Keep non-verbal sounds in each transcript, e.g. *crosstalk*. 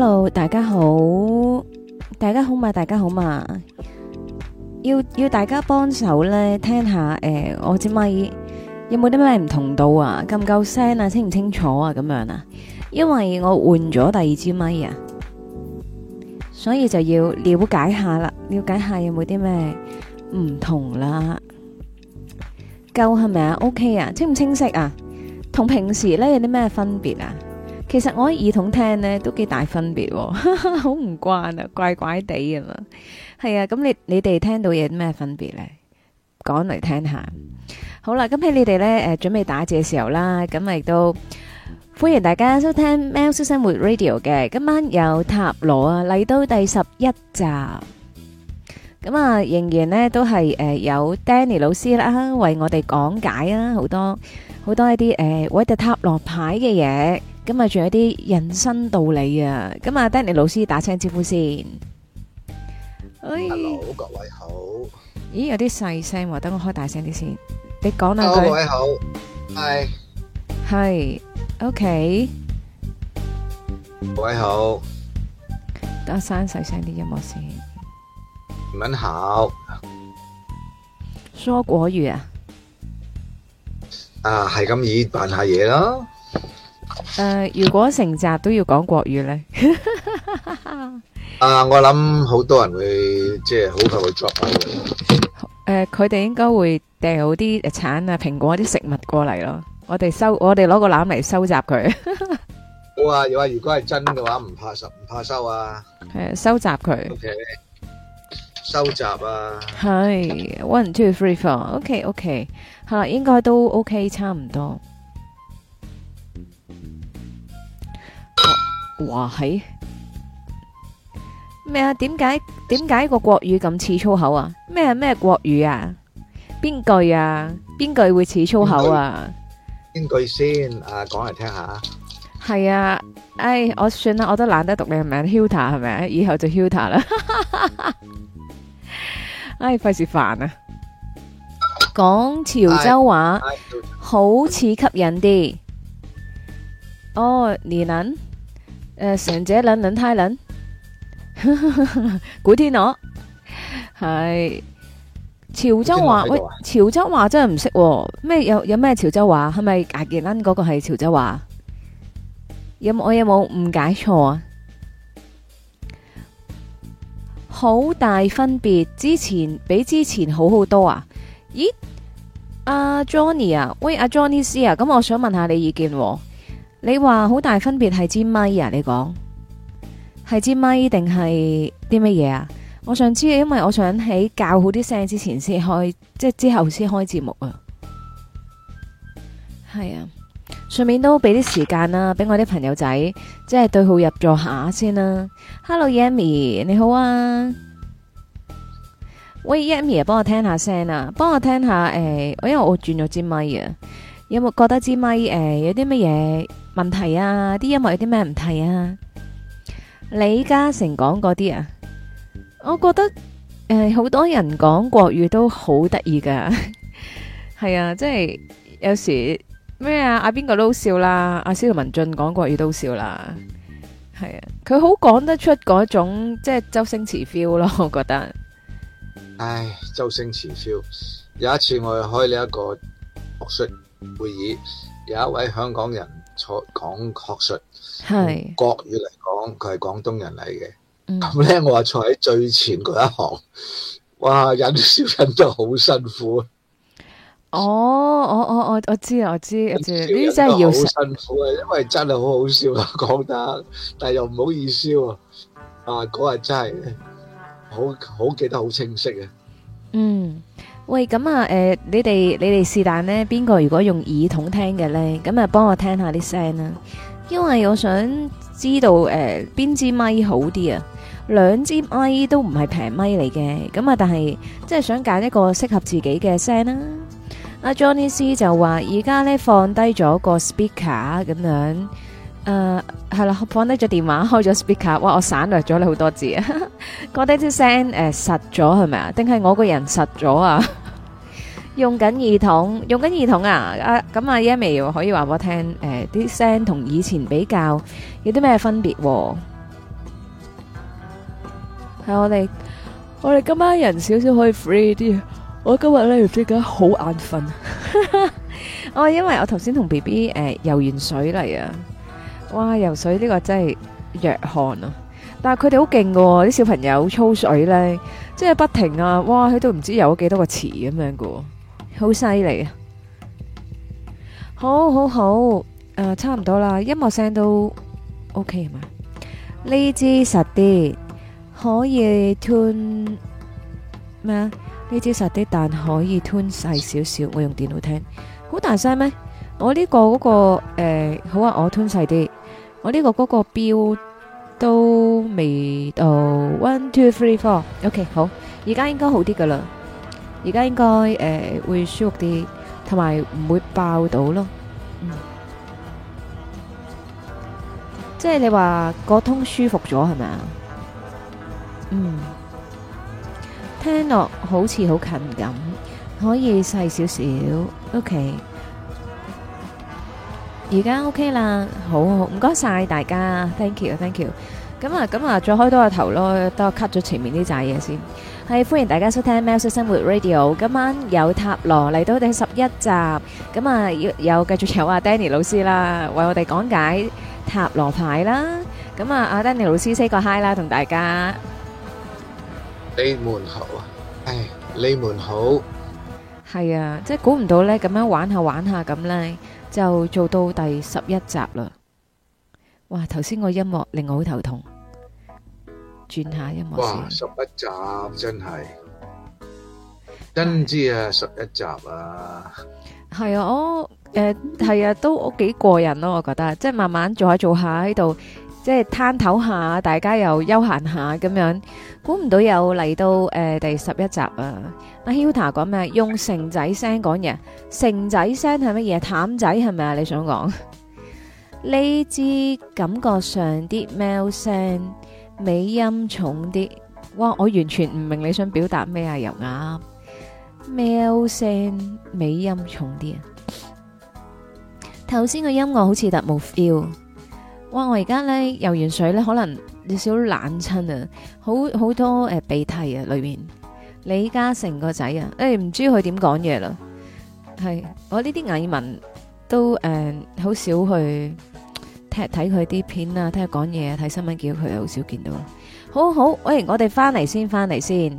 Hello，大家好，大家好嘛，大家好嘛，要要大家幫手咧，聽下誒，我支咪有冇啲咩唔同到啊？夠唔夠聲啊？清唔清楚啊？咁樣啊？因為我換咗第二支咪啊，所以就要了解下啦，了解下有冇啲咩唔同啦？夠係咪啊？OK 啊？清唔清晰啊？同平時咧有啲咩分別啊？其實我喺耳筒聽咧，都幾大分別，好唔慣啊，怪怪地啊嘛。係啊，咁你你哋聽到嘢咩分別咧？講嚟聽下。好啦，咁喺你哋咧誒，準備打字嘅時候啦，咁亦都歡迎大家收聽《喵式生活 Radio》嘅。今晚有塔羅啊，嚟到第十一集。咁啊，仍然咧都係誒有 Danny 老師啦，為我哋講解啊，好多好多一啲誒，偉特塔羅牌嘅嘢。今日仲有啲人生道理啊！咁啊，Danny 老師打聲招呼先。Hello，各位好。咦，有啲細聲，等我開大聲啲先。你講兩句。各位好，係係，OK。各位好。等我刪細聲啲音樂先。你們好。蔬果魚啊？啊，係咁易扮下嘢咯。誒，如果成集都要講國語咧？啊，我諗好多人會即係好快會 drop 翻。誒，佢哋應該會掟好啲誒橙啊、蘋果啲食物過嚟咯。我哋收，我哋攞個籃嚟收集佢。好啊，如果係真嘅話，唔怕收，唔怕收啊。係收集佢。O K，收集啊。係 one two three four。O K O K，係啦，應該都 O K，差唔多。哦、哇，係咩啊？點解點解個國語咁似粗口啊？咩咩國語啊？邊句啊？邊句會似粗口啊？邊句先？啊，講嚟聽下啊！係啊！唉，我算啦，我都懶得讀你嘅名，Hilta 係咪？以後就 Hilta 啦、 *laughs* 哎。唉，費事煩啊！講潮州話，哎哎、好似吸引啲。哦，年輪。誒，成、呃、者卵卵胎卵， *laughs* 古天樂係潮州話喂，潮州話真係唔識咩？有有咩潮州話？係咪阿杰倫嗰個係潮州話？有冇我有冇誤解錯啊？好大分別，之前比之前好好多啊！咦？阿、啊、Johnny 啊，喂，阿 Johnny C 啊 John，咁我想問下你意見、啊。你話好大分別係支咪啊？你講係支咪定係啲乜嘢啊？我想知啊，因為我想喺教好啲聲之前先開，即係之後先開節目啊。係啊，順便都俾啲時間啦，俾我啲朋友仔即係對號入座下先啦。Hello，Yami，你好啊。喂，Yami，幫我聽下聲啊，幫我聽下誒，我、哎哎、因為我轉咗支咪啊，有冇覺得支咪誒有啲乜嘢？問題啊，啲音樂有啲咩問題啊？李嘉誠講嗰啲啊，我覺得誒，好、呃、多人講國語都好得意噶，係 *laughs* 啊，即係有時咩啊，阿邊個都好笑啦，阿蕭文俊講國語都好笑啦，係啊，佢好講得出嗰種即係周星馳 feel 咯，我覺得。唉，周星馳 feel。有一次我哋開呢一個學術會議，有一位香港人。坐講學術，係國語嚟講，佢係廣東人嚟嘅。咁咧的，我話坐喺最前嗰一行，哇，忍笑忍得好辛苦。哦，我我我我知啊，我知，跟住呢啲真係要好辛苦啊，因為真係好好笑咯，講得，但係又唔好意思喎，啊。啊，嗰日真係好好記得好清晰嘅，啊。嗯。喂，咁啊，誒、呃，你哋你哋是但咧，邊個如果用耳筒聽嘅咧，咁啊，幫我聽下啲聲啦，因為我想知道誒邊、呃、支咪好啲啊，兩支咪都唔係平咪嚟嘅，咁啊，但係即係想揀一個適合自己嘅聲啦。阿、啊、Johnny C 就話而家咧放低咗個 speaker 咁樣。誒，係啦、uh，放低咗電話，開咗 speaker，哇，我省略咗你好多字啊！嗰啲啲聲誒、呃，實咗係咪啊？定係我個人實咗 *laughs* 啊？用緊耳筒，用緊耳筒啊！啊，咁啊，Yammy 可以話我聽誒，啲、呃、聲同以前比較有啲咩分別？係我哋，我哋今晚人少少可以 free 啲。我今日咧，而家好眼瞓。我、 *laughs* 哦、因為我頭先同 B B 誒游完水嚟啊。哇！游水呢個真係弱項啊！但係佢哋好勁嘅，啲小朋友操水呢，即係不停啊！哇，佢都唔知游咗幾多個池咁樣嘅、哦，好犀利啊！好好好，好啊、差唔多啦，音樂聲都 OK 係嘛？呢支實啲，可以吞咩啊？呢支實啲，但可以吞細少少。我用電腦聽，好大聲咩？我呢、這個嗰、那個誒、呃，好啊，我吞細啲。我呢個嗰個表都未到 one two three four，OK、okay，好，而家應該好啲噶啦，而家應該誒、呃、會舒服啲，同埋唔會爆到咯。嗯、即係你話、個通舒服咗係咪啊？嗯，聽落好似好近咁，可以細少少，OK。而家 OK 啦，好唔該晒大家，thank you，thank you。咁啊，咁啊，再開多個頭咯，都 cut 咗前面啲雜嘢先。係歡迎大家收聽《喵式生活 Radio》，今晚有塔羅嚟到第十一集。咁啊，有繼續有阿 Danny 老師啦，為我哋講解塔羅牌啦。咁啊，阿 Danny 老師 say 個 hi 啦，同大家。你們好啊，唉，你們好。係啊，即係估唔到咧，咁樣玩下玩下咁咧。就做到第十一集啦！哇，頭先個音樂令我好頭痛，轉下音樂先。哇，十一集真係真唔知啊！十一集啊，係啊，我誒係啊，都幾過癮咯，我覺得，即係慢慢做下做下喺度。即係攤抖下，大家又休閒下咁樣，估唔到又嚟到誒第十一集啊！阿 Huta 講咩？用城仔聲講嘢，城仔聲係乜嘢？淡仔係咪啊？你想講呢支感覺上啲喵聲尾音重啲，哇！我完全唔明你想表達咩啊？油啞喵聲尾音重啲啊！頭先個音樂好似特冇 feel。哇！我而家咧游完水咧，可能有少少冷親啊，好好多誒、呃、鼻涕啊裏面李嘉誠個仔啊，誒、欸、唔知佢點講嘢啦，係我呢啲蟻民都誒好、呃、少去睇睇佢啲片啊，睇佢講嘢，睇新聞見到佢好少見到。好好，誒、欸、我哋翻嚟先，翻嚟先，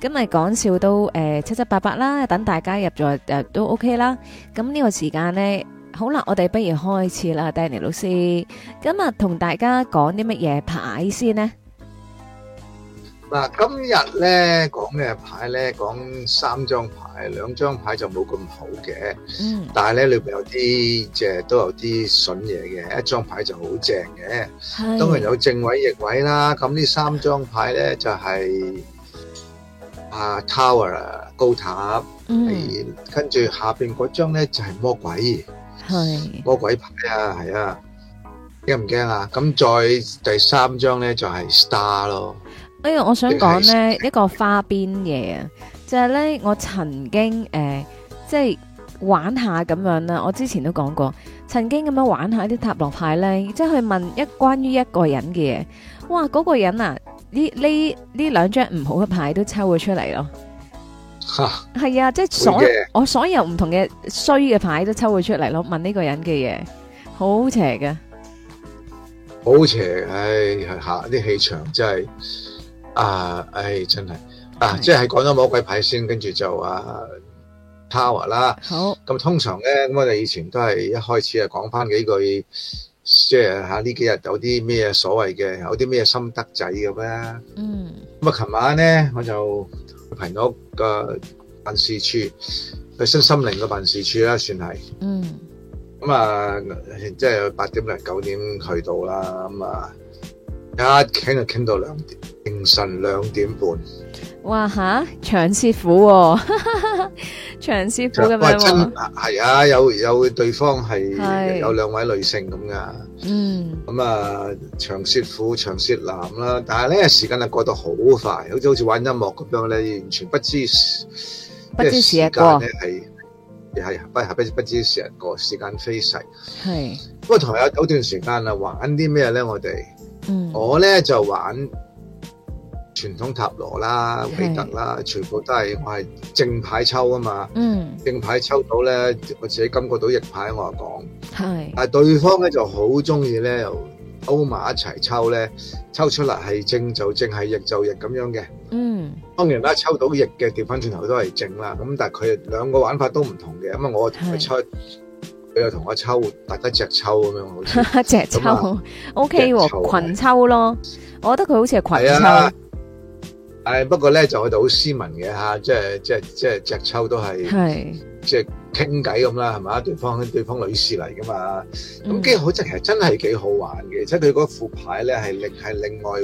咁咪講笑都誒、呃、七七八八啦，等大家入咗，誒都 OK 啦。咁呢個時間咧。好啦，我哋不如開始啦，Danny 老師，今日同大家講啲乜嘢牌先呢？嗱，今日咧講咩牌咧？講三張牌，兩張牌就冇咁好嘅，嗯、但係咧裏邊有啲，即係都有啲笋嘢嘅，一張牌就好正嘅，是當然有正位逆位啦。咁呢三張牌咧就係、是、啊 tower 高塔，嗯、跟住下邊嗰張咧就係、是、魔鬼。係魔鬼牌啊，係啊，驚唔驚啊？咁再第三張呢，就係 star 咯。哎呀，我想講呢，一個花邊嘢啊，就係呢，我曾經誒即係玩下咁樣啦。我之前都講過，曾經咁樣玩下啲塔羅牌呢，即係去問一關於一個人嘅嘢。哇，嗰個人啊，呢呢呢兩張唔好嘅牌都抽咗出嚟咯。係啊，即係所我所有唔同嘅衰嘅牌都抽佢出嚟咯，問呢個人嘅嘢，好邪㗎，好邪，唉，吓啲氣場真係啊，唉，真係啊，即係講咗魔鬼牌先，跟住就話 tower 啦。好，咁通常咧，咁我哋以前都係一開始啊，講翻幾句，即係吓呢幾日有啲咩所謂嘅，有啲咩心得仔咁樣。嗯，咁啊，琴晚咧我就。平屋嘅辦事處，去身心靈嘅辦事處啦，算係、嗯嗯。嗯。咁啊，即係八點零九點去到啦。咁、嗯、啊，一傾就傾到兩點凌晨兩點半。哇吓，長舌婦，長舌婦咁、哦、樣， *laughs* 真係啊！有有對方係是有兩位女性咁噶，嗯，咁、嗯、啊，長舌婦、長舌男啦，但係咧時間啊過到好快，好似好似玩音樂咁樣咧，完全不知不知時間係係不係不不知時日過時間飛逝，係。是不過同埋有段時間啊玩啲咩咧？我哋，嗯，我咧就玩。傳統塔羅啦、偉特啦，是全部都係我係正牌抽啊嘛。嗯，正牌抽到咧，我自己感覺到逆牌，我話講。是但對方咧就好中意咧，歐埋一齊抽咧，抽出嚟係正就正，係逆就逆咁樣嘅。嗯。當然啦，抽到逆嘅，調翻轉頭都係正啦。咁但佢兩個玩法都唔同嘅，咁啊我同佢抽，佢又同我抽，大家隻抽咁樣好似。 *laughs* 隻抽。O K 喎，群抽咯。我覺得佢好似係群抽。係，不過咧就去到好斯文嘅吓，即係即係即係隻秋都係，是即係傾偈咁啦，係咪？對方對方女士嚟噶嘛，咁、嗯、其實好即係真係幾好玩嘅，即係佢嗰副牌咧係另係另外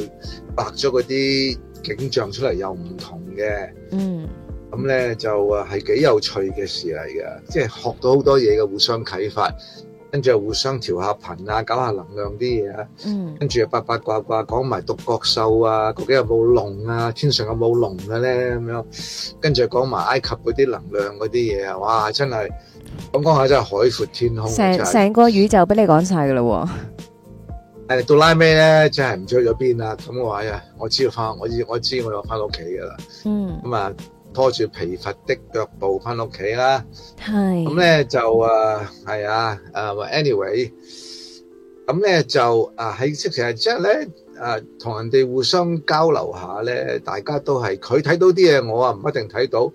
畫咗嗰啲景象出嚟又唔同嘅，嗯，咁咧、嗯、就啊係幾有趣嘅事嚟㗎，即係學到好多嘢嘅，互相啟發。跟住又互相調下頻啊，搞下能量啲嘢啊。嗯，跟白白刮刮。跟住又八八卦卦講埋獨角獸啊，究竟有冇龍啊，天上有冇龍嘅咧，咁樣。跟住講埋埃及嗰啲能量嗰啲嘢啊，哇！真係講講下真係海闊天空啊。成成個宇宙俾你講曬㗎喇喎。誒到拉尾咧？真係唔知去咗邊啦。咁我話呀，我知道翻，我知道我知我又翻屋企㗎啦。嗯。咁啊。拖住疲乏的腳步翻屋企啦，係咁咧就誒係啊誒話 anyway，咁咧就誒喺即係其實即係咧誒同人哋互相交流下咧，大家都係佢睇到啲嘢，我啊唔一定睇到。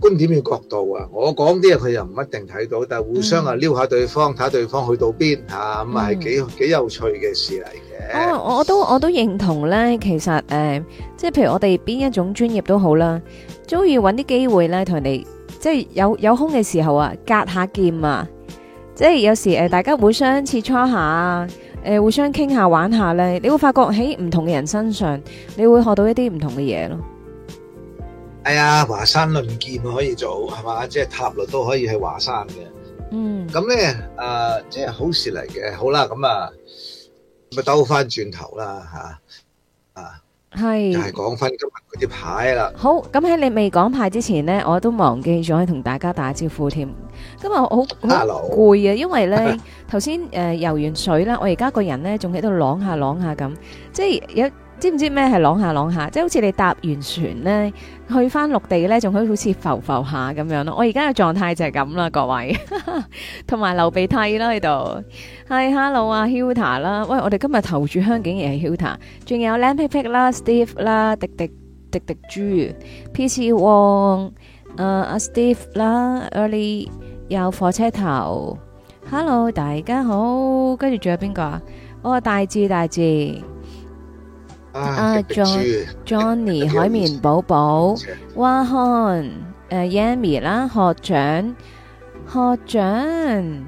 觀點嘅角度啊，我講啲嘢佢又唔一定睇到，但係互相啊撩下對方，睇下對方去到邊嚇，咁係幾幾有趣嘅事嚟嘅。哦，我我都我都認同咧，其實誒，即係譬如我哋邊一種專業都好啦。中意揾啲機會咧，同你，即係有有空嘅時候啊，隔一下劍啊，即係有時誒、呃，大家互相切磋一下，誒、呃，互相傾下玩下咧，你會發覺，喺唔同嘅人身上，你會學到一啲唔同嘅嘢咯。係、哎、啊，華山論劍可以做，係嘛，即係塔羅都可以去華山嘅。嗯，咁咧誒，即係好事嚟嘅。好啦，咁啊，咪兜翻轉頭啦吓。啊係，又係講翻今日嗰啲牌啦。好，咁喺你未講牌之前咧，我都忘記咗同大家打招呼添。今日我好攰啊，因為咧頭先誒游完水啦，我而家個人咧仲喺度晾下晾下咁，即係有。知唔知咩係朗下朗下？即係好似你搭完船咧，去返陸地咧，仲可以好似浮浮下咁樣咯。我而家嘅狀態就係咁啦，各位。同 *laughs* 埋流鼻涕啦喺度。係，hello 啊 Hilda 啦，喂，我哋今日頭柱香竟然係 Hilda，仲有 Lampick 啦、P、ick、Steve 啦、迪迪迪迪豬、PC 旺、呃、啊啊 Steve 啦、Early 有火車頭。Hello，大家好。跟住仲有邊個啊？我、哦、大志大志。阿 John、Johnny、海綿寶寶、蛙漢、誒 Yami 啦，學長，學長，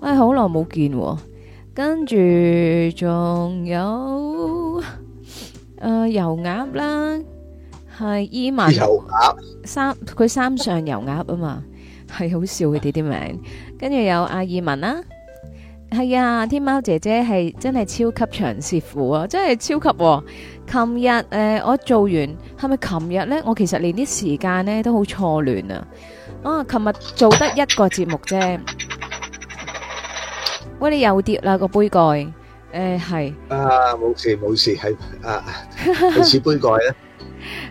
喂，好耐冇見，跟住仲有誒油鴨啦，係伊文，三佢三上油鴨啊嘛，係好笑嘅佢哋啲名，跟住有阿伊文啦。係啊，天貓姐姐係真係超級長舌婦啊，真係超級。琴日誒，我做完係咪琴日呢？我其實連啲時間呢都好錯亂啊。哦，琴日做得一個節目啫。喂，你又跌啦個杯蓋？誒，係。啊，冇事冇事，係啊，似杯蓋啊。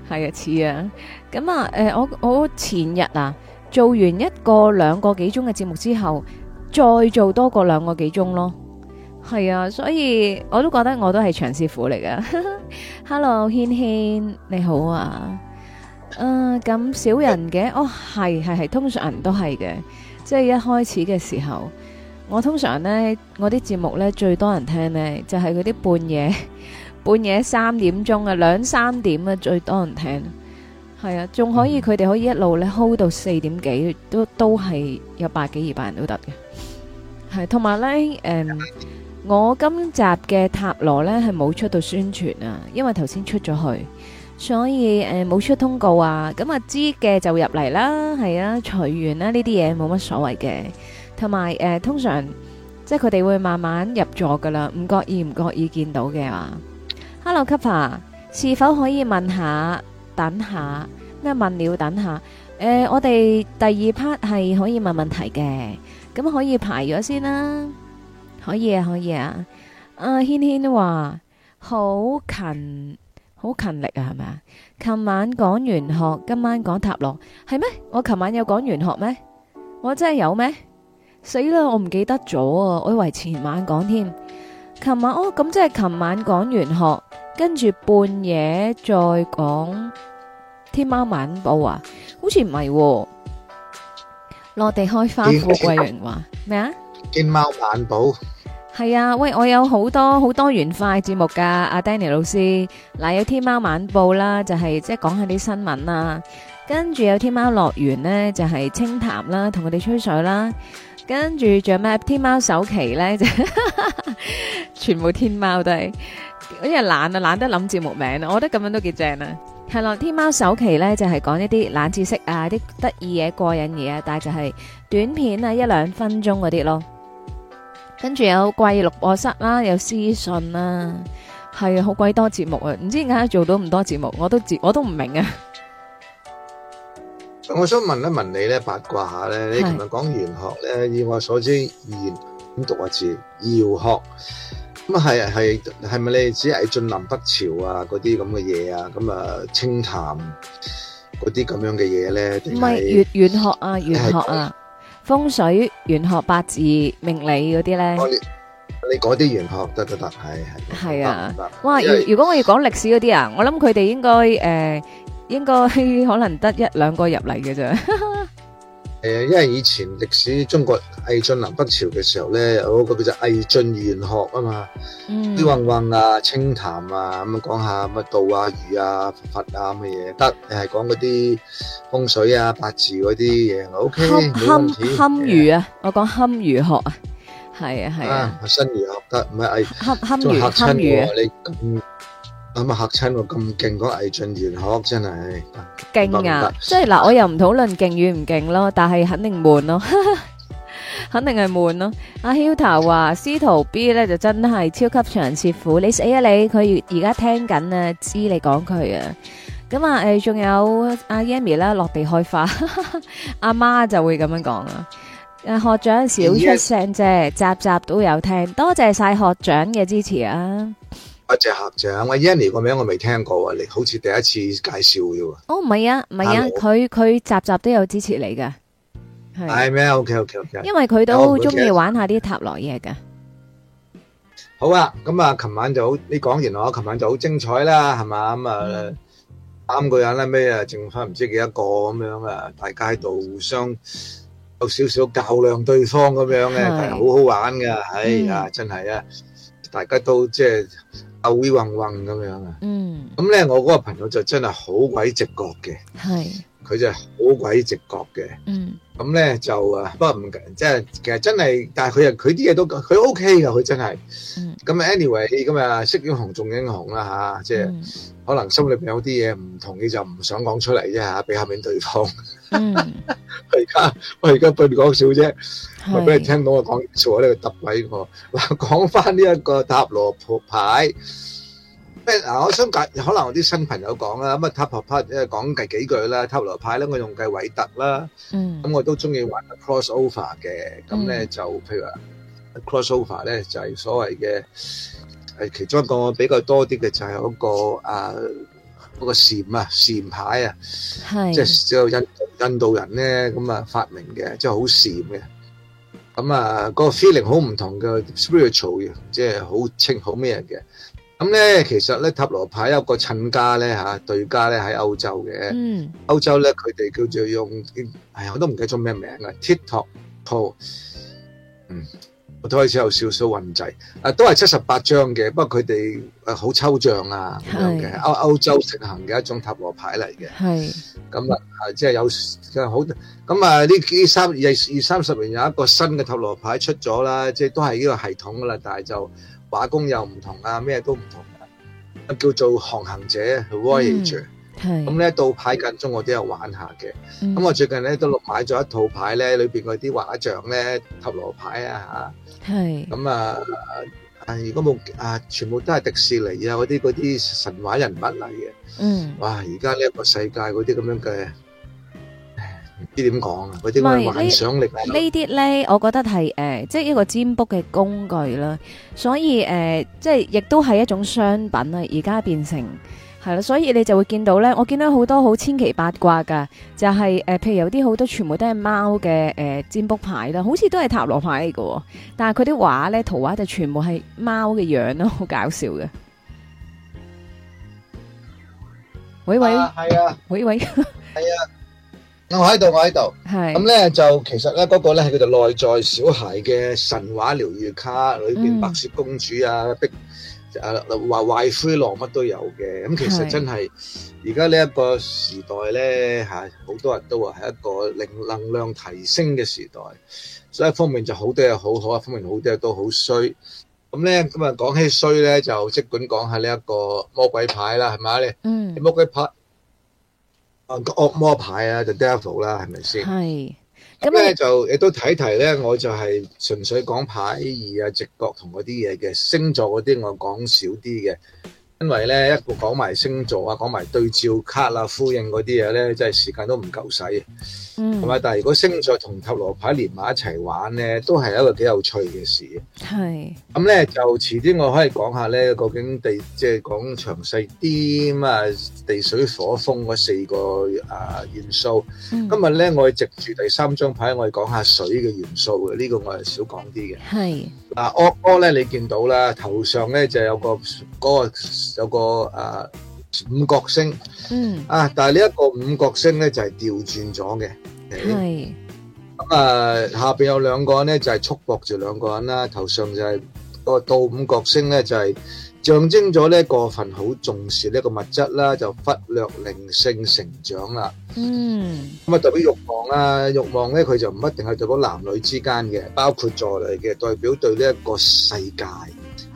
係啊，似啊。咁啊，誒，我我前日啊，做完一個兩個幾鐘嘅節目之後。再做多個兩個幾鐘咯，係啊，所以我都覺得我都係長師傅嚟嘅。Hello，軒軒你好啊，誒咁少人嘅，哦係係係，通常人都係嘅，即係一開始嘅時候，我通常呢我啲節目呢最多人聽呢就係嗰啲半夜半夜三點鐘啊兩三點啊最多人聽。係啊，仲可以佢哋、嗯、可以一路咧 hold 到四點幾，都都係有百幾二百人都得嘅。係，同埋咧，誒、嗯，我今集嘅塔羅咧係冇出到宣傳啊，因為頭先出咗去，所以誒冇、嗯、出通告啊。咁啊知嘅就入嚟啦，係啊，隨緣啦，呢啲嘢冇乜所謂嘅。同埋誒，通常即係佢哋會慢慢入座噶啦，唔覺意唔覺意見到嘅話。Hello，Kappa，是否可以問下？等下咩問了？等下，誒、呃，我哋第二 part 係可以問問題嘅，咁可以排咗先啦。可以啊，可以啊。阿軒軒話好勤，好勤力啊，係咪啊？琴晚講玄學，今晚講塔羅，係咩？我琴晚有講玄學咩？我真係有咩？死啦！我唔記得咗啊，我以為前晚講添。琴晚哦，咁即係琴晚講玄學。跟住半夜再講天貓晚報啊，好似唔係喎，落地開花富貴榮華咩啊？天貓晚報係啊，喂，我有好多好多元化節目噶，阿 Danny 老師嗱，有天貓晚報啦，就係即係講下啲新聞啦，跟住有天貓樂園呢，就係清談啦，同佢哋吹水啦，跟住仲有咩天貓首期呢，就全部天貓都係。好似係懶啊，懶得諗節目名啊，我覺得咁樣都幾正啊。係咯，天喵首期咧就係、是、講一啲冷知識啊，啲得意嘢、過癮嘢啊，但係就係短片啊，一兩分鐘嗰啲咯。跟住有怪錄播室啦、啊，有屍訊啦，係好鬼多節目啊。唔知點解做到咁多節目，我都我都唔明啊。我想問一問你咧，八卦下咧，你琴日講玄學咧，以我所知，完讀個字要學。咁啊，係啊，係係咪你只係晉南北朝啊嗰啲咁嘅嘢啊，咁啊，清談嗰啲咁樣嘅嘢咧？唔係，玄玄學啊，玄學啊，風水玄學八字命理嗰啲咧。你講啲玄學得得得，係係。係啊，哇！如果我要講歷史嗰啲啊，我諗佢哋應該誒，應該可能得一兩個入嚟嘅咋。誒，因為以前歷史中國魏晉南北朝嘅時候咧，有個叫做魏晉玄學啊嘛，啲混混啊、清談啊，咁講下乜道啊、儒啊、佛啊咁嘅嘢得，誒講嗰啲風水啊、八字嗰啲嘢，O K，冇唔堪儒啊，我講堪儒學啊，係啊係啊，新儒、啊、學得，唔係魏堪儒你咁。咁啊吓親我咁勁講魏俊賢學真係勁啊！即係嗱，我又唔討論勁與唔勁咯，但係肯定悶咯，肯定係悶咯。阿、啊、Hilda 話司徒 B 咧就真係超級長舌婦你死啊你！佢而家聽緊啊，知你講佢啊。咁啊，誒，仲有阿 Yami 啦，落地開花，阿媽、啊、就會咁樣講啊。誒，學長少出聲啫，集 Yeah. 集都有聽，多謝晒學長嘅支持啊！阿只合長，我 Enny 個名我未聽過啊，你好似第一次介紹啫喎。哦，唔係啊，唔係啊，佢佢集集都有支持你㗎，係咩？O K O K O K。因為佢都中意玩下啲塔羅嘢㗎。好啊，咁啊，琴晚就好，你講完我琴晚就好精彩啦，係嘛？咁啊，三個人啦，咩啊，剩翻唔知幾多個咁樣啊，大家喺度互相有少少較量對方咁樣嘅，係好好玩噶，哎呀，真係啊，大家都即係。就會暈暈咁樣啊，嗯，咁咧我嗰個朋友就真係好鬼直覺嘅，係，佢就係好鬼直覺嘅，嗯，咁咧就啊，不過唔即係其實真係，但係佢又佢啲嘢都佢 OK 㗎，佢真係，咁 anyway 咁啊識英雄重英雄啦吓，即係可能心裏邊有啲嘢唔同意，佢就唔想講出嚟啫吓，俾下面對方。嗯、 *laughs* 我而家我而家俾你講笑啫，我俾是你聽到我講少呢佢得位個嗱，講翻呢一個塔羅牌。嗱，我想解可能我啲新朋友講啦，咁啊塔羅牌，講計幾句啦，塔羅牌咧，我用計韋特啦，咁、嗯嗯、我都中意玩 cross over 嘅，咁咧就譬如話、嗯、cross over 咧就係、是、所謂嘅係其中一個比較多啲嘅就係嗰、那個啊。嗰個蟬啊，蟬牌啊，是即係只有印印度人咧咁啊發明嘅，即係好蟬嘅。咁啊，嗰、嗰個 feeling 好唔同嘅 spiritual，嘅，即係好清好咩嘅。咁咧其實咧塔羅牌有一個襯家咧嚇、啊、對家咧喺歐洲嘅，嗯、歐洲咧佢哋叫做用，係我都唔記得咗咩名啊 t i 啦，TikTok。我都開始有少少混滯，啊都係七十八張嘅，不過佢哋誒好抽象啊，咁樣嘅歐歐洲盛行嘅一種塔羅牌嚟嘅。係咁啊，啊即係有嘅好，咁啊呢幾三二二三十年有一個新嘅塔羅牌出咗啦，即係都係呢個系統啦，但係就畫工又唔同啊，咩都唔同。啊叫做航行者 （voyager）。係咁咧，倒牌近中我都有玩下嘅。咁我最近咧都買咗一套牌咧，裏邊嗰啲畫像咧塔羅牌啊嚇。係咁啊！啊，如果冇啊，全部都係迪士尼啊嗰啲、嗰啲神話人物嚟嘅。嗯，哇！而家呢一個世界嗰啲咁樣嘅，唔知點講啊！嗰啲嘅幻想力，呢啲咧，我覺得係誒，即係一個占卜嘅工具啦。所以誒，即係亦都係一種商品啦。而家變成。係啦， *music* 所以你就會見到咧，我見到好多好千奇八卦噶，就係、是、誒、呃，譬如有啲好多全部都係貓嘅，誒占卜牌啦，好似都係塔羅牌嚟嘅，但係佢啲畫咧圖畫就全部係貓嘅樣咯，好搞笑嘅。喂、啊啊、喂，係啊，喂喂，係啊，我喺度，我喺度，係是。咁咧就其實咧嗰、那個咧係叫做內在小孩嘅神話療癒卡裏邊白雪公主啊，的、嗯。啊，壞壞灰狼乜都有嘅，咁其實真係而家呢一個時代咧嚇，好是多人都話係一個令能量提升嘅時代，所以一方面就好多嘢好，可一方面好多嘢都好衰。咁咧，今日講起衰咧，就即管講下呢一個魔鬼牌啦，係咪啊？你、嗯、魔鬼牌啊，惡魔牌啊，就 Devil 啦，係咪先？係。咁咧，就亦都睇睇咧，我就係純粹講牌意啊、直覺同嗰啲嘢嘅星座嗰啲，我講少啲嘅。因為咧一個講埋星座啊，講埋對照卡、呼應嗰啲嘢咧，真係時間都唔夠使。嗯，係嘛？但係如果星座同塔羅牌連埋一齊玩咧，都係一個幾有趣嘅事。係是。咁咧、嗯、就遲啲我可以講下咧，究竟地即係講詳細啲啊，地水火風嗰四個啊、呃、元素。嗯、今日咧我係藉住第三張牌，我哋講下水嘅元素嘅，呢、呢個我係少講啲嘅。係。啊，惡哥咧，你見到啦，頭上咧就有個嗰、那個、有個啊五角星，嗯啊，但係呢一個五角星咧就係、是、調轉咗嘅，係咁是啊，下邊有兩個人咧就係、是、束縛住兩個人啦，頭上就係個倒五角星咧就係、是。象徵咗呢過分好重視呢一個物質啦，就忽略靈性成長啦。嗯，咁啊代表慾望啊，慾望呢佢就唔一定係代表男女之間嘅，包括在內嘅代表對呢一個世界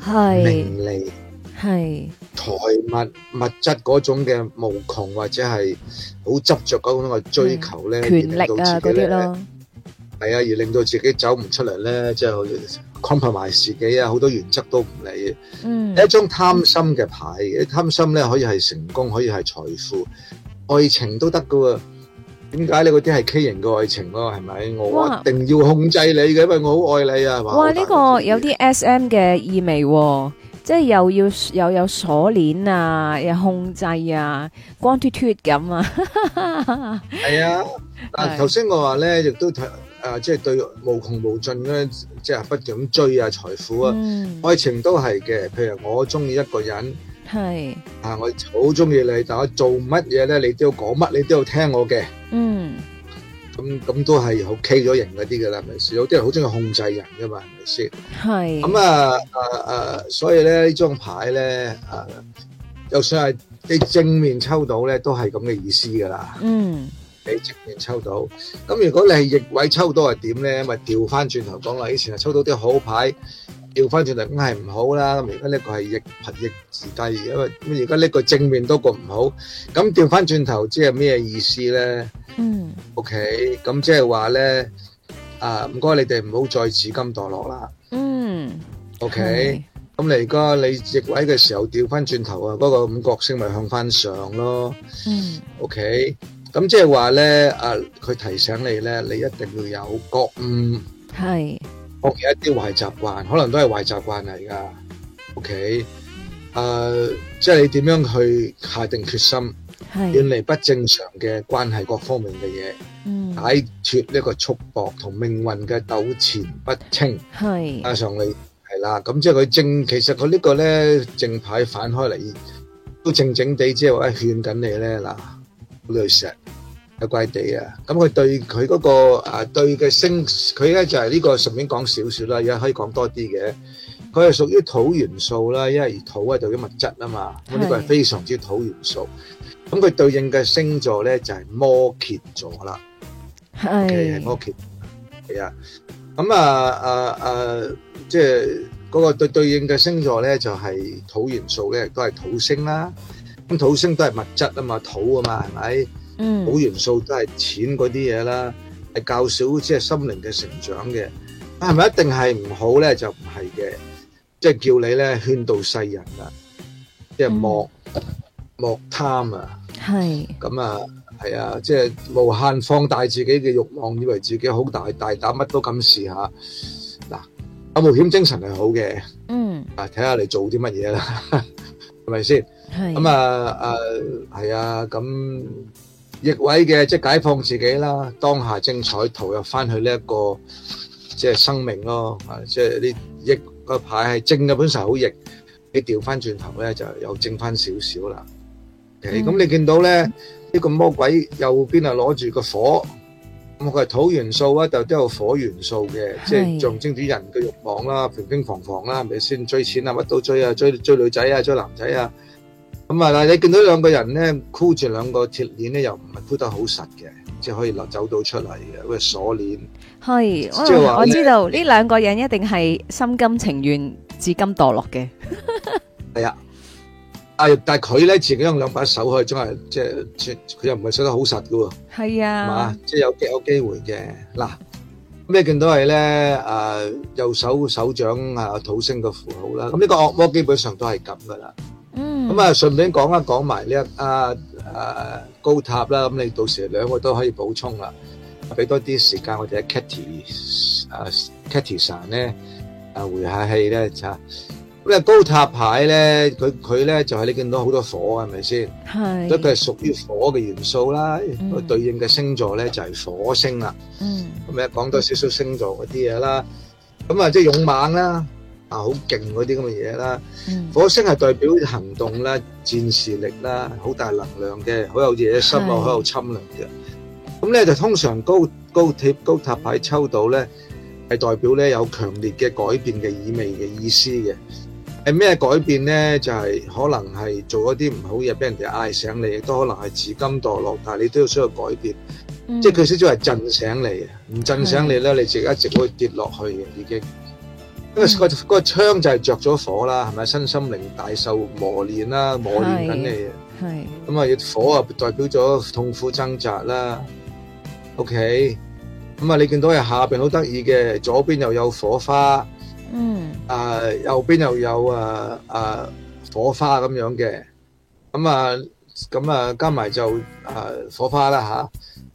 係名利係財物物質嗰種嘅無窮或者係好執著嗰種嘅追求呢，權力啊嗰啲咯。係啊，而令到自己走唔出嚟咧，即係 compromise 自己啊！好多原則都唔理，嗯，一張貪心嘅牌，貪心咧可以係成功，可以係財富，愛情都得噶喎。點解你嗰啲係畸形嘅愛情咯，係咪？我一定要控制你嘅，因為我好愛你啊，係嘛？哇！呢個有啲 SM 嘅意味，即係又要又有鎖鏈啊，又控制啊，光脫脫咁啊！係啊，但頭先我話咧，亦都睇。啊，即係對無窮無盡咧，即係不斷咁追啊財富啊，愛情都係嘅。譬如我中意一個人，係啊，我好中意你，但我做乜嘢咧，你都要講乜，你都要聽我嘅。嗯，咁咁都係好 K 咗人嗰啲噶啦，係咪先？有啲人好中意控制人噶嘛，係咪先？係咁啊啊啊！所以咧，呢張牌咧啊，就算係你正面抽到咧，都係咁嘅意思噶啦。嗯。你正面抽到，咁如果你係逆位抽到係點咧？咪調翻轉頭講啦，以前係抽到啲好牌，調翻轉頭梗係唔好啦。而家呢個係逆逆時計，因為咁而家呢個正面都覺唔好，咁調翻轉頭即係咩意思咧？嗯，OK，咁即係話咧，啊唔該你哋唔好再次咁墮落啦。嗯，OK，咁而家你逆位嘅時候調翻轉頭啊，嗰個五角星咪向翻上咯。嗯，OK。咁即係話咧，阿佢提醒你咧，你一定要有覺悟，係屋企一啲壞習慣，可能都係壞習慣嚟噶，O K，誒，即係你點樣去下定決心，係遠離不正常嘅關係，各方面嘅嘢，嗯，擺脫呢個束縛同命運嘅糾纏不清，係加上你係啦，咁即係佢正，其實佢呢個咧正牌反開嚟，都正正哋即係話勸緊你咧嗱。好耐石，又怪地啊！咁佢對佢嗰個誒，對嘅星，佢咧就係呢個順便講少少啦，而家可以講多啲嘅。佢係屬於土元素啦，因為土啊就係物質啊嘛，咁呢個係非常之土元素。咁佢對應嘅星座咧就係摩羯座啦，係摩羯，係啊。咁啊啊啊，即係嗰個對對應嘅星座咧，就係土元素咧，亦都係土星啦。咁土星都係物質啊嘛，土啊嘛，係咪？嗯，土元素都係錢嗰啲嘢啦，係較少即係心靈嘅成長嘅，係咪？一定係唔好咧？就唔係嘅，即係叫你咧勸導世人啦，即係莫莫貪啊，係，咁啊，係啊，即係無限放大自己嘅慾望，以為自己好大，大膽乜都敢試吓。嗱，啊冒險精神係好嘅，嗯，啊睇下你做啲乜嘢啦，係咪先？咁啊，誒係啊，咁逆位嘅即係解放自己啦，當下精彩，投入翻去呢一個即係生命咯。啊，即係啲逆個牌係正嘅，本身好逆，你調翻轉頭咧就又正翻少少啦。誒，咁你見到咧呢個魔鬼右邊啊攞住個火，咁佢係土元素啊，就都有火元素嘅，即係象徵啲人嘅慾望啦，平平房房啦，係咪先追錢啊，乜都追啊，追追女仔啊，追男仔啊。咁啊！嗱，你見到兩個人咧，箍住兩個鐵鏈咧，又唔係箍得好實嘅，即係可以立走到出嚟嘅，好似鎖鏈。係，即係我知道呢兩個人一定係心甘情願、自甘墮落嘅。係啊，啊，但係佢咧自己用兩把手可以，即係即係，佢又唔係鎖得好實嘅。係啊，嘛，即係有有機會嘅。嗱，咩見到係咧？誒，右手手掌啊，土星嘅符號啦。咁呢個惡魔基本上都係咁噶啦。嗯，咁啊，順便講一講埋呢一啊誒高塔啦，咁你到時兩個都可以補充啦，俾多啲時間我哋阿 Katie 啊 Katie sir 咧啊，唔回下氣咧就，咁咧高塔牌咧，佢佢咧就係你見到好多火係咪先？係，所以佢係屬於火嘅元素啦，對應嘅星座咧就係火星啦。嗯，咁啊講多少少星座嗰啲嘢啦，咁啊即係勇猛啦。啊，好勁嗰啲咁嘅嘢啦，火星係代表行動啦、戰士力啦，好大能量嘅，好有野心啊，好有侵略嘅。咁咧就通常高高鐵高塔牌抽到咧，係代表咧有強烈嘅改變嘅意味嘅意思嘅。係咩改變咧？就係可能係做一啲唔好嘢，俾人哋嗌醒你，亦都可能係自甘墮落，但係你都要需要改變。即係佢先至係震醒你，唔震醒你咧，你直一直會跌落去嘅已經。嗯、因那個個個窗就係着咗火啦，係咪？身心靈大受磨練啦，磨練緊你。係咁啊，火啊代表咗痛苦掙扎啦。是 O.K. 咁、嗯、啊，你見到係下邊好得意嘅，左邊又有火花。嗯。呃、右邊又有啊啊火花咁樣嘅。咁、嗯、啊。嗯咁啊，加埋就啊火花啦吓。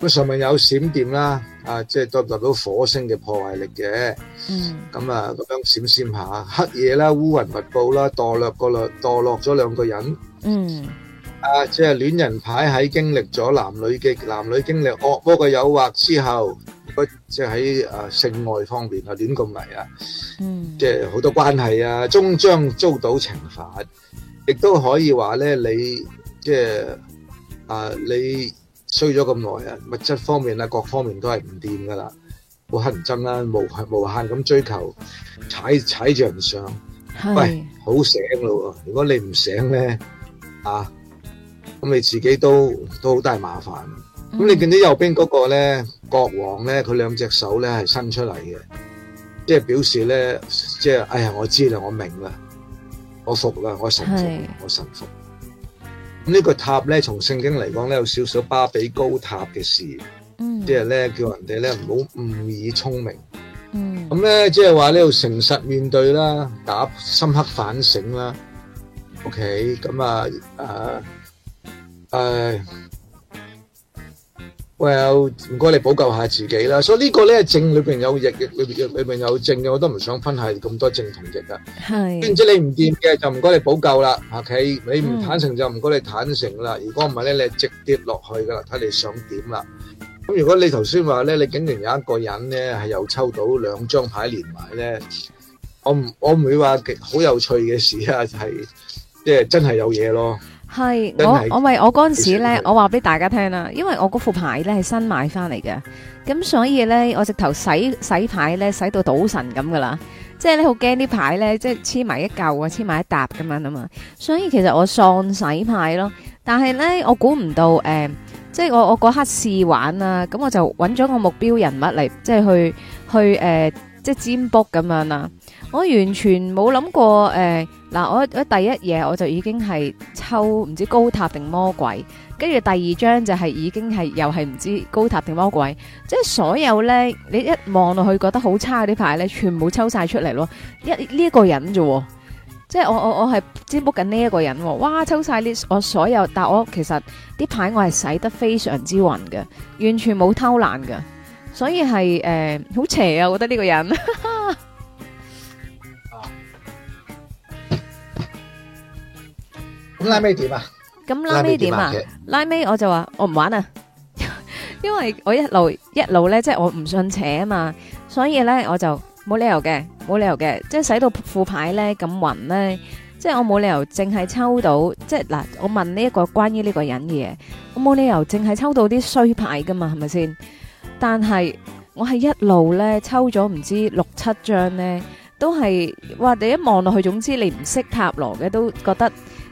咁上面有閃電啦，啊，即係都達到火星嘅破壞力嘅。嗯。咁啊，咁樣閃閃下黑夜啦，烏雲密布啦，墮落個落墮落咗兩個人。嗯。啊，即係戀人牌喺經歷咗男女嘅男女經歷惡魔嘅誘惑之後，如果即係喺啊性愛方面啊戀共迷啊，嗯，即係好多關係啊，終將遭到懲罰，亦都可以話咧你。即係啊！你衰咗咁耐啊，物質方面啊，各方面都係唔掂噶啦，好乞憎啦，無限無限咁追求，踩踩著人上，喂，好醒咯喎！如果你唔醒咧啊，咁你自己都都好大麻煩。咁你見到右邊嗰個咧，國王咧，佢兩隻手咧係伸出嚟嘅，即係表示咧，即係哎呀，我知啦，我明啦，我服啦，我臣服，我臣服。咁呢個塔咧，從聖經嚟講咧，有少少巴比高塔嘅事，嗯、即係咧叫人哋咧唔好誤以聰明。嗯，咁咧、嗯、即係話呢度誠實面對啦，打深刻反省啦。OK，咁啊，誒、啊，哎我有唔該你補救下自己啦，所以呢個咧正裏邊有逆，裏邊裏邊有正嘅，我都唔想分係咁多正同逆噶。係，跟住你唔掂嘅就唔該你補救啦。OK，你唔坦誠就唔該你坦誠啦。如果唔係咧，你直跌落去噶啦，睇你想點啦。咁如果你頭先話咧，你竟然有一個人咧係又抽到兩張牌連埋咧，我唔我唔會話極好有趣嘅事啊，就係即係真係有嘢咯。係我我咪我陣時咧，我話俾大家聽啦，因為我嗰副牌咧係新買翻嚟嘅，咁所以咧我直頭洗洗牌咧洗到賭神咁噶啦，即係咧好驚啲牌咧即係黐埋一嚿啊，黐埋一沓咁樣啊嘛，所以其實我喪洗牌咯，但係咧我估唔到誒、呃，即係我我嗰刻試玩啊，咁我就揾咗個目標人物嚟即係去去誒、呃、即係占卜咁樣啦，我完全冇諗過誒。呃嗱，我我第一嘢我就已經係抽唔知高塔定魔鬼，跟住第二張就係、係、已經係又係唔知高塔定魔鬼，即係所有呢，你一望落去覺得好差啲牌呢，全部抽晒出嚟咯。一呢一個人啫，即係我我我係占卜緊呢一個人，哇，抽晒呢我所有，但我其實啲牌我係洗得非常之勻嘅，完全冇偷懶嘅，所以係誒好邪啊！我覺得呢個人。 *laughs* 咁拉尾點啊？咁拉尾點啊？拉尾我就話我唔玩啊，因為我一路一路咧，即係我唔信邪啊嘛，所以咧我就冇理由嘅，冇理由嘅，即係使到副牌咧咁暈咧，即係我冇理由淨係抽到，即係嗱，我問呢一個關於呢個人嘅嘢，我冇理由淨係抽到啲衰牌噶嘛，係咪先？但係我係一路咧抽咗唔知六七張咧，都係哇！第一望落去，總之你唔識塔羅嘅都覺得。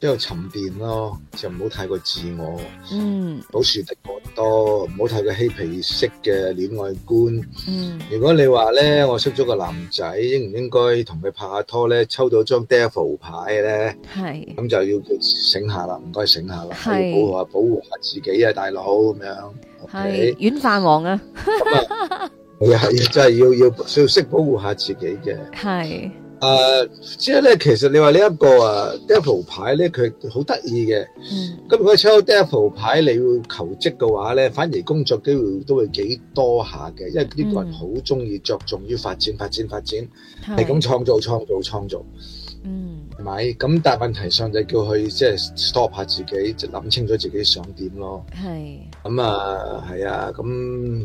比較沉澱咯，就唔好太過自我，嗯，唔好樹敵過多，唔好太過嬉皮式嘅戀愛觀，嗯。如果你話咧，我識咗個男仔，應唔應該同佢拍下拖咧？抽到張 devil 牌咧，係，咁就要醒下啦，唔該醒下啦，係保護下保護下自己啊，大佬咁樣，係，軟飯王啊，係啊，真係要要需要識保護下自己嘅，係。誒，即係咧，其實你話呢一個啊 devil 牌咧，佢好得意嘅。嗯。咁如果抽到 devil 牌，你要求職嘅話咧，反而工作機會都會幾多下嘅，因為呢個人好中意着重於發展、嗯、發展、發展、發展是，係咁創造、創造、創造。嗯。係咪？咁但係問題上就叫佢即係 stop 下自己，就諗清楚自己想點咯。係是。咁、嗯、啊，係啊，咁。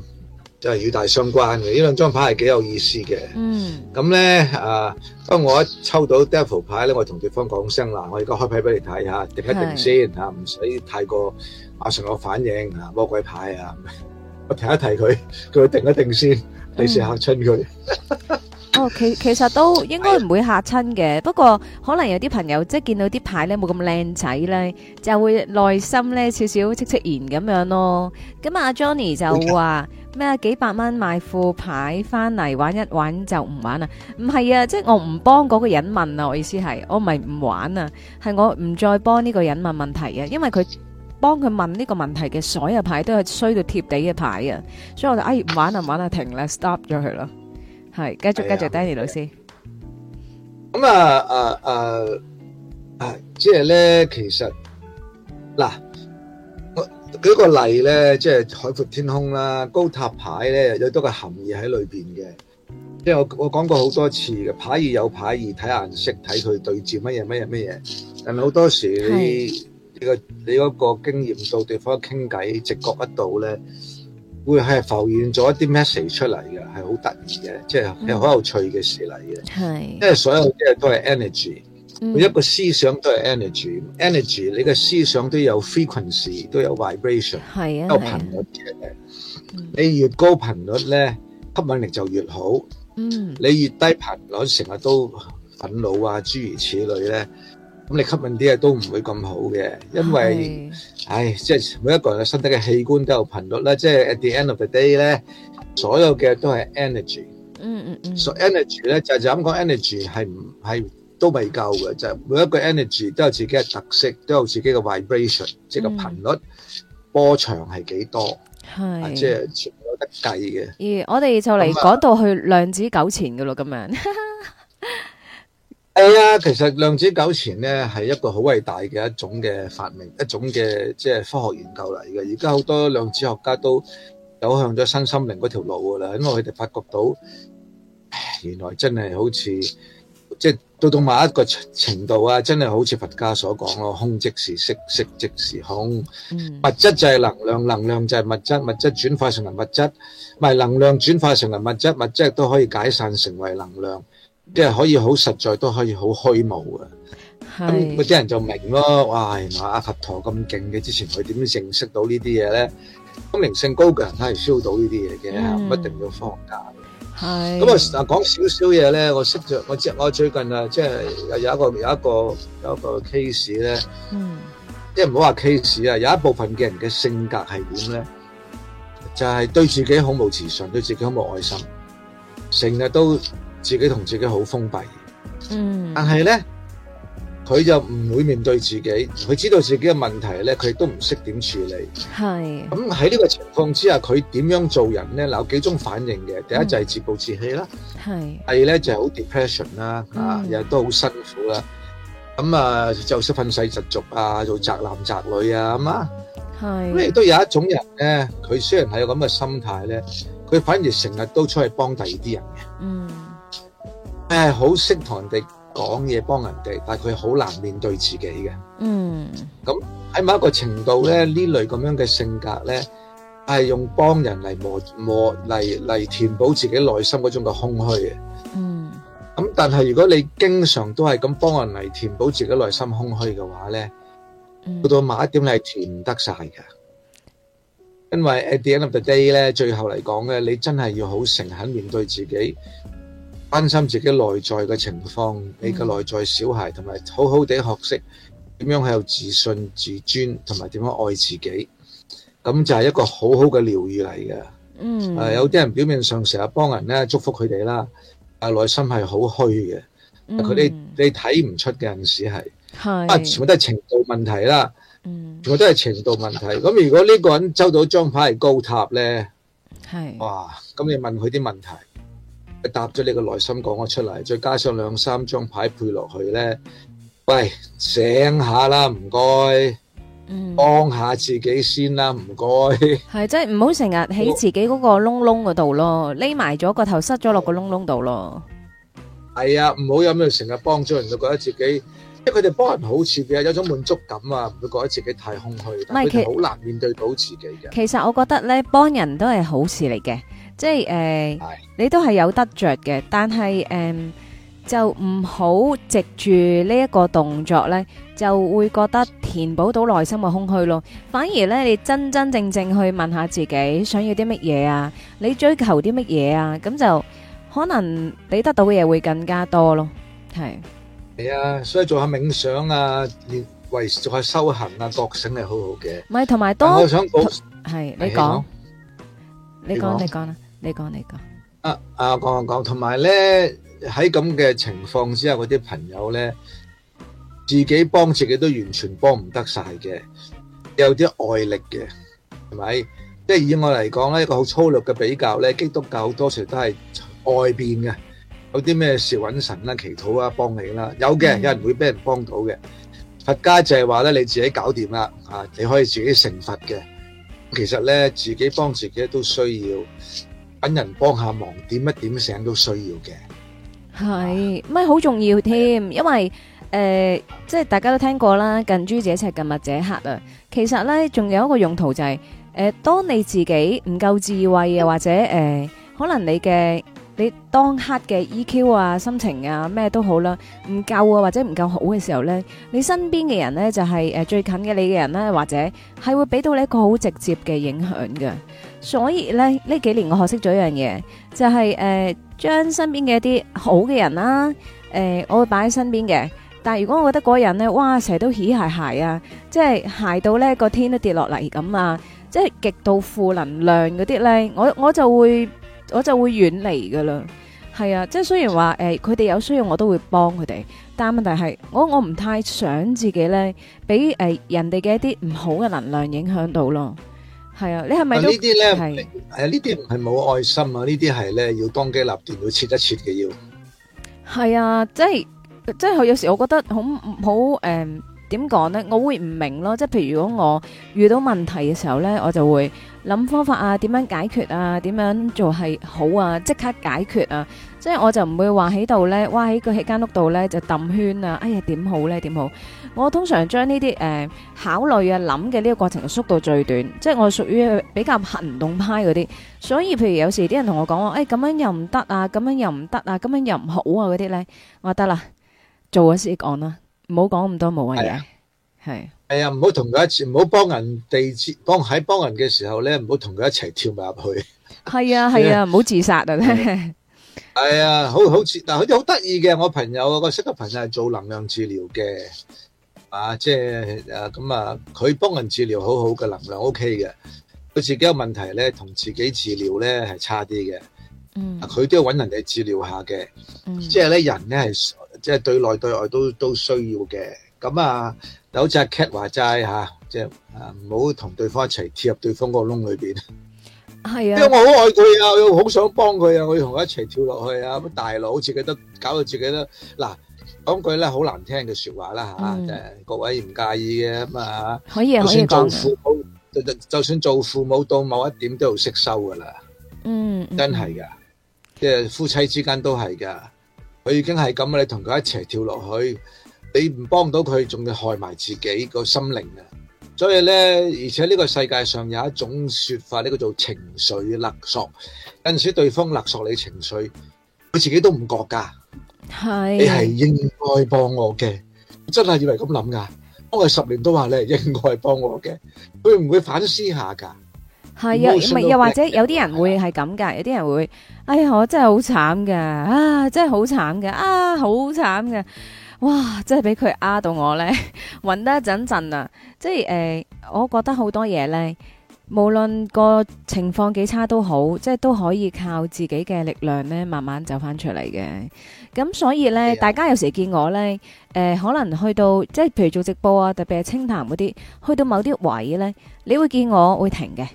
真係與大相關嘅呢兩張牌係幾有意思嘅。嗯，咁咧啊，當我一抽到 Devil 牌咧，我同對方講聲啦，我而家開牌俾你睇下，定一定先嚇，唔使太過馬上有反應嚇，魔鬼牌啊，我提一提佢，佢定一定先，你先嚇親佢。哦，其其實都應該唔會嚇親嘅，不過可能有啲朋友即係見到啲牌咧冇咁靚仔咧，就會內心咧少少戚戚然咁樣咯。咁阿 Danny 就話。咩？幾百蚊買副牌翻嚟玩一玩就唔玩啦？唔係啊，即係我唔幫嗰個人問啊，我意思係我唔係唔玩啊，係我唔再幫呢個人問問題啊，因為佢幫佢問呢個問題嘅所有牌都係衰到貼地嘅牌啊，所以我就哎唔玩啦，唔玩啦，停啦，stop 咗佢咯，係繼續繼續 Danny 老師。咁啊啊啊，即係呢，其實嗱。舉一個例咧，即係海闊天空啦，高塔牌咧，有多個含義喺裏邊嘅。即係我我講過好多次嘅，牌義有牌義，睇顏色，睇佢對照乜嘢乜嘢乜嘢。但係好多時你呢個是你嗰個經驗到地方傾偈，直覺得到咧，會係浮現咗一啲 message 出嚟嘅，係好突然嘅，即係係好有趣嘅事嚟嘅。係、嗯，因為所有啲嘢都係 energy。每一個思想都係 energy，energy 你嘅思想都有 frequency，都有 vibration，都有頻率嘅。你越高頻率咧，吸引力就越好。嗯，你越低頻率成日都憤怒啊，諸如此類咧，咁你吸引啲嘢都唔會咁好嘅，因為，唉，即係每一個人嘅身體嘅器官都有頻率咧，即係 at the end of the day 咧，所有嘅都係 energy。嗯嗯，所以 energy 咧就係就咁講，energy 係唔係，都未夠嘅，就係每一個 energy 都有自己嘅特色，都有自己嘅 vibration，即係個頻率波長係幾多，即係全部都有得計嘅。而我哋就嚟講到去量子糾纏嘅咯，咁樣。係啊，其實量子糾纏咧係一個好偉大嘅一種嘅發明，一種嘅即係科學研究嚟嘅。而家好多量子學家都走向咗新心靈嗰條路嘅啦，因為佢哋發覺到原來真係好似即係。到到埋一個程度啊！真係好似佛家所講咯，空即是色，色即是空。物質就係能量，能量就係物質，物質轉化成物質，唔係能量轉化成物質，物質都可以解散成為能量，即係可以好實在，都可以好虛無啊！咁嗰啲人就明咯。哇！原來阿佛陀咁勁嘅，之前佢點認識到呢啲嘢咧？咁靈性高嘅人，當然燒到呢啲嘢嘅，唔一定要科學家。係咁啊！嗱，講少少嘢咧，我識着我即我最近啊，即係有一個有一個有一個 case 咧，嗯，即係唔好話 case 啊，有一部分嘅人嘅性格係點咧？就係對自己好冇自信，對自己好冇愛心，成日都自己同自己好封閉，嗯，但係咧。佢就唔會面對自己，佢知道自己嘅問題咧，佢都唔識點處理。係咁喺呢個情況之下，佢點樣做人咧？有幾種反應嘅，第一就係自暴自棄啦，係第二咧就係好 depression 啦，啊，日日都好辛苦啦。咁啊，就識憤世嫉俗啊，做宅男宅女啊，係嘛？咁亦都有一種人咧，佢雖然係有咁嘅心態咧，佢反而成日都出去幫第二啲人嘅。嗯，誒，好識同人哋。講嘢幫人哋，但係佢好難面對自己嘅。嗯，咁喺某一個程度咧，呢類咁樣嘅性格咧，係用幫人嚟磨磨嚟嚟填補自己內心嗰種嘅空虛嘅。嗯，咁但係如果你經常都係咁幫人嚟填補自己內心空虛嘅話咧，去到某一點係填唔得晒嘅。因為 at the end of the day 咧，最後嚟講咧，你真係要好誠懇面對自己。關心自己內在嘅情況，你嘅內在小孩，同埋、嗯、好好地學識點樣喺度自信、自尊，同埋點樣愛自己，咁就係一個好好嘅療愈嚟嘅。嗯，誒、啊，有啲人表面上成日幫人咧，祝福佢哋啦，但內心係好虛嘅。佢哋、嗯、你睇唔出嘅陣時係，係是，啊，全部都係程度問題啦。嗯，全部都係程度問題。咁如果呢個人抽到張牌係高塔咧，係是，哇，咁你問佢啲問題。搭咗你個內心講咗出嚟，再加上兩三張牌配落去咧，喂醒下啦，唔該，幫下自己先啦，唔該。係即係唔好成日喺自己嗰個窿窿嗰度咯，匿埋咗個頭，塞咗落個窿窿度咯。係啊，唔好咁樣成日幫咗人，就覺得自己，即係佢哋幫人好似嘅，有種滿足感啊，唔會覺得自己太空虛，但係佢哋好難面對到自己嘅。其實我覺得咧，幫人都係好事嚟嘅。即係誒，你都係有得着嘅，但係誒就唔好藉住呢一個動作咧，就會覺得填補到內心嘅空虛咯。反而咧，你真真正正去問下自己，想要啲乜嘢啊？你追求啲乜嘢啊？咁就可能你得到嘅嘢會更加多咯。係係啊，所以做下冥想啊，維持做下修行啊，覺醒係好好嘅。唔係同埋多，我想講係你講，你講你講啊。你講你講、啊，啊啊講講同埋咧，喺咁嘅情況之下，嗰啲朋友咧，自己幫自己都完全幫唔得晒嘅，有啲外力嘅，係咪？即係以我嚟講咧，一個好粗略嘅比較咧，基督教好多時都係外邊嘅，有啲咩事揾神啦、啊、祈禱啦、啊、幫你啦、啊，有嘅，嗯、有人會俾人幫到嘅。佛家就係話咧，你自己搞掂啦，啊，你可以自己成佛嘅。其實咧，自己幫自己都需要。揾人幫下忙，點一點醒都需要嘅，係咪好重要添？因為誒、呃，即係大家都聽過啦，近朱者赤，近墨者黑啊。其實呢，仲有一個用途就係、是、誒、呃，當你自己唔夠智慧啊，或者誒、呃，可能你嘅你當刻嘅 E Q 啊、心情啊咩都好啦，唔夠啊，或者唔夠好嘅時候呢，你身邊嘅人呢，就係、是、誒、呃，最近嘅你嘅人呢、啊，或者係會俾到你一個好直接嘅影響嘅。所以咧，呢幾年我學識咗一樣嘢，就係、是、誒、呃、將身邊嘅一啲好嘅人啦、啊，誒、呃、我會擺喺身邊嘅。但係如果我覺得嗰人咧，哇成日都嘻鞋鞋啊，即係鞋到咧個天都跌落嚟咁啊，即係極度負能量嗰啲咧，我我就會我就會遠離噶啦。係啊，即係雖然話誒佢哋有需要我都會幫佢哋，但係問題係我我唔太想自己咧俾誒人哋嘅一啲唔好嘅能量影響到咯。係啊，你係咪都係？誒，呢啲唔係冇愛心啊！呢啲係咧要當機立斷，要切一切嘅要。係啊，即係即係，有時我覺得好好誒，點講咧？我會唔明咯，即係譬如如果我遇到問題嘅時候咧，我就會諗方法啊，點樣解決啊，點樣做係好啊，即刻解決啊。即係我就唔會話喺度呢，哇，喺個喺間屋度呢，就氹圈啊！哎呀點好呢？點好？我通常將呢啲誒，考慮啊諗嘅呢個過程縮到最短。即係我屬於比較行動派嗰啲，所以譬如有時啲人同我講話誒，咁樣又唔得啊，咁樣又唔得啊，咁樣又唔好啊嗰啲呢，我話得啦，做咗先講啦，唔好講咁多冇謂嘢。係係呀，唔好同佢一齊，唔好幫人哋切，幫，喺幫人嘅時候呢，唔好同佢一齊跳埋入去。係啊係啊，唔好、啊啊、自殺啊 *laughs* 係啊，好好似嗱，佢哋好得意嘅。我朋友啊，個識嘅朋友係做能量治療嘅，啊，即係誒咁啊，佢幫人治療好好嘅能量 OK 嘅。佢自己有問題咧，同自己治療咧係差啲嘅。嗯，佢都要搵人哋治療下嘅。嗯，即係咧人咧係，即係對內對外都都需要嘅。咁啊，就好似阿 Cat 話齋吓，即係啊，唔好同對方一齊貼入對方個窿裏邊。係啊，因為我好愛佢啊，我又好想幫佢啊，我要同佢一齊跳落去啊。咁大佬自己都搞到自己都，嗱講句咧好難聽嘅説話啦嚇，誒各位唔介意嘅咁啊。可以可以講。就算做父母，就就就算做父母到某一點都要識收噶啦。嗯，真係噶，即係夫妻之間都係噶。佢已經係咁啦，你同佢一齊跳落去，你唔幫到佢，仲要害埋自己個心靈啊！所以咧，而且呢個世界上有一種說法，呢、呢個、叫做情緒勒索。有陣時對方勒索你情緒，佢自己都唔覺噶。係是你係應該幫我嘅，我真係以為咁諗噶。我係十年都話你係應該幫我嘅，佢唔會反思下噶。係啊，又或者有啲人會係咁噶？吧有啲人會，哎呀我真係好慘噶，啊真係好慘噶，啊好慘噶。哇！真係俾佢呃到我呢，暈得一陣陣啊！即係誒、呃，我覺得好多嘢呢，無論個情況幾差都好，即係都可以靠自己嘅力量呢，慢慢走返出嚟嘅。咁所以呢，Yeah. 大家有時見我呢，誒、呃、可能去到即係譬如做直播啊，特別係清談嗰啲，去到某啲位呢，你會見我會停嘅。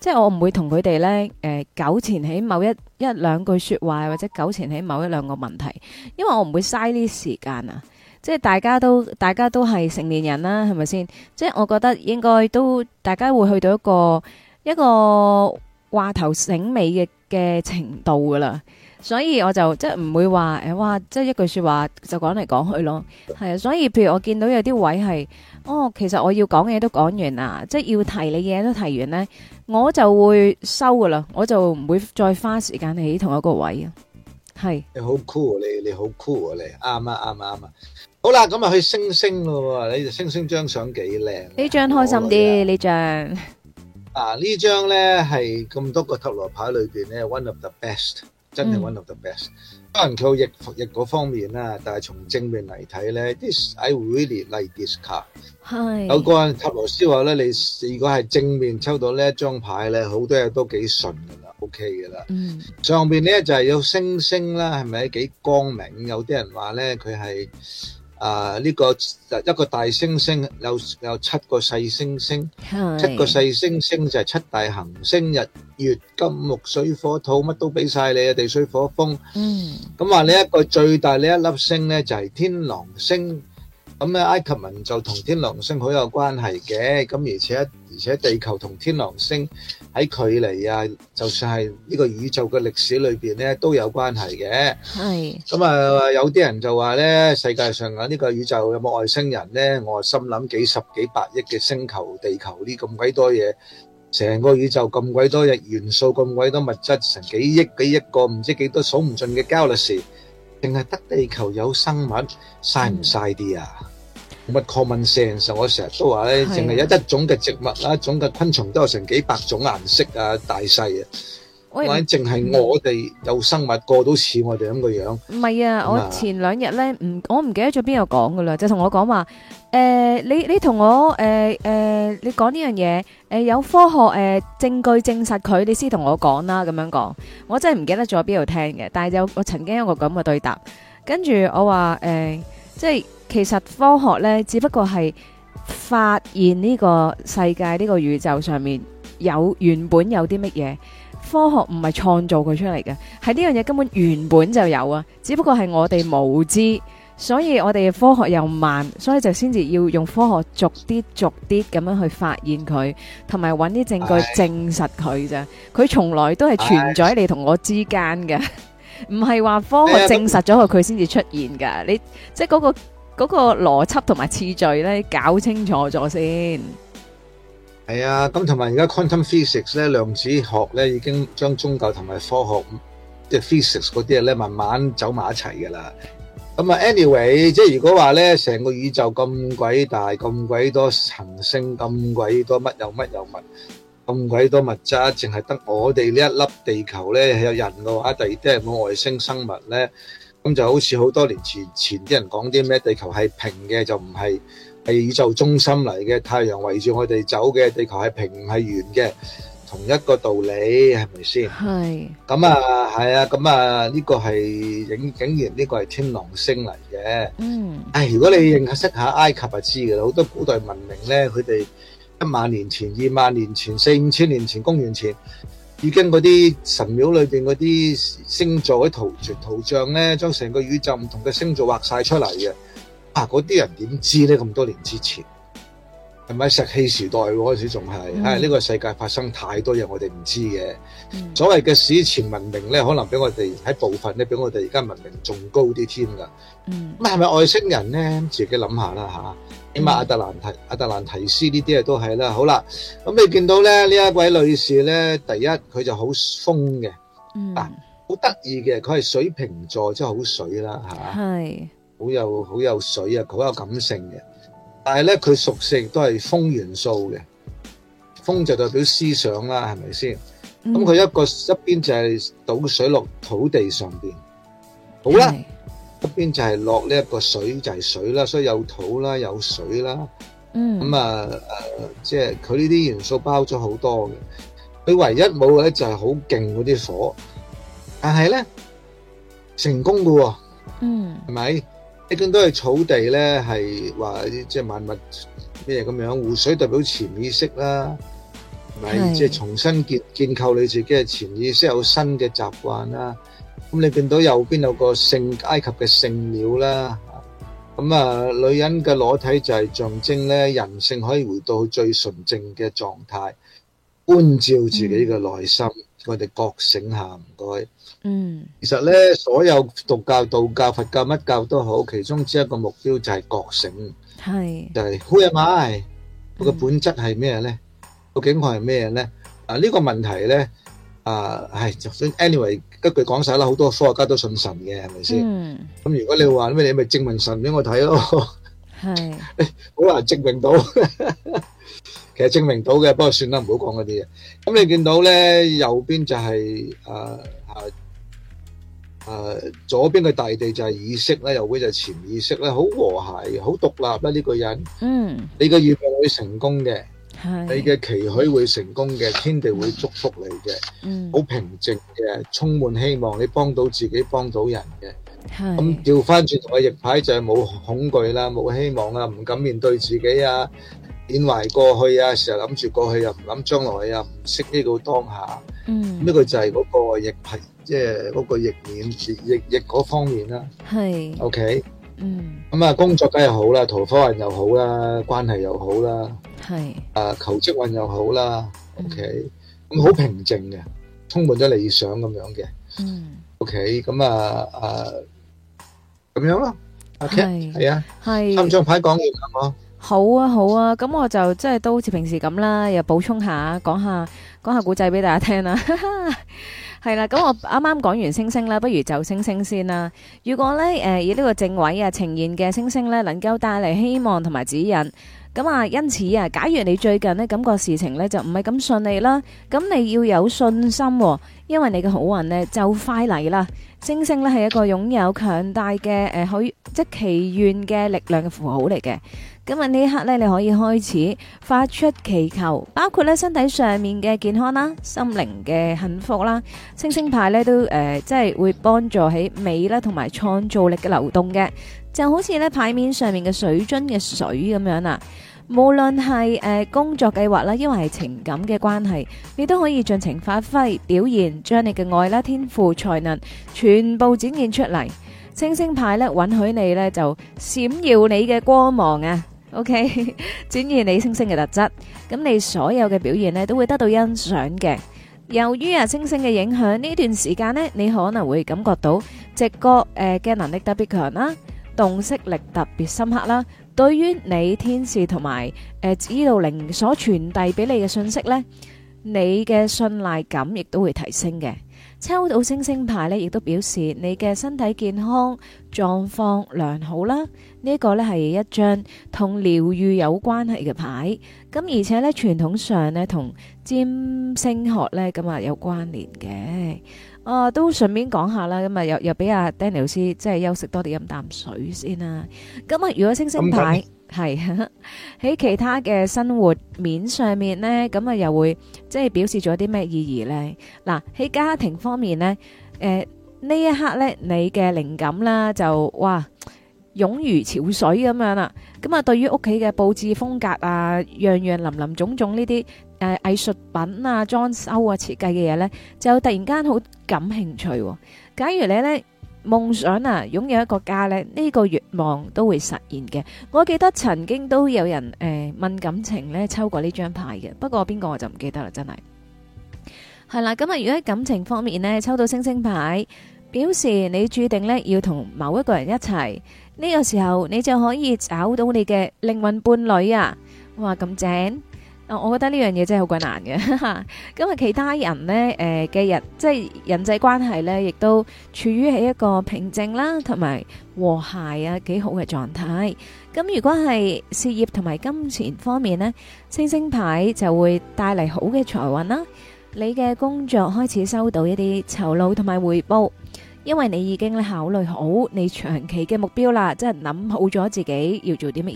即係我唔會同佢哋咧，誒、呃，糾纏起某一一兩句說話，或者糾纏起某一兩個問題，因為我唔會嘥啲時間啊！即係大家都大家都係成年人啦，係咪先？即係我覺得應該都大家會去到一個一個話頭醒尾嘅嘅程度噶啦。所以我就即係唔會話誒，哇！即係一句說話就講嚟講去咯，係啊。所以譬如我見到有啲位係，哦，其實我要講嘢都講完啦，即係要提你嘢都提完咧，我就會收噶啦，我就唔會再花時間喺同一個位啊。係，你好 cool，你你好 cool，你啱啊啱啊啱啊。好啦，咁啊去星星咯，你星星張相幾靚？呢張開心啲，呢張。啊呢張咧係咁多個塔羅牌裏邊咧，one of the best。真係 one of the best。可能佢有逆逆嗰方面啦，但係從正面嚟睇咧，This,I really like this card。係。有個人塔羅師話咧，你如果係正面抽到呢一張牌咧，好多嘢都幾順㗎啦，OK 㗎啦。上邊咧就係有星星啦，係咪幾光明？有啲人話咧，佢係啊呢個一個大星星，有有七個細星星，七個細星星就係七大行星日。月金木水火土乜都俾曬你啊！地水火風，嗯，咁話呢一個最大呢一粒星咧就係天狼星，咁咧埃及文就同天狼星好有關係嘅，咁而且而且地球同天狼星喺距離啊，就算係呢個宇宙嘅歷史裏邊咧都有關係嘅，係。咁啊有啲人就話咧世界上啊呢個宇宙有冇外星人咧？我啊心諗幾十幾百億嘅星球地球呢咁鬼多嘢。成個宇宙咁鬼多嘢元素，咁鬼多物質，成幾億幾億個唔知幾多數唔盡嘅膠粒時，淨係得地球有生物，嘥唔嘥啲啊？冇乜 common sense，我成日都話咧，淨係的有一種嘅植物，一種嘅昆蟲，都有成幾百種顏色啊，大細啊！或者淨係我哋有生物過到似我哋咁嘅樣，唔係啊。我前兩日呢，唔我唔記得咗邊度講噶啦，就同我講話誒，你你同我誒誒，你講呢樣嘢誒，有科學誒、呃、證據證實佢，你先同我講啦。咁樣講，我真係唔記得咗邊度聽嘅。但係有我曾經有個咁嘅對答，跟住我話誒、呃，即係其實科學呢，只不過係發現呢個世界呢個宇宙上面有原本有啲乜嘢。科學唔係創造佢出嚟嘅，係呢樣嘢根本原本就有啊，只不過係我哋無知，所以我哋科學又慢，所以就先至要用科學逐啲逐啲咁樣去發現佢，同埋揾啲證據證實佢咋，佢從來都係存在你同我之間嘅，唔係話科學證實咗佢，佢先至出現噶，你即係、嗰、嗰個嗰、嗰個邏輯同埋次序呢，搞清楚咗先。係啊，咁同埋而家 quantum physics 咧，量子學咧已經將宗教同埋科學即係 physics 嗰啲嘢咧，慢慢走埋一齊嘅啦。咁啊，anyway，即係如果話咧，成個宇宙咁鬼大，咁鬼多行星，咁鬼多乜有乜有物，咁鬼多物質，淨係得我哋呢一粒地球咧係有人嘅話，第二啲係冇外星生物咧，咁就好似好多年前前啲人講啲咩地球係平嘅，就唔係。係宇宙中心嚟嘅，太陽圍住我哋走嘅，地球係平係圓嘅，同一個道理，係咪先？係咁啊，係啊，咁啊，呢個係竟竟然呢個係天狼星嚟嘅。嗯，唉，如果你認識下埃及啊，知㗎啦，好多古代文明咧，佢哋一萬年前、二萬年前、四五千年前公元前，已經嗰啲神廟裏邊嗰啲星座嘅圖圖像咧，將成個宇宙唔同嘅星座畫晒出嚟嘅。啊！嗰啲人點知咧？咁多年之前，係咪石器時代開始仲係？哎、mm.，呢、這個世界發生太多嘢，我哋唔知嘅。所謂嘅史前文明咧，可能比我哋喺部分咧，比我哋而家文明仲高啲添噶。咁係咪外星人咧？自己諗下啦吓。起碼，亞、mm. 啊、特蘭提亞、啊、特蘭提斯呢啲啊都係啦。好啦，咁你見到咧，呢一位女士咧，第一佢就好瘋嘅，嗯、mm. 啊，好得意嘅，佢係水瓶座，即係好水啦，係、啊好有好有水啊，好有感性嘅。但係咧，佢屬性都係風元素嘅，風就代表思想啦，係咪先？咁佢一個一邊就係倒水落土地上邊，好啦，一邊就係落呢一個水就係水啦，所以有土啦，有水啦。嗯，咁啊誒，即係佢呢啲元素包咗好多嘅，佢唯一冇嘅咧就係好勁嗰啲火，但係咧成功㗎，嗯，係咪？你見到係草地咧，係話即係萬物咩咁樣，湖水代表潛意識啦，係即係重新建建構你自己嘅潛意識，有新嘅習慣啦。咁你見到右邊有個聖埃及嘅聖廟啦，咁啊女人嘅裸體就係象徵咧，人性可以回到最純正嘅狀態，觀照自己嘅內心，嗯、我哋覺醒下，唔該。嗯，其實咧，所有道教、道教、佛教乜教都好，其中之一個目標就係覺醒，係就係 Who am I？個本質係咩咧？究竟佢係咩咧？啊，呢個問題咧，啊，係就算 anyway 一句講晒啦，好多科學家都信神嘅，係咪先？嗯，咁如果你話咩，你咪證明神俾我睇咯，係好難證明到。其實證明到嘅，不過算啦，唔好講嗰啲嘢。咁你見到咧，右邊就係誒。誒左邊嘅大地就係意識咧，右邊就潛意識咧，好和諧、好獨立咧呢個人。嗯，你嘅願望會成功嘅，你嘅期許會成功嘅，天地會祝福你嘅。嗯，好平靜嘅，充滿希望，你幫到自己、幫到人嘅。係。咁調翻轉個逆牌就係冇恐懼啦，冇希望啊，唔敢面對自己啊，緬懷過去啊，成日諗住過去又唔諗將來啊，唔識呢個當下。嗯。咁呢個就係嗰個逆牌。即係嗰個逆面、逆逆嗰方面啦，係，OK，嗯，咁啊，工作梗係好啦，桃花運又好啦，關係又好啦，係，啊，求職運又好啦，OK，咁好平靜嘅，充滿咗理想咁樣嘅，嗯，OK，咁啊，誒，咁樣咯，OK，係啊，係，三張牌講完啦，好啊，好啊，咁我就即係都好似平時咁啦，又補充下，講下講下古仔俾大家聽啦。係啦，咁我啱啱講完星星啦，不如就星星先啦。如果咧，誒、呃、以呢個正位啊呈現嘅星星咧，能夠帶嚟希望同埋指引，咁啊，因此啊，假如你最近呢感覺事情咧就唔係咁順利啦，咁你要有信心，哦，因為你嘅好運呢就快嚟啦。星星咧係一個擁有強大嘅誒、可即祈願嘅力量嘅符號嚟嘅。今日呢一刻咧，你可以開始發出祈求，包括咧身體上面嘅健康啦、心靈嘅幸福啦。星星牌咧都誒、即係會幫助起美啦同埋創造力嘅流動嘅，就好似咧牌面上面嘅水樽嘅水咁樣啦。無論係誒工作計劃啦，定係情感嘅關係，你都可以盡情發揮表現，將你嘅愛啦、天賦才能全部展現出嚟。星星牌咧，允許你咧就閃耀你嘅光芒啊！OK，展現你星星嘅特質。咁你所有嘅表現咧都會得到欣賞嘅。由於啊星星嘅影響，呢段時間咧你可能會感覺到直覺誒嘅能力特別強啦，洞悉力特別深刻啦。對於你天使同埋誒，指導靈所傳遞俾你嘅信息咧，你嘅信賴感亦都會提升嘅。抽到星星牌咧，亦都表示你嘅身體健康狀況良好啦。呢個咧係一張同療癒有關係嘅牌，咁而且咧傳統上咧同占星學咧咁啊有關聯嘅。哦、啊，都順便講下啦，咁啊又又俾阿 Danny 老師即係休息多啲，飲啖水先啦。咁啊，如果星星牌係喺、就是、其他嘅生活面上面咧，咁啊又會即係表示咗啲咩意義咧？嗱、啊，喺家庭方面咧，誒、呃、呢一刻咧，你嘅靈感啦就哇湧如潮水咁樣啦。咁啊，對於屋企嘅布置風格啊，樣樣林林種種呢啲誒藝術品啊，裝修啊，設計嘅嘢呢，就突然間好感興趣，哦。假如你呢夢想啊擁有一個家呢，呢，這個願望都會實現嘅。我記得曾經都有人誒，呃、問感情呢，抽過呢張牌嘅，不過邊個我就唔記得啦，真係。係啦，咁啊，如果喺感情方面呢，抽到星星牌，表示你注定呢要同某一個人一齊。呢個時候你就可以找到你嘅靈魂伴侶啊！哇，咁正啊！我覺得呢樣嘢真係好鬼難嘅。咁其他人呢，誒嘅人即係人際關係呢，亦都處於喺一個平靜啦同埋和諧啊，幾好嘅狀態。咁如果係事業同埋金錢方面呢，星星牌就會帶嚟好嘅財運啦。你嘅工作開始收到一啲酬勞同埋回報。因為你已經考慮好你長期嘅目標啦，即係諗好咗自己要做啲乜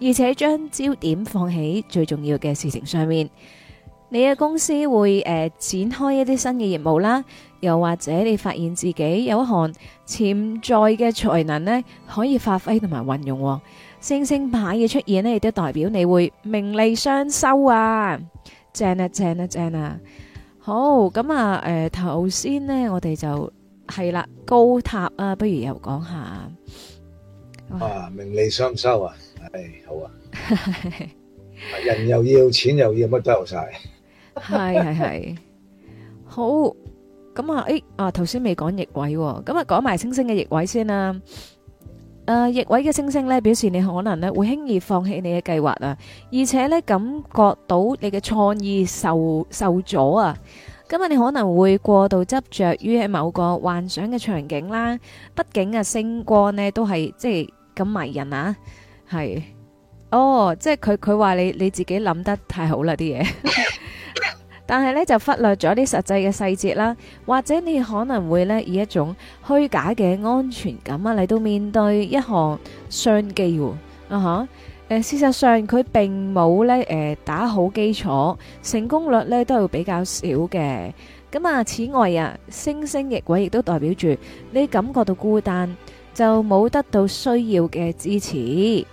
嘢，而且將焦點放喺最重要嘅事情上面。你嘅公司會誒、呃、展開一啲新嘅業務啦，又或者你發現自己有一項潛在嘅才能呢，可以發揮同埋運用，啊，星星牌嘅出現呢，亦都代表你會名利雙收啊！正啊！正啊！正啊！好咁啊！誒、呃，頭先呢，我哋就。係啦，高塔啊，不如又講下。啊，名利雙收啊，係好啊，人又要錢又要乜都有晒，係係係，好咁啊，誒啊，頭先未講逆位，咁啊，講埋星星嘅逆位先啦。誒，逆位嘅星星呢，表示你可能呢會輕易放棄你嘅計劃啊，而且呢感覺到你嘅創意受受阻啊。咁啊，你可能會過度執着於喺某個幻想嘅場景啦，畢竟啊，星光呢都係即係咁迷人啊，係哦，oh，即係佢佢話你你自己諗得太好啦啲嘢。 *laughs* *laughs* 但係呢就忽略咗啲實際嘅細節啦，或者你可能會呢以一種虛假嘅安全感啊嚟到面對一項商機啊吓。Uh huh. 事實上佢並冇咧，誒、呃、打好基礎，成功率咧都係比較少嘅。咁啊，此外啊，星星逆位亦都代表住你感覺到孤單，就冇得到需要嘅支持。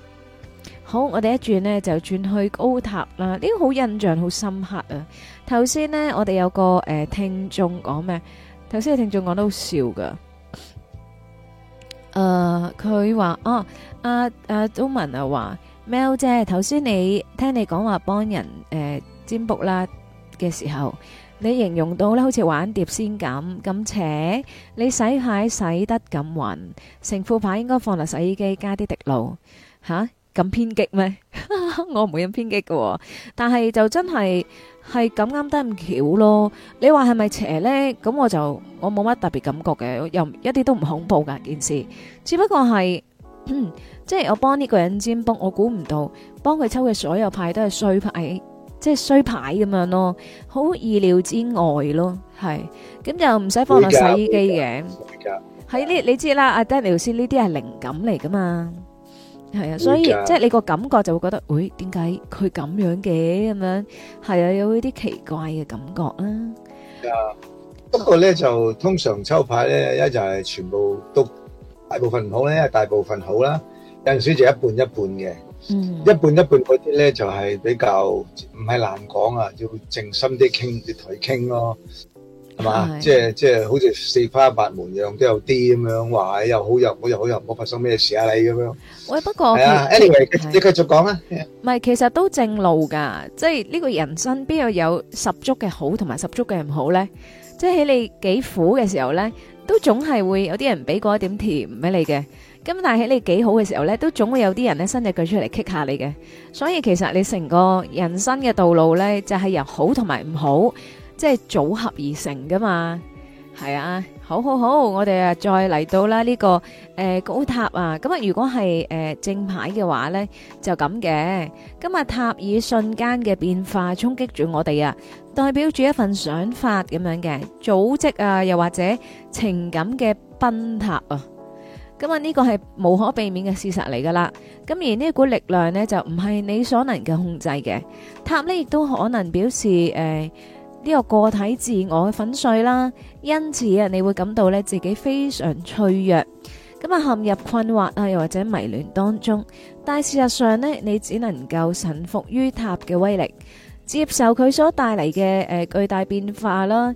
好，我哋一轉呢，就轉去高塔啦。呢、這個好印象，好深刻啊！頭先呢，我哋有個誒、呃、聽眾講咩？頭先嘅聽眾講得好笑噶。誒、呃，佢話啊，阿阿周文啊話。喵姐，頭先你聽你講話幫人誒占卜啦嘅時候，你形容到咧好似玩碟仙咁，咁邪，你洗牌洗得咁匀，成副牌應該放落洗衣機加啲滴露吓咁偏激咩？我唔會咁偏激嘅，但係就真係係咁啱得咁巧咯。你話係咪邪呢？咁我就我冇乜特別感覺嘅，又一啲都唔恐怖噶件事，只不過係。即係我幫呢個人占卜，我估唔到幫佢抽嘅所有牌都係衰牌，即係衰牌咁樣咯，好意料之外咯，係咁又唔使放落洗衣機嘅。係呢，你知啦，阿 Danny 老師呢啲係靈感嚟噶嘛，係啊，所以即係你個感覺就會覺得，誒，點解佢咁樣嘅咁樣，係啊，有啲奇怪嘅感覺啦。不過咧就通常抽牌咧，一就係全部都大部分唔好咧，一係大部分好啦。有陣時就一半一半嘅，一半一半嗰啲咧就係比較唔係難講啊，要靜心啲傾，對台傾咯，係嘛？即係即係好似四花八門樣都有啲咁樣話，又好又唔好又好又唔好發生咩事啊你咁樣。喂，不過，係啊，Anyway，你繼續講啦。唔係，其實都正路噶，即係呢個人生邊有有十足嘅好同埋十足嘅唔好咧？即係喺你幾苦嘅時候咧，都總係會有啲人俾過一點甜俾你嘅。咁但係喺你幾好嘅時候咧，都總會有啲人咧伸隻腳出嚟棘下你嘅，所以其實你成個人生嘅道路咧，就係由好同埋唔好，即係組合而成噶嘛，係啊，好好好，我哋啊再嚟到啦呢、這個誒、呃、高塔啊，咁啊如果係誒、呃、正牌嘅話咧就咁嘅，咁啊，塔以瞬間嘅變化衝擊住我哋啊，代表住一份想法咁樣嘅組織啊，又或者情感嘅崩塌啊。咁啊，呢個係無可避免嘅事實嚟㗎喇。咁而呢股力量呢，就唔係你所能嘅控制嘅。塔呢，亦都可能表示誒呢、呃這個個體自我嘅粉碎啦，因此啊，你會感到呢自己非常脆弱。咁啊，陷入困惑啊，又或者迷戀當中。但事實上呢，你只能夠臣服於塔嘅威力，接受佢所帶嚟嘅誒巨大變化啦。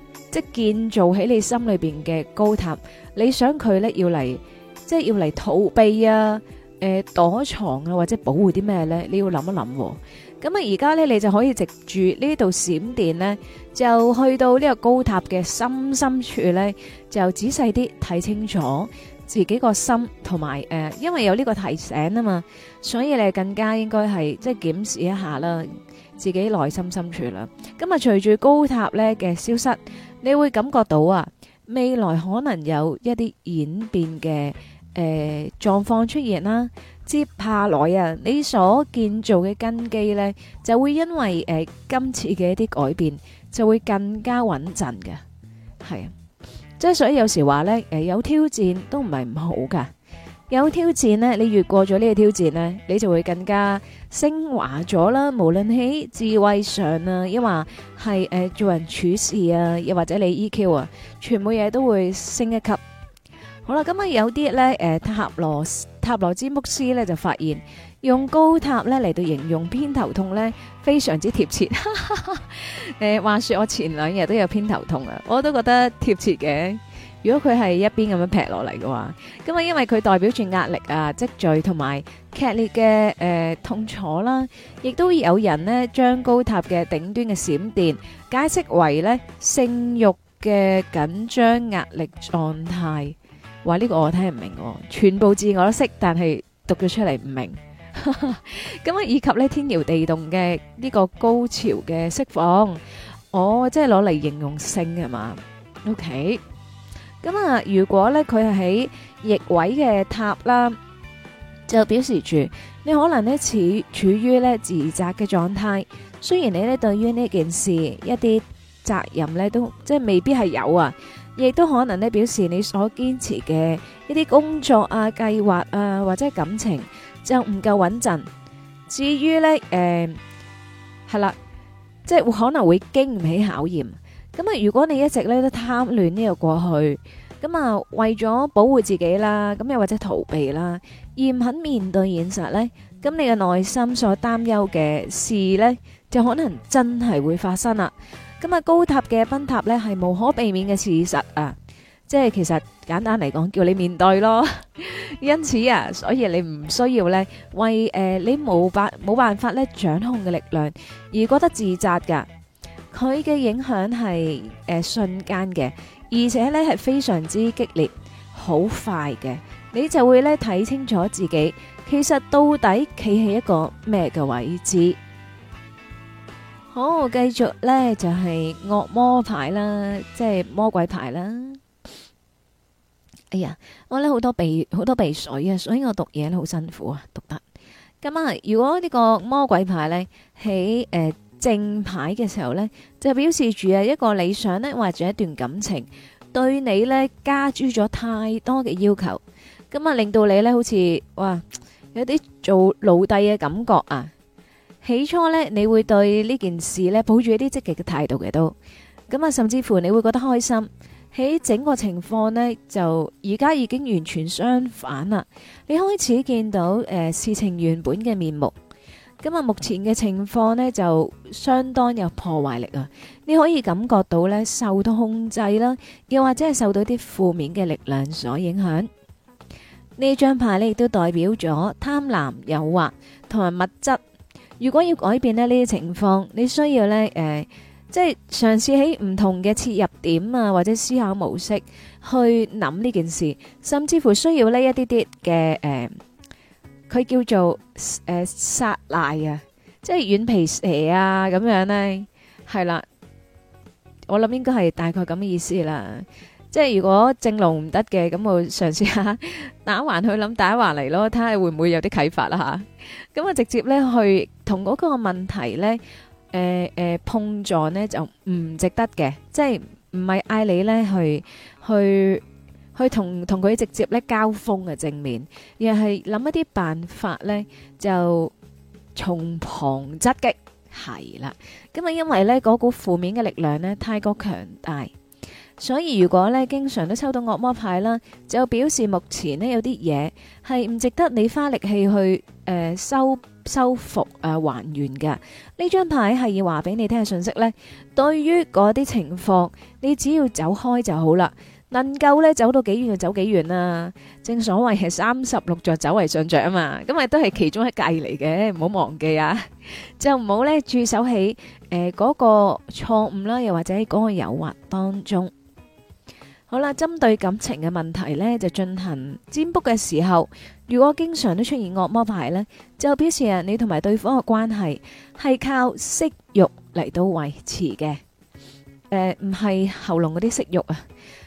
即係建造喺你心裏邊嘅高塔，你想佢咧要嚟，即係要嚟逃避啊、誒躲藏啊，或者保護啲咩咧？你要諗一諗。咁啊，而家咧你就可以藉住呢度閃電咧，就去到呢個高塔嘅深深處咧，就仔細啲睇清楚自己個心同埋誒，因為有呢個提醒啊嘛，所以你更加應該係即係檢視一下啦，自己內心深處啦。咁啊，隨住高塔咧嘅消失。你會感覺到啊，未來可能有一啲演變嘅誒狀況出現啦。接下來啊，你所建造嘅根基呢，就會因為誒今次嘅一啲改變，就會更加穩陣嘅。係啊，即係所以有時話呢，誒有挑戰都唔係唔好噶有挑戰咧，你越過咗呢個挑戰咧，你就會更加升華咗啦。無論喺智慧上啊，抑或係誒做人處事啊，又或者你 EQ 啊，全部嘢都會升一級。好啦，咁啊有啲咧誒塔羅塔羅占卜師咧就發現，用高塔咧嚟到形容偏頭痛咧，非常之貼切。誒， *laughs* 話說我前兩日都有偏頭痛啊，我都覺得貼切嘅。如果佢係一邊咁樣劈落嚟嘅話，咁啊，因為佢代表住壓力啊、積聚同埋劇烈嘅誒痛楚啦，亦都有人呢將高塔嘅頂端嘅閃電解釋為呢性欲嘅緊張壓力狀態。話呢個我聽唔明，全部字我都識，但係讀咗出嚟唔明。咁啊，以及呢天搖地動嘅呢個高潮嘅釋放，我即係攞嚟形容性係嘛？OK。咁啊！如果咧佢係喺逆位嘅塔啦，就表示住你可能咧似處於咧自責嘅狀態。雖然你咧對於呢件事一啲責任咧都即係未必係有啊，亦都可能咧表示你所堅持嘅一啲工作啊、計劃啊或者係感情就唔夠穩陣。至於咧誒係啦，即係可能會經唔起考驗。咁啊，如果你一直咧都貪戀呢個過去，咁啊為咗保護自己啦，咁又或者逃避啦，而唔肯面對現實呢，咁你嘅內心所擔憂嘅事呢，就可能真係會發生啦。咁啊，高塔嘅崩塌呢，係無可避免嘅事實啊，即係其實簡單嚟講，叫你面對咯。 *laughs* 因此啊，所以你唔需要呢，為誒、呃、你冇辦冇辦法咧掌控嘅力量而覺得自責噶。佢嘅影響係誒瞬間嘅，而且呢係非常之激烈，好快嘅，你就會呢睇清楚自己，其實到底企喺一個咩嘅位置。好，繼續呢就係惡魔牌啦，即係魔鬼牌啦。哎呀，我呢好多鼻好多鼻水啊，所以我讀嘢呢好辛苦啊，讀得。咁啊，如果呢個魔鬼牌呢喺誒。正牌嘅時候呢，就表示住啊一個理想呢或者一段感情對你呢加諸咗太多嘅要求，咁啊令到你呢好似哇有啲做奴隸嘅感覺啊！起初呢，你會對呢件事抱住一啲積極嘅態度嘅都，咁啊甚至乎你會覺得開心。喺整個情況呢，就而家已經完全相反啦，你開始見到誒、呃、事情原本嘅面目。咁啊，目前嘅情況呢，就相當有破壞力啊！你可以感覺到呢，受到控制啦，又或者係受到啲負面嘅力量所影響。呢張牌呢，亦都代表咗貪婪、誘惑同埋物質。如果要改變呢呢啲情況，你需要呢，誒，即係嘗試喺唔同嘅切入點啊，或者思考模式去諗呢件事，甚至乎需要呢一啲啲嘅誒。佢叫做誒殺賴啊，即係軟皮蛇啊咁樣咧，係啦。我諗應該係大概咁嘅意思啦。即係如果正路唔得嘅，咁我嘗試下打橫去諗，打橫嚟咯，睇下會唔會有啲啟發啦嚇。咁我直接咧去同嗰個問題咧誒誒碰撞咧就唔值得嘅，即係唔係嗌你咧去去。去同同佢直接咧交鋒嘅正面，而係諗一啲辦法咧就從旁側擊，係啦。咁啊，因為咧嗰股負面嘅力量咧太過強大，所以如果咧經常都抽到惡魔牌啦，就表示目前咧有啲嘢係唔值得你花力氣去誒修修復誒還原嘅。呢張牌係要話俾你聽嘅信息咧，對於嗰啲情況，你只要走開就好啦。能夠咧走到幾遠就走幾遠啦。正所謂係三十六著，走為上著啊嘛，咁咪都係其中一計嚟嘅，唔好忘記啊。就唔好咧駐守喺誒，嗰個錯誤啦，又或者嗰個誘惑當中。好啦，針對感情嘅問題咧，就進行占卜嘅時候，如果經常都出現惡魔牌咧，就表示啊你同埋對方嘅關係係靠色欲嚟到維持嘅。誒，唔係喉嚨嗰啲息肉啊。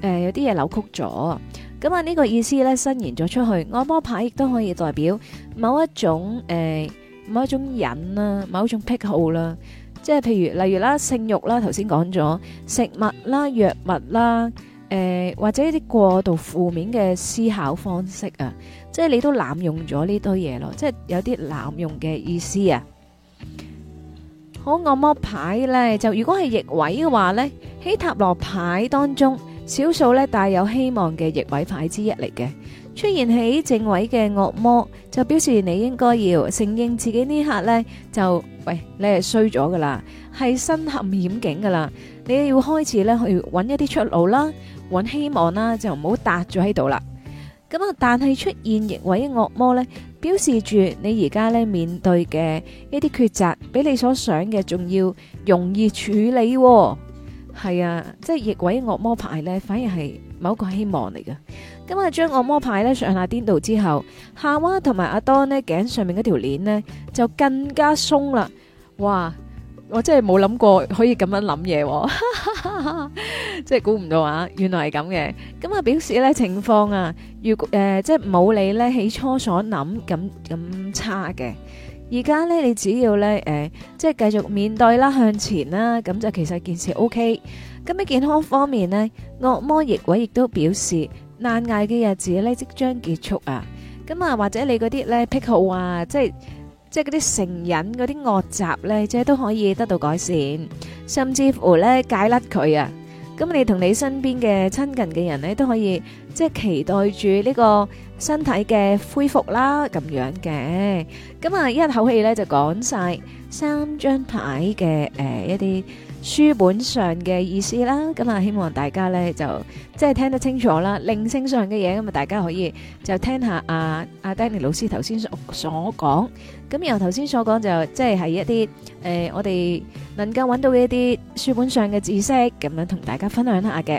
誒、呃，有啲嘢扭曲咗，咁啊呢個意思咧，伸延咗出去。惡魔牌亦都可以代表某一種誒、呃，某一種癮啦、啊，某一種癖好啦、啊，即係譬如例如啦，性欲啦，頭先講咗食物啦、藥物啦，誒、呃、或者一啲過度負面嘅思考方式啊，即係你都濫用咗呢堆嘢咯，即係有啲濫用嘅意思啊。好，惡魔牌咧，就如果係逆位嘅話咧，喺塔羅牌當中。少數咧帶有希望嘅逆位牌之一嚟嘅，出現起正位嘅惡魔，就表示你應該要承認自己呢一刻咧就，喂你係衰咗噶啦，係身陷險境噶啦，你要開始咧去搵一啲出路啦，搵希望啦，就唔好搭咗喺度啦。咁啊，但係出現逆位惡魔咧，表示住你而家咧面對嘅一啲抉擇，比你所想嘅仲要容易處理喎。係啊，即係逆位惡魔牌咧，反而係某一個希望嚟嘅。咁、嗯、啊，將惡魔牌咧上下顛倒之後，夏娃同埋阿當咧頸上面嗰條鏈咧就更加鬆啦。哇，我真係冇諗過可以咁樣諗嘢，哦，即係估唔到啊！原來係咁嘅。咁、嗯、啊、嗯，表示咧情況啊，如果、呃、即係冇你咧起初所諗咁咁差嘅。而家咧，你只要咧，誒、呃，即係繼續面對啦，向前啦，咁就其實件事 OK。咁喺健康方面呢，惡魔逆位亦都表示難捱嘅日子咧即將結束啊！咁啊，或者你嗰啲咧癖好啊，即係即係嗰啲成癮嗰啲惡習咧，即係都可以得到改善，甚至乎咧戒甩佢啊！咁你同你身邊嘅親近嘅人咧都可以。即係期待住呢個身體嘅恢復啦，咁樣嘅。咁啊，一口氣咧就講晒三張牌嘅誒、呃，一啲書本上嘅意思啦。咁啊，希望大家咧就即係聽得清楚啦。靈性上嘅嘢，咁啊，大家可以就聽下啊，阿、啊、Danny 老師頭先所，所講。咁由頭先所講就即係一啲誒、呃，我哋能夠揾到嘅一啲書本上嘅知識，咁樣同大家分享一下嘅。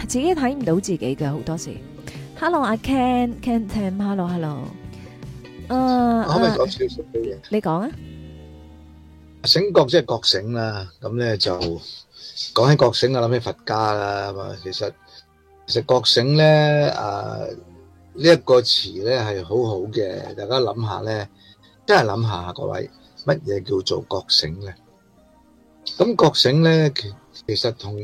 自己睇唔到自己嘅好多時。Hello, 阿 Ken, Ken. Hello, hello。啊啊，可唔可以講少少嘢？你講啊。醒覺即係覺醒啦，咁咧就講起覺醒啊，諗起佛家啦。咁啊，其實其實覺醒咧，誒，呢一個詞咧係好好嘅。大家諗下咧，真係諗下各位，乜嘢叫做覺醒咧？咁覺醒咧，其其實同。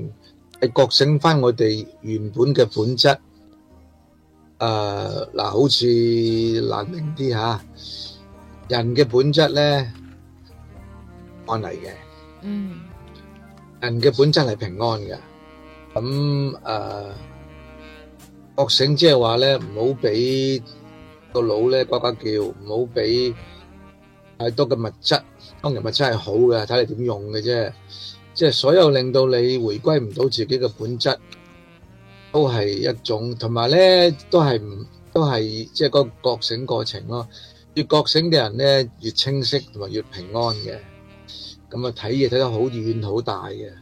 係覺醒翻我哋原本嘅本質，誒，嗱，好似難明啲吓，人嘅本質咧安嚟嘅，嗯，人嘅本質係平安嘅，咁誒，覺醒即係話咧，唔好俾個腦咧呱呱叫，唔好俾太多嘅物質，當然物質係好嘅，睇你點用嘅啫。即係所有令到你回歸唔到自己嘅本質，都係一種，同埋咧都係唔都係即係個覺醒過程咯。越覺醒嘅人咧，越清晰同埋越平安嘅。咁啊，睇嘢睇得好遠好大嘅。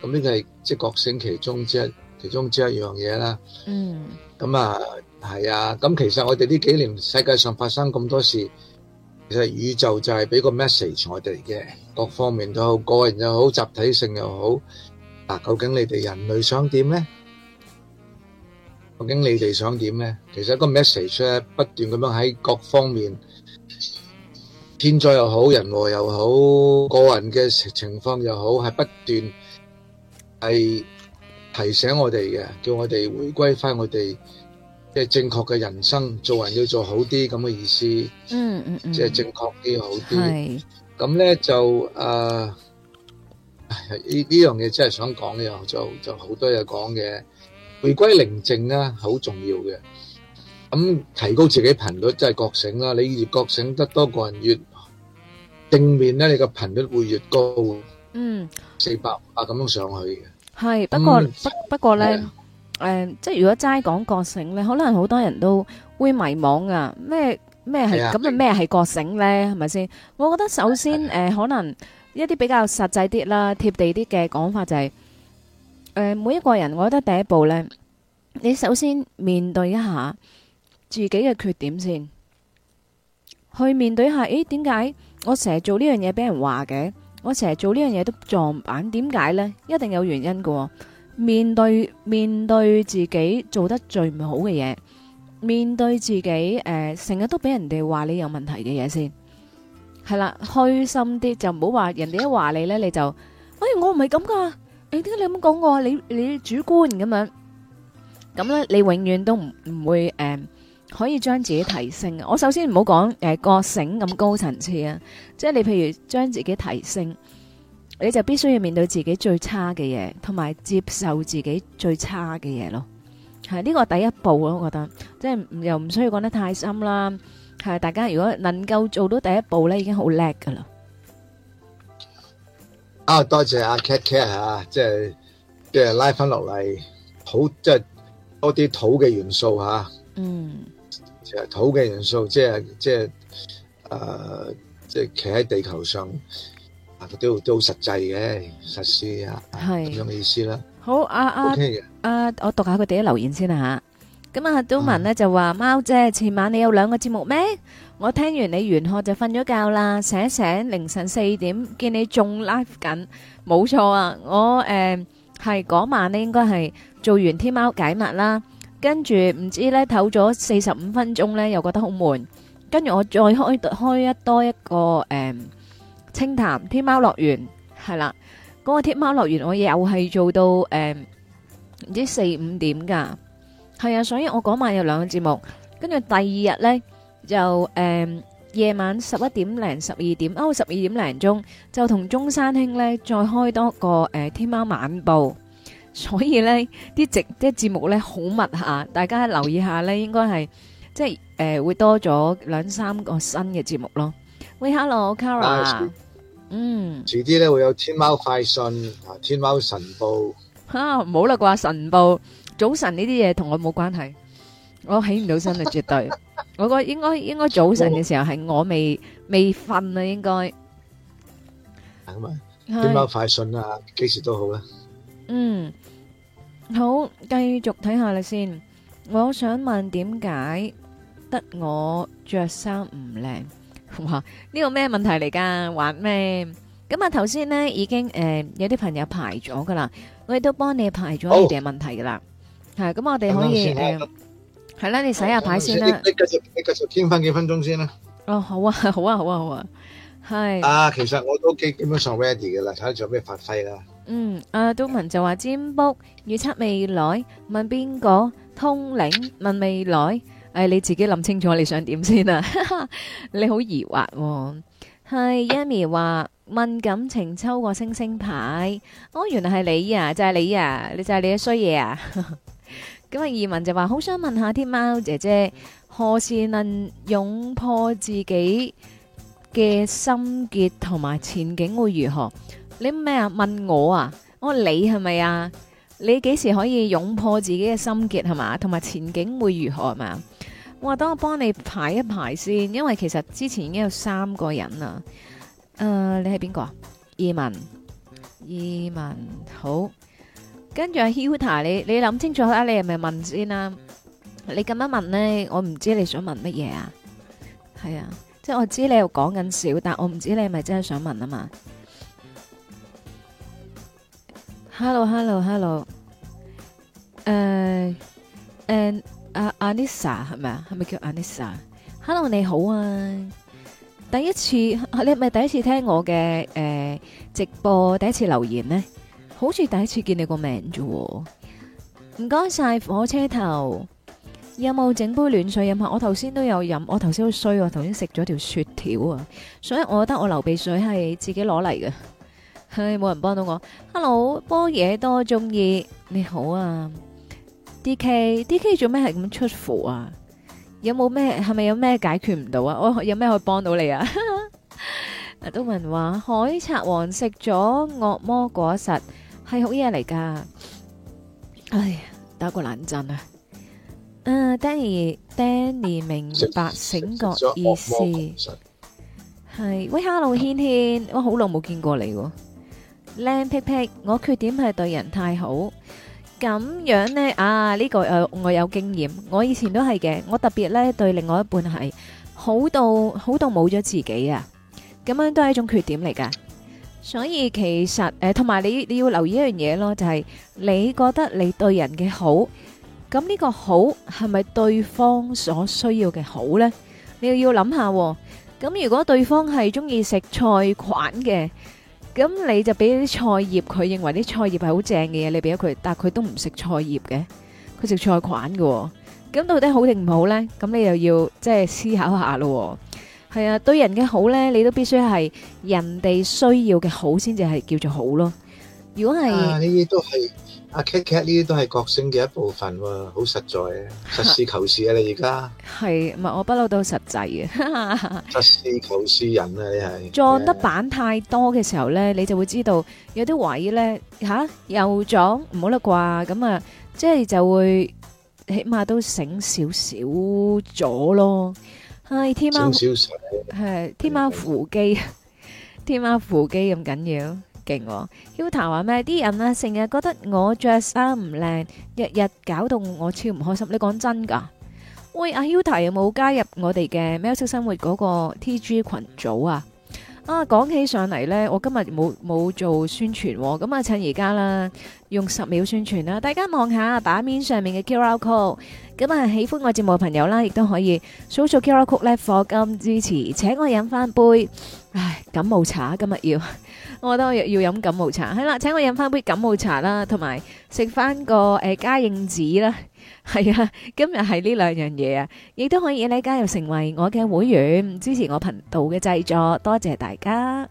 咁呢個係即係覺醒其中之一，其中之一樣嘢啦。嗯。咁啊，係啊。咁其實我哋呢幾年世界上發生咁多事。其實宇宙就係俾個 message 我哋嘅，各方面都好，個人又好，集體性又好。嗱，究竟你哋人類想點咧？究竟你哋想點咧？其實個 message 咧，不斷咁樣喺各方面，天災又好，人禍又好，個人嘅情況又好，係不斷係提醒我哋嘅，叫我哋回歸翻我哋。即係正確嘅人生，做人要做好啲咁嘅意思。嗯嗯嗯，即係正確啲好啲。係咁咧就誒，呢呢樣嘢真係想講嘅就就好多嘢講嘅。回歸寧靜啦，好重要嘅。咁提高自己頻率即係覺醒啦。你越覺醒得多，個人越正面咧，你個頻率會越高。嗯，四百五百咁樣上去嘅。係，不過不不過咧。誒，即係如果齋講覺醒咧，可能好多人都會迷茫啊！咩咩係咁啊？咩係覺醒咧？係咪先？我覺得首先誒，可能一啲比較實際啲啦，貼地啲嘅講法就係，誒，每一個人，我覺得第一步咧，你首先面對一下自己嘅缺點先，去面對下，誒，點解我成日做呢樣嘢俾人話嘅？我成日做呢樣嘢都撞板，點解咧？一定有原因㗎。面對面對自己做得最唔好嘅嘢，面對自己誒，成、呃、日都俾人哋話你有問題嘅嘢先，係啦，虛心啲就唔好話人哋一話你咧，你就，哎，我唔係咁噶，你點解你咁講我你你主觀咁樣呢，咁咧你永遠都唔唔會誒、呃，可以將自己提升。我首先唔好講誒覺醒咁高層次啊，即係你譬如將自己提升。你就必須要面對自己最差嘅嘢，同埋接受自己最差嘅嘢咯。係呢個第一步咯，我覺得，即係又唔需要講得太深啦。係大家如果能夠做到第一步咧，已經好叻噶啦。啊，多謝啊，Cat Cat 嚇，即係嘅拉翻落嚟，土即係、即係、多啲土嘅元素嚇。啊、嗯，其實土嘅元素即係即係誒，即係企喺地球上。都都好實際嘅實施啊，咁嘅意思啦。好啊啊啊！我讀下佢哋一留言先啦嚇。咁啊，都文咧就話：貓姐前晚你有兩個節目咩？我聽完你玄學就瞓咗覺啦。醒一醒，凌晨四點見你仲 live 緊，冇錯啊！我誒係嗰晚咧應該係做完天貓解密啦，跟住唔知咧唞咗四十五分鐘咧，又覺得好悶。跟住我再開開一多一個誒。清談、天貓樂園係啦，嗰個天貓樂園我又係做到誒唔知四五點噶，係啊，所以我嗰晚有兩個節目，跟住第二日咧就誒夜晚十一點零十二點哦十二點零鐘就同中山兄咧再開多個誒天貓晚報，所以咧啲直啲節目咧好密吓，大家留意下咧，應該係即係誒會多咗兩三個新嘅節目咯。喂，Hello，Cara。嗯，遲啲咧會有天貓快訊啊，天貓晨報吓，冇啦啩，晨報早晨呢啲嘢，同我冇關係，我起唔到身啊，絕對，我覺應該應該早晨嘅時候係我未未瞓啊，應該。天貓快訊啊，幾時都好啦。嗯，好，繼續睇下啦先。我想問點解得我着衫唔靚？哇！呢個咩問題嚟噶？玩咩？咁啊，頭先咧已經誒有啲朋友排咗噶啦，我哋都幫你排咗你嘅問題噶啦，係咁我哋可以係，係啦，你洗下牌先啦。你繼續，你繼續傾翻幾分鐘先啦。哦，好啊，好啊，好啊，好啊，係。啊，其實我都幾基本上 ready 噶啦，睇下仲有咩發揮啦。嗯，阿東文就話占卜預測未來，問邊個通靈問未來。誒、哎、你自己諗清楚你想點先啊！ *laughs* 你好疑惑喎、哦，係 Amy 話問感情抽個星星牌，哦，原來係你啊，就係、是、你啊，你就係你嘅衰嘢啊！咁 *laughs* 啊，移民就話好想問下天貓姐姐，何時能擁抱自己嘅心結同埋前景會如何？你咩啊？問我啊？哦，你係咪啊？你幾時可以擁抱自己嘅心結係嘛？同埋前景會如何係嘛？我話等我幫你排一排先，因為其實之前已經有三個人啦。誒、呃，你係邊個啊？依文，依文，好。跟住阿 Hita 你你諗清楚啦、啊，你係咪問先啦、啊？你咁樣問呢，我唔知你想問乜嘢啊？係啊，即係我知你又講緊笑，但我唔知你係咪真係想問啊嘛。Hello，hello，hello。誒誒。阿 Anissa 係咪啊？係咪、uh, An 叫 Anissa？Hello，你好啊！第一次你係咪第一次聽我嘅，誒、呃、直播？第一次留言呢，好似第一次見你個名啫。唔該晒，火車頭，有冇整杯暖水飲下？我頭先都有飲，我頭先好衰啊！頭先食咗條雪條啊，所以我覺得我流鼻水係自己攞嚟嘅，係冇人幫到我。Hello，波嘢多中意你好啊！D.K.D.K. 做咩係咁出乎啊？有冇咩係咪有咩解決唔到啊？我有咩可以幫到你啊？都問話海賊王食咗惡魔果實係好嘢嚟噶。唉，打個冷震啊！嗯，Danny，Danny 明白醒覺意思係喂，Hello，軒軒，我好耐冇見過你。靚屁屁，我缺點係對人太好。咁樣呢啊！呢個誒，我有經驗，我以前都係嘅。我特別咧，對另外一半係好到好到冇咗自己啊！咁樣都係一種缺點嚟噶。所以其實誒，同埋你你要留意一樣嘢咯，就係你覺得你對人嘅好，咁呢個好係咪對方所需要嘅好呢？你又要諗下。咁如果對方係中意食菜款嘅？咁你就俾啲菜葉，佢認為啲菜葉係好正嘅嘢，你俾咗佢，但係佢都唔食菜葉嘅，佢食菜款嘅，哦，咁到底好定唔好呢？咁你又要即係、就是、思考下咯，哦，係啊，對人嘅好呢，你都必須係人哋需要嘅好先至係叫做好咯。如果係。係、啊。啊，劇劇呢啲都係角色嘅一部分喎，好實在啊，實事求是啊，你而家係唔係？我不嬲都實際嘅， *laughs* 實事求是人啊，你係撞得板太多嘅時候咧，Yeah. 你就會知道有啲位咧嚇又撞，唔好啦啩咁啊，即係就會起碼都醒少少咗咯，係、哎、天貓，係天貓扶乩， *laughs* 天貓扶乩咁緊要。勁、哦、Hilda 話咩？啲人啊，成日覺得我着衫唔靚，日日搞到我超唔開心。你講真㗎？喂，阿、啊、Hilda 有冇加入我哋嘅《喵式生活》嗰個 TG 群組啊？啊，講起上嚟呢，我今日冇冇做宣傳、哦，咁啊趁而家啦，用十秒宣傳啦，大家望下版面上面嘅 QR Code，咁啊，喜歡我節目嘅朋友啦，亦都可以數數 QR Code 曲咧，課金支持，請我飲翻杯，唉，感冒茶今日要。我都要要飲感冒茶，係啦，請我飲翻杯感冒茶啦，同埋食翻個誒嘉應子啦，係啊，今日係呢兩樣嘢啊，亦都可以咧加入成為我嘅會員，支持我頻道嘅製作，多謝大家。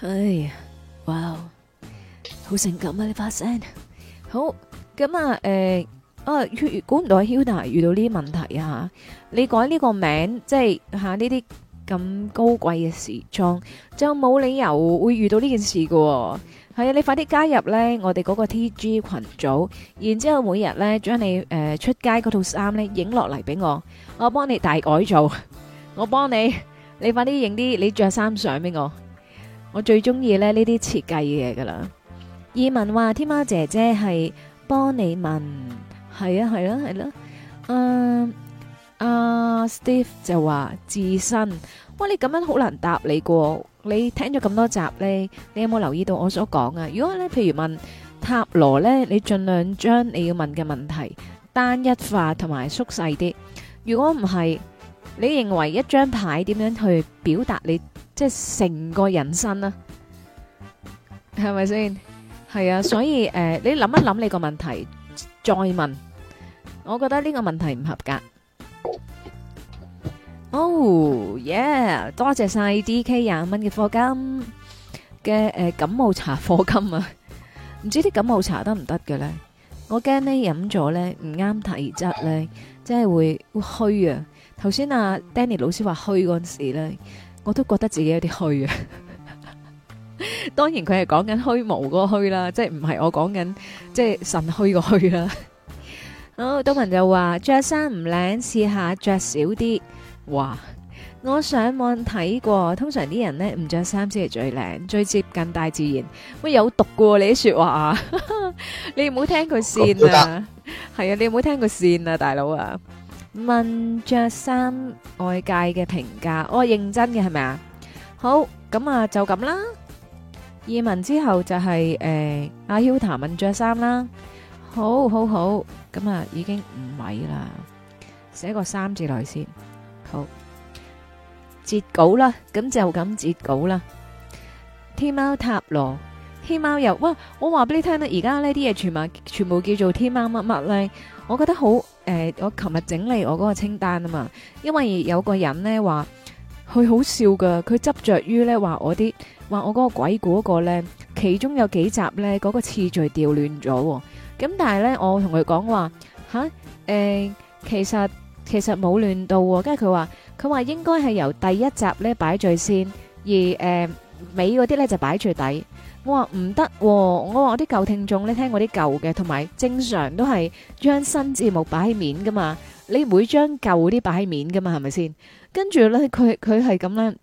唉，哇，好性感啊！呢把聲，好咁啊，誒，啊，越越估唔到阿 Hilda 遇到呢啲問題啊吓，你改呢個名，即係吓呢啲。咁高貴嘅時裝就冇理由會遇到呢件事嘅。哦，係啊！你快啲加入呢我哋嗰個 T G 群組，然之後每日呢將你誒、呃、出街嗰套衫呢影落嚟，俾我，我幫你大改造，我幫你，你快啲影啲你着衫相俾我，我最中意呢呢啲設計嘅嘢噶啦。意文話天喵姐姐係幫你問，係啊係啊係啦，誒、啊。嗯阿 Steve 就話自身哇，你咁樣好難答你個。你聽咗咁多集呢，你有冇留意到我所講啊？如果呢，譬如問塔羅呢，你盡量將你要問嘅問題單一化同埋縮細啲。如果唔係，你認為一張牌點樣去表達你即係成個人生啊？係咪先係啊？所以誒，你諗一諗你個問題再問。我覺得呢個問題唔合格。哦耶！Oh, yeah, 多謝晒 DK 廿蚊嘅課金嘅誒、呃，感冒茶課金啊。唔知啲感冒茶得唔得嘅咧？我驚咧飲咗咧唔啱體質咧，真係會虛啊。頭先阿 Danny 老師話虛嗰陣時咧，我都覺得自己有啲虛啊。 *laughs* 當然佢係講緊虛無嗰個虛啦，即係唔係我講緊即係腎虛個虛啦。好，東文就話着衫唔靚，試下着少啲。試試哇！我上網睇過，通常啲人咧唔着衫先係最靚，最接近大自然。乜有毒過你說話啊？你唔好聽佢線啊。係啊，你唔好聽佢線啊，大佬啊。問着衫外界嘅評價，我認真嘅係咪啊？好，咁啊，就咁啦。葉文之後就係誒阿 Huta 問着衫啦。好好好，咁啊已經五位啦。寫個三字來先。好，截稿啦，咁就咁截稿啦。天貓塔羅，天貓又，哇！我話俾你聽咧，而家呢啲嘢全部全部叫做天貓乜乜咧，我覺得好誒、呃，我琴日整理我嗰個清單啊嘛，因為有個人咧話佢好笑噶，佢執着於咧話我啲話我嗰個鬼故嗰個咧，其中有幾集咧嗰、嗰個次序掉亂咗，咁但係咧我同佢講話吓，誒、呃，其實。其實冇亂到，跟住佢話佢話應該係由第一集咧擺最先，而誒尾嗰啲咧就擺最底。我話唔得，我話我啲舊聽眾咧聽我啲舊嘅，同埋正常都係將新節目擺喺面噶嘛，你唔會將舊嗰啲擺喺面噶嘛？係咪先？跟住咧，佢佢係咁咧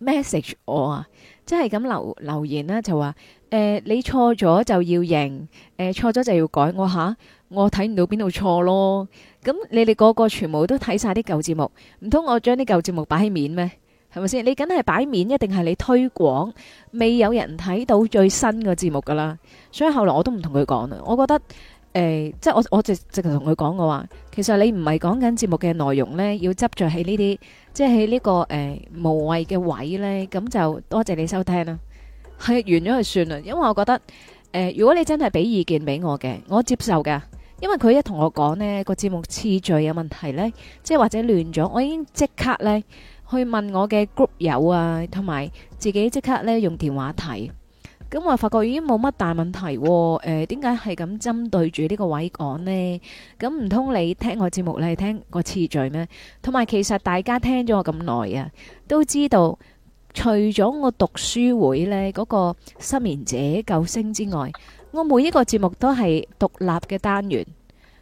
message 我啊，即係咁留留言啦就話誒你錯咗就要認，誒錯咗就要改我吓。我睇唔到邊度錯咯，咁你哋個個全部都睇晒啲舊節目，唔通我將啲舊節目擺喺面咩？係咪先？你梗係擺面，一定係你推廣未有人睇到最新嘅節目噶啦。所以後來我都唔同佢講啦。我覺得、欸、即係我我直直頭同佢講，我話其實你唔係講緊節目嘅內容呢，要執着喺呢啲，即係喺呢個誒、呃、無謂嘅位呢。咁就多謝,謝你收聽啦，係完咗就算啦。因為我覺得、呃、如果你真係俾意見俾我嘅，我接受嘅。因為佢一同我講呢個節目次序有問題呢，即係或者亂咗，我已經即刻呢去問我嘅 group 友啊，同埋自己即刻呢用電話睇，咁、嗯、我發覺已經冇乜大問題喎。點解係咁針對住呢個位講呢？咁唔通你聽我節目你係聽個次序咩？同埋其實大家聽咗我咁耐啊，都知道除咗我讀書會呢嗰、嗰個失眠者救星之外。我每一個節目都係獨立嘅單元，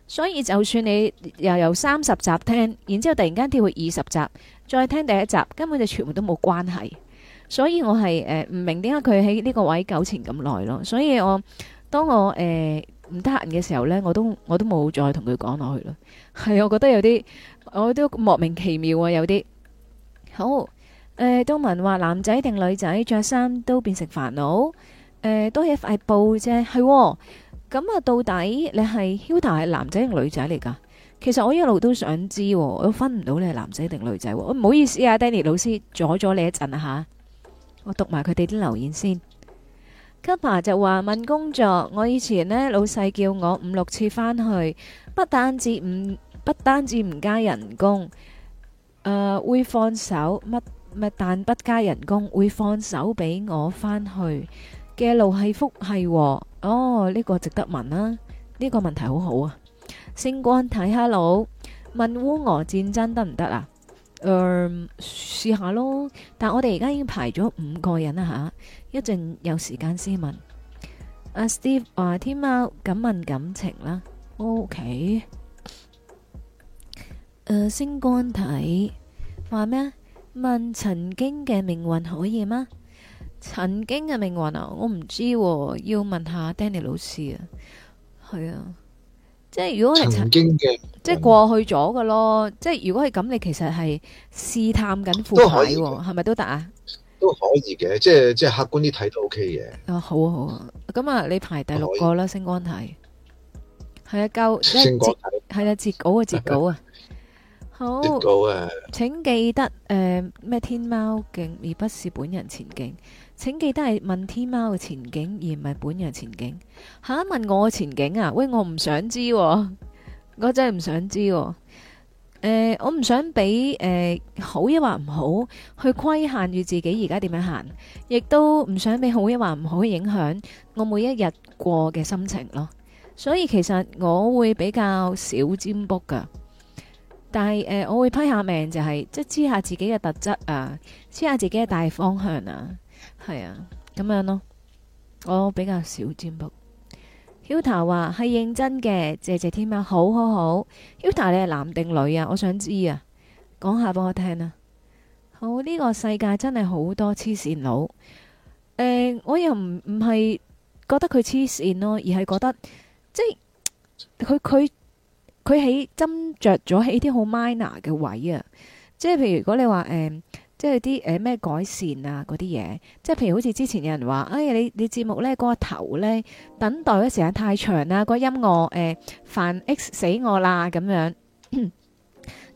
所以就算你由由三十集聽，然之後突然間跳去二十集，再聽第一集，根本就全部都冇關係。所以我係誒唔明點解佢喺呢個位糾纏咁耐咯。所以我當我誒唔得閒嘅時候呢，我都我都冇再同佢講落去咯。係，我覺得有啲，我都莫名其妙啊，有啲好誒。都、呃、文話男仔定女仔着衫都變成煩惱。誒，多嘢快報啫，係咁啊。到底你係 Hilda 係男仔定女仔嚟噶？其實我一路都想知，哦，我分唔到你係男仔定女仔，哦。我、呃、唔好意思啊，Danny 老師阻咗你一陣啊吓。我讀埋佢哋啲留言先。Kappa 就話問工作，我以前呢老細叫我五六次返去，不單止唔不，不單止唔加人工，誒、呃、會放手乜乜，但不加人工會放手俾我返去。嘅路係福係禍哦，呢個值得問啦，呢個問題好好啊。星光睇 hello，問烏俄戰爭得唔得啊？嗯，試下咯。但係我哋而家已經排咗五個人啦吓，一陣有時間先問。阿 Steve 話天喵噉問感情啦，OK。誒，星光睇話咩？問曾經嘅命運可以嗎？曾經嘅命運啊，我唔知、啊，要問下 Danny 老師啊。係啊，即係如果係曾，曾經嘅，即係過去咗嘅咯。即係如果係咁，你其實係試探緊副牌，係咪都得啊？都可以嘅、啊，即係即係客觀啲睇都 OK 嘅。哦、啊，好啊好啊，咁啊，你排第六個啦，星光睇，係啊，夠即係啊，截稿啊，截 *laughs* 稿啊。好。截稿啊。請記得誒咩、呃、天貓勁，而不是本人前進。請記得係問天喵嘅前景，而唔係本人前景下一問我嘅前景啊，喂，我唔想知、哦，我真係唔想知、哦。誒、呃，我唔想俾誒、呃、好抑或唔好去規限住自己而家點樣行，亦都唔想俾好抑或唔好影響我每一日過嘅心情咯。所以其實我會比較少占卜㗎，但係誒、呃、我會批下命、就係，就係即知下自己嘅特質啊，知下自己嘅大方向啊。係啊，咁樣咯。我比較少占卜。Huta 話係認真嘅，謝謝添啊。好好好。Huta 你係男定女啊？我想知啊，講下俾我聽啊。好呢、呢個世界真係好多黐線佬。誒、呃，我又唔唔係覺得佢黐線咯，而係覺得即係佢佢佢喺斟酌咗喺啲好 minor 嘅位啊。即係譬如如果你話誒。呃即係啲誒咩改善啊嗰啲嘢，即係譬如好似之前有人話，誒、哎、你你節目呢嗰、嗰個頭咧等待嘅時間太長啦，個音樂誒煩、呃、X 死我啦咁樣，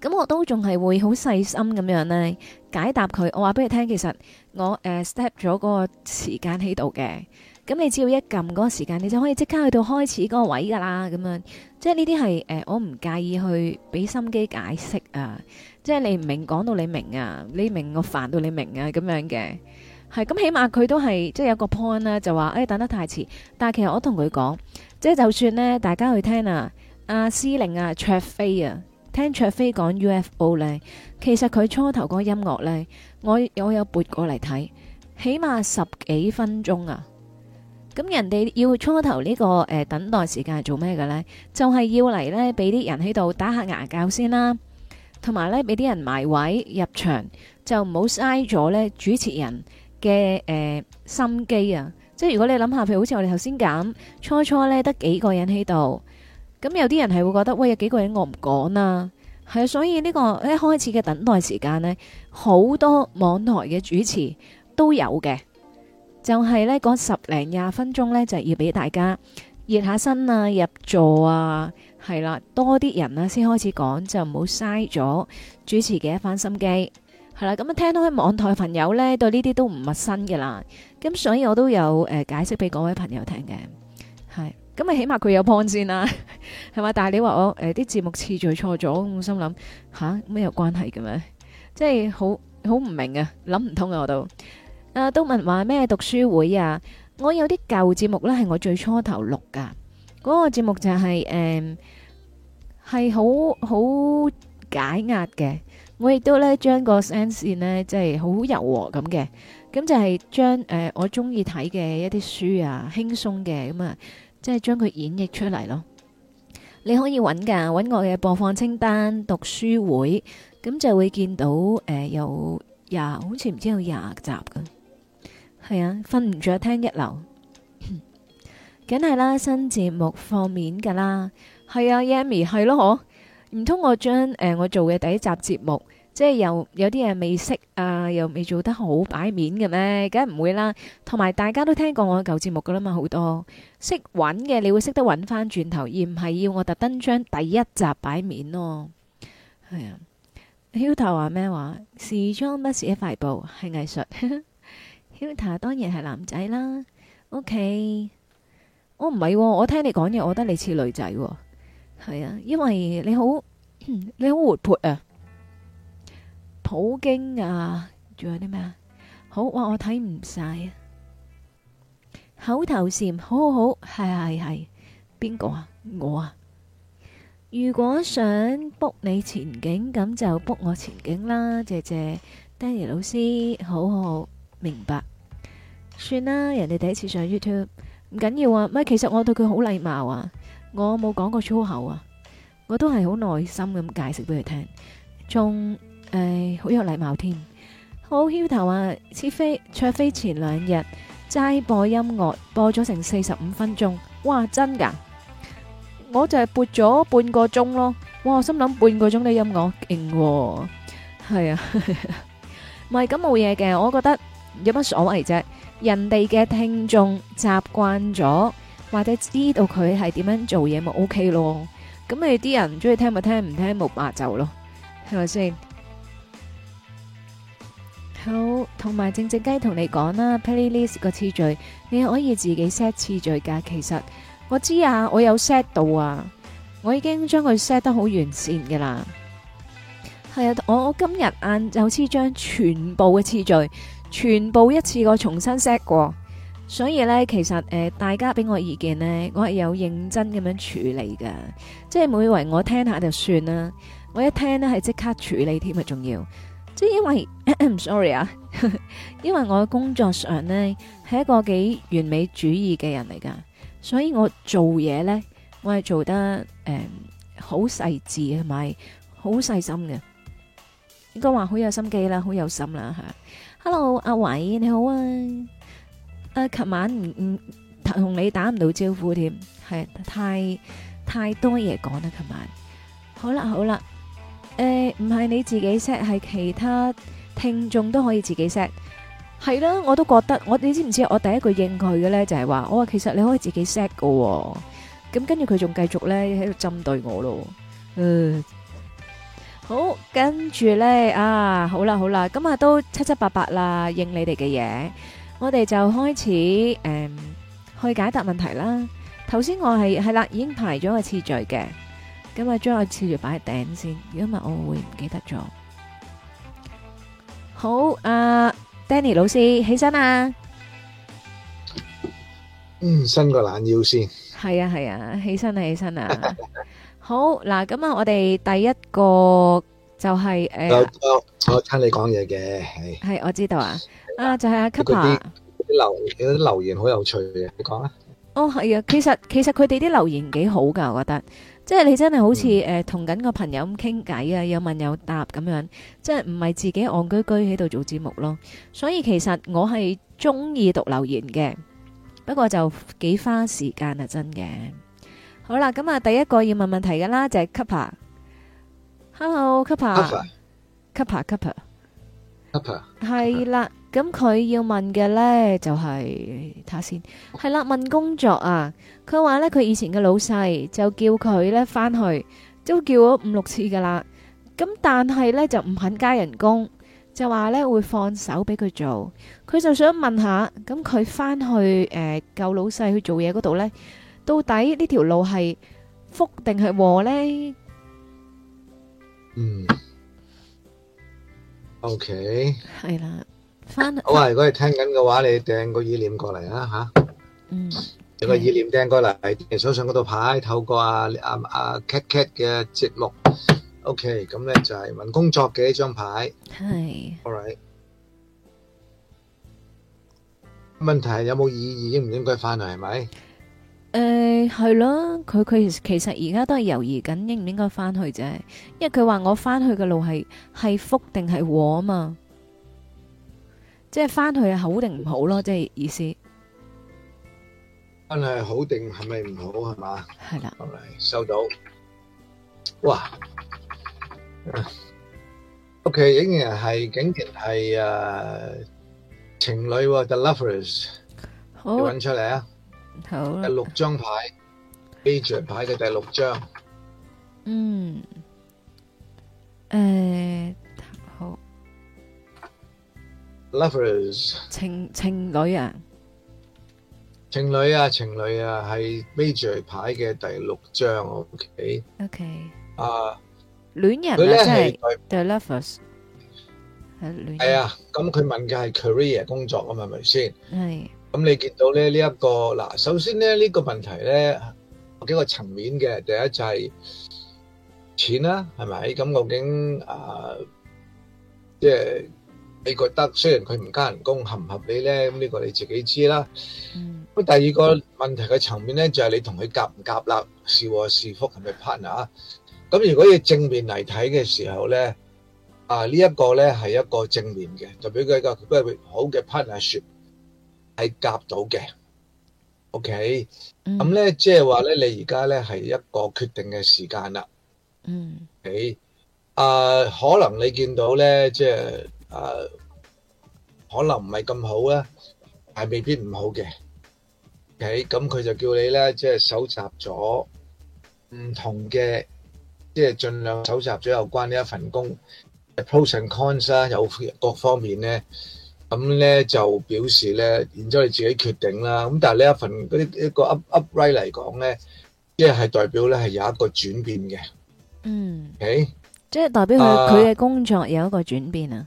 咁 *coughs* 我都仲係會好細心咁樣呢解答佢。我話俾你聽，其實我誒、呃、step 咗嗰個時間喺度嘅，咁你只要一撳嗰個時間，你就可以即刻去到開始嗰個位噶啦咁樣。即係呢啲係誒我唔介意去俾心機解釋啊。即係你唔明講到你明啊，你明我煩到你明啊咁樣嘅，係咁起碼佢都係即係有個 point 啦，就話、哎、等得太遲。但係其實我同佢講，即係就算呢，大家去聽啊，阿、啊、司令啊，卓飛啊，聽卓飛講、啊、UFO 呢，其實佢初頭嗰音樂呢，我，我有撥過嚟睇，起碼十幾分鐘啊。咁人哋要初頭呢、這個、呃、等待時間係做咩嘅呢？就係、是、要嚟呢，俾啲人喺度打下牙骹先啦。同埋咧，俾啲人埋位入場，就唔好嘥咗咧主持人嘅誒、呃、心機啊！即係如果你諗下，譬如好似我哋頭先咁，初初咧得幾個人喺度，咁有啲人係會覺得，喂有幾個人我唔講啊！係啊，所以呢、呢個一開始嘅等待時間呢，好多網台嘅主持都有嘅，就係、是、呢嗰十零廿分鐘呢，就要俾大家熱下身啊，入座啊。係啦，多啲人咧先開始講，就唔好嘥咗主持嘅一番心機。係啦，咁、嗯、啊，聽到喺網台的朋友呢，對呢啲都唔陌生嘅啦。咁所以我都有誒、呃、解釋俾各位朋友聽嘅。係咁、呃、啊，起碼佢有 point 先啦，係嘛？但係你話我誒啲節目次序錯咗，我心諗吓咩有關係嘅咩？即係好好唔明啊，諗唔通啊，我都。啊、呃，都問話咩讀書會啊？我有啲舊節目呢，係我最初頭錄噶。嗰個節目就係誒係好好解壓嘅，我亦都咧將個聲線，線呢，即係好柔和咁嘅，咁就係將誒、呃、我中意睇嘅一啲書啊，輕鬆嘅咁啊，即係將佢演繹出嚟咯。你可以揾㗎，揾我嘅播放清單讀書會，咁就會見到誒、呃、有廿好似唔知有廿集嘅，係啊，瞓唔着，聽一流。梗係啦，新節目放面噶啦，係啊，Yami 係咯嗬，唔通我將誒、呃、我做嘅第一集節目，即係又有啲嘢未識啊，又未做得好擺面嘅咩？梗係唔會啦，同埋大家都聽過我嘅舊節目噶啦嘛，好多識揾嘅，你會識得揾翻轉頭，而唔係要我特登將第一集擺面咯。係啊，Huta 話咩話？ *music* 時裝不是一塊布，係藝術。 *laughs* Huta 當然係男仔啦。OK。我唔係，我聽你講嘢，我覺得你似女仔，哦，係啊，因為你好、嗯、你好活潑啊，普京啊，仲有啲咩啊？好哇，我睇唔晒啊！口頭禪，好好好，係係係，邊個啊？我啊？如果想卜你前景，咁就卜我前景啦，謝謝 Danny 老師，好好好，明白。算啦，人哋第一次上 YouTube。唔緊要啊，咪其實我對佢好禮貌啊，我冇講過粗口啊，我都係好耐心咁解釋俾佢聽，仲誒好有禮貌添，好囂頭啊！似飛卓飛前兩日齋播音樂，播咗成四十五分鐘，哇真噶！我就係播咗半個鐘咯，哇我心諗半個鐘啲音樂勁，係啊，咪咁冇嘢嘅，我覺得有乜所謂啫。人哋嘅聽眾習慣咗，或者知道佢係點樣做嘢咪 OK 咯？咁你啲人中意聽咪聽，唔聽冇話就咯，係咪先？好，同埋靜靜雞同你講啦，playlist 個次序你可以自己 set 次序噶。其實我知啊，我有 set 到啊，我已經將佢 set 得好完善噶啦。係啊，我我今日晏晝先將全部嘅次序。全部一次過重新 set 過，所以咧，其實誒、呃，大家俾我意見呢，我係有認真咁樣處理噶即係每圍我聽一下就算啦，我一聽呢係即刻處理添啊，仲要，即係因為咳咳 sorry 啊呵呵，因為我工作上呢係一個幾完美主義嘅人嚟噶，所以我做嘢呢，我係做得誒好細緻係咪？好、呃、細心嘅，應該話好有心機啦，好有心啦吓。Hello，阿偉你好啊！啊，琴晚唔唔同你打唔到招呼添，係太太多嘢講啦，琴晚。好啦好啦，誒，唔係你自己 set，係其他聽眾都可以自己 set。係啦，我都覺得，我你知唔知我第一句應佢嘅咧，就係話我話其實你可以自己 set 噶，咁跟住佢仲繼續咧喺度針對我咯，嗯。好，跟住呢啊，好啦，好啦，咁啊都七七八八啦，應你哋嘅嘢，我哋就開始誒去解答問題啦。頭先我係係啦，已經排咗個次序嘅，咁啊將個次序擺喺頂先，如果唔係我會唔記得咗。好啊，Danny 老師起身啊，嗯，伸個懶腰先。係啊係啊，起身啊起身啊。好嗱，咁啊，我哋第一個就係、是、誒，我聽你講嘢嘅係，係我知道啊，啊，啊就係阿 Kappa，留有啲留言好有趣嘅，你講啦。哦係啊，其實其實佢哋啲留言幾好噶，我覺得，即係你真係好似誒同緊個朋友咁傾偈啊，有問有答咁樣，即係唔係自己戇居居喺度做節目咯。所以其實我係中意讀留言嘅，不過就幾花時間啊，真嘅。好啦，咁啊，第一個要問問題嘅啦，就係 Cupper。Hello，Cupper，Cupper，Cupper，Cupper 係啦。咁佢要問嘅呢，就係睇先係啦。問工作啊，佢話呢，佢以前嘅老細就叫佢呢翻去，都叫咗五六次噶啦。咁但係呢就唔肯加人工，就話呢會放手俾佢做。佢就想問下，咁佢翻去誒舊老細去做嘢嗰度呢？到底呢條路係福定係禍咧？嗯，OK，係啦，翻嚟好啊！如果你聽緊嘅話，你掟個意念過嚟啊吓，嗯，有個意念掟過嚟，手上嗰度牌透過阿阿阿 Cat Cat 嘅節目，OK，咁咧就係問工作嘅呢張牌，係，All right，問題係有冇意義應唔應該翻嚟係咪？誒，係咯，uh，佢佢其實而家都係猶豫緊應唔應該翻去啫，因為佢話我翻去嘅路係係福定係禍啊嘛，即係翻去好定唔好咯，即係意思。翻去係好定係咪唔好係嘛？係啦的，收到。哇，OK，仍然係竟然係誒情侶喎，The Lovers，要搵好出嚟啊！好啦，第六張牌，Major 牌嘅第六張。嗯，誒，好。Lovers 情情侶啊，情侶啊，情侶啊，係 Major 牌嘅第六張。OK，OK。啊，戀人佢咧係 the Lovers 係戀係啊，咁佢問嘅係 career 工作啊嘛，係咪先？係。咁你見到咧呢一個嗱，首先咧呢個問題咧幾個層面嘅，第一就係錢啦，係咪？咁究竟啊，即係你覺得雖然佢唔加人工合唔合理咧？咁呢個你自己知啦。咁第二個問題嘅層面咧就係你同佢夾唔夾啦，是禍是福係咪 partner 啊？咁如果你正面嚟睇嘅時候咧，啊呢一個咧係一個正面嘅，代表一個比較好嘅 partnership。係夾到嘅，OK，咁咧即係話咧，你而家咧係一個決定嘅時間啦。嗯，誒，啊，可能你見到咧，即係誒，可能唔係咁好咧，係未必唔好嘅。OK，咁佢就叫你咧，即係搜集咗唔同嘅，即係盡量搜集咗有關呢一份工，pros and cons 啊，有各方面咧。咁咧就表示咧，然之後你自己決定啦。咁但係呢一份嗰啲一個 up upright 嚟講咧，即係代表咧係有一個轉變嘅。嗯，OK，即係代表佢佢嘅工作有一個轉變啊。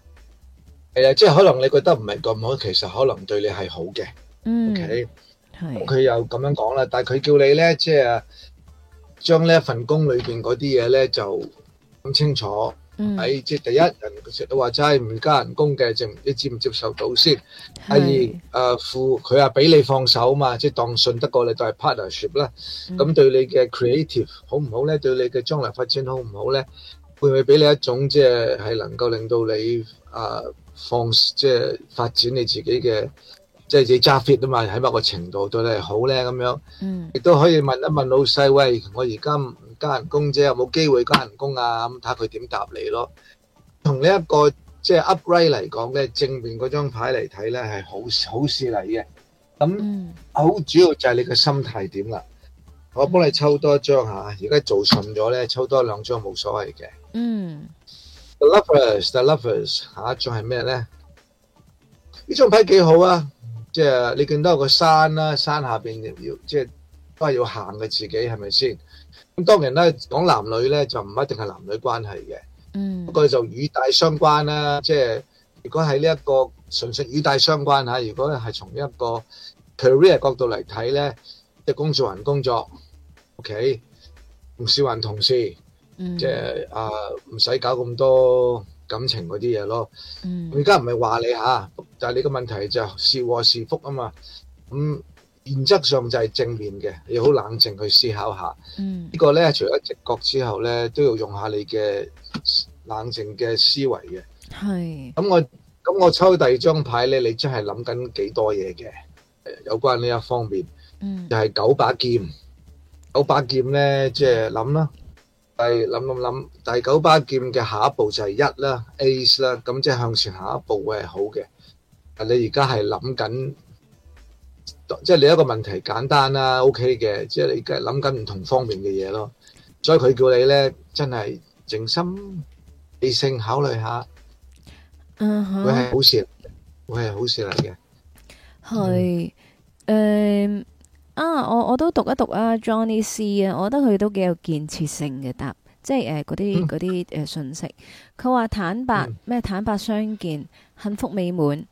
係啊，即係可能你覺得唔係咁好，其實可能對你係好嘅。嗯，OK，係。佢又咁樣講啦，但係佢叫你咧，即係將呢一份工裏邊嗰啲嘢咧，就諗清楚。嗯，即係第一，人成日都話齋唔加人工嘅，接你接唔接受到先。第二，誒富佢話俾你放手嘛，即係當信得過你就係、是、partnership 啦。咁、嗯、對你嘅 creative 好唔好咧？對你嘅將來發展好唔好咧？會唔會俾你一種即係係能夠令到你誒、啊、放即係發展你自己嘅，即係自己揸 fit 啊嘛？喺某個程度對你係好咧咁樣，亦都、嗯、可以問一問老細，喂，我而家，加人工啫，有冇機會加人工啊？咁睇佢點答你咯。同呢一個即係 upright 嚟講咧，正面嗰張牌嚟睇咧係好好事嚟嘅。咁好主要就係你個心態點啦。我幫你抽多一張吓，而家做順咗咧，抽多兩張冇所謂嘅。嗯。The lovers，the lovers，下一張係咩咧？呢張牌幾好啊！即係你見到有個山啦，山下邊要即係都係要行嘅自己，係咪先？咁當然咧，講男女咧就唔一定係男女關係嘅，嗯，不過就語帶相關啦、啊，即、就、係、是、如果喺呢一個純粹語帶相關吓、啊，如果係從一個 career 角度嚟睇咧，即、就、係、是、工作人工作，O.K. 同事人同事，即係啊唔使搞咁多感情嗰啲嘢咯，嗯，而家唔係話你吓、啊，但係你個問題就是禍是福啊嘛，咁、嗯。原則上就係正面嘅，要好冷靜去思考下。嗯，呢個咧除咗直覺之後咧，都要用下你嘅冷靜嘅思維嘅。係。咁我咁我抽第二張牌咧，你真係諗緊幾多嘢嘅？誒，有關呢一方面。嗯。就係九把劍，九把劍咧，即係諗啦，係諗諗諗，第九把劍嘅下一步就係一啦，Ace 啦，咁即係向前下一步會係好嘅。啊，你而家係諗緊。即係你一個問題簡單啦，OK 嘅，即係你梗係諗緊唔同方面嘅嘢咯。所以佢叫你咧，真係靜心理性考慮下，嗯哼，會係好事，會係好事嚟嘅。係，誒啊，我我都讀一讀啊，Johnny C 啊，我覺得佢都幾有建設性嘅答，即係誒嗰啲嗰啲誒信息。佢話坦白咩坦白相見，幸福美滿，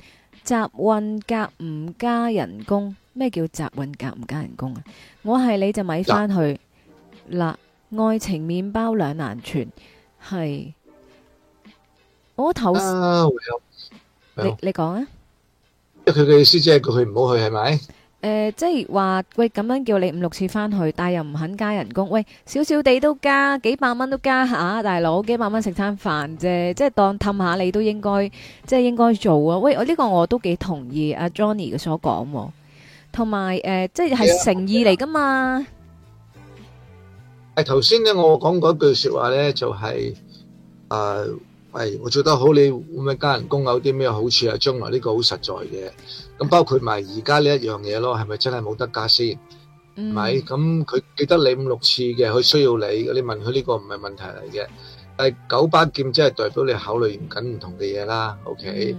集運夾唔加人工。咩叫集運加唔加人工啊？我係你就咪翻去、啊、啦！愛情麵包，兩難全，係我頭。你你講啊？佢嘅意思，即係叫佢唔好去，係咪？誒，即係話喂，咁樣叫你五六次翻去，但係又唔肯加人工，喂，少少地都加，幾百蚊都加下、啊。大佬幾百蚊食餐飯啫，即係當氹下你都應該，即係應該做啊！喂，我、這、呢個我都幾同意阿、啊、Johnny 嘅所講、啊。同埋誒，即係誠意嚟噶嘛？誒頭先咧，我講嗰句説話咧，就係誒，喂，我做得好，你會唔會加人工有啲咩好處啊？將來呢個好實在嘅，咁包括埋而家呢一樣嘢咯，係咪真係冇得加先？唔係，咁佢記得你五六次嘅，佢需要你，你問佢呢個唔係問題嚟嘅。但係九把劍真係代表你考慮緊唔同嘅嘢啦。OK。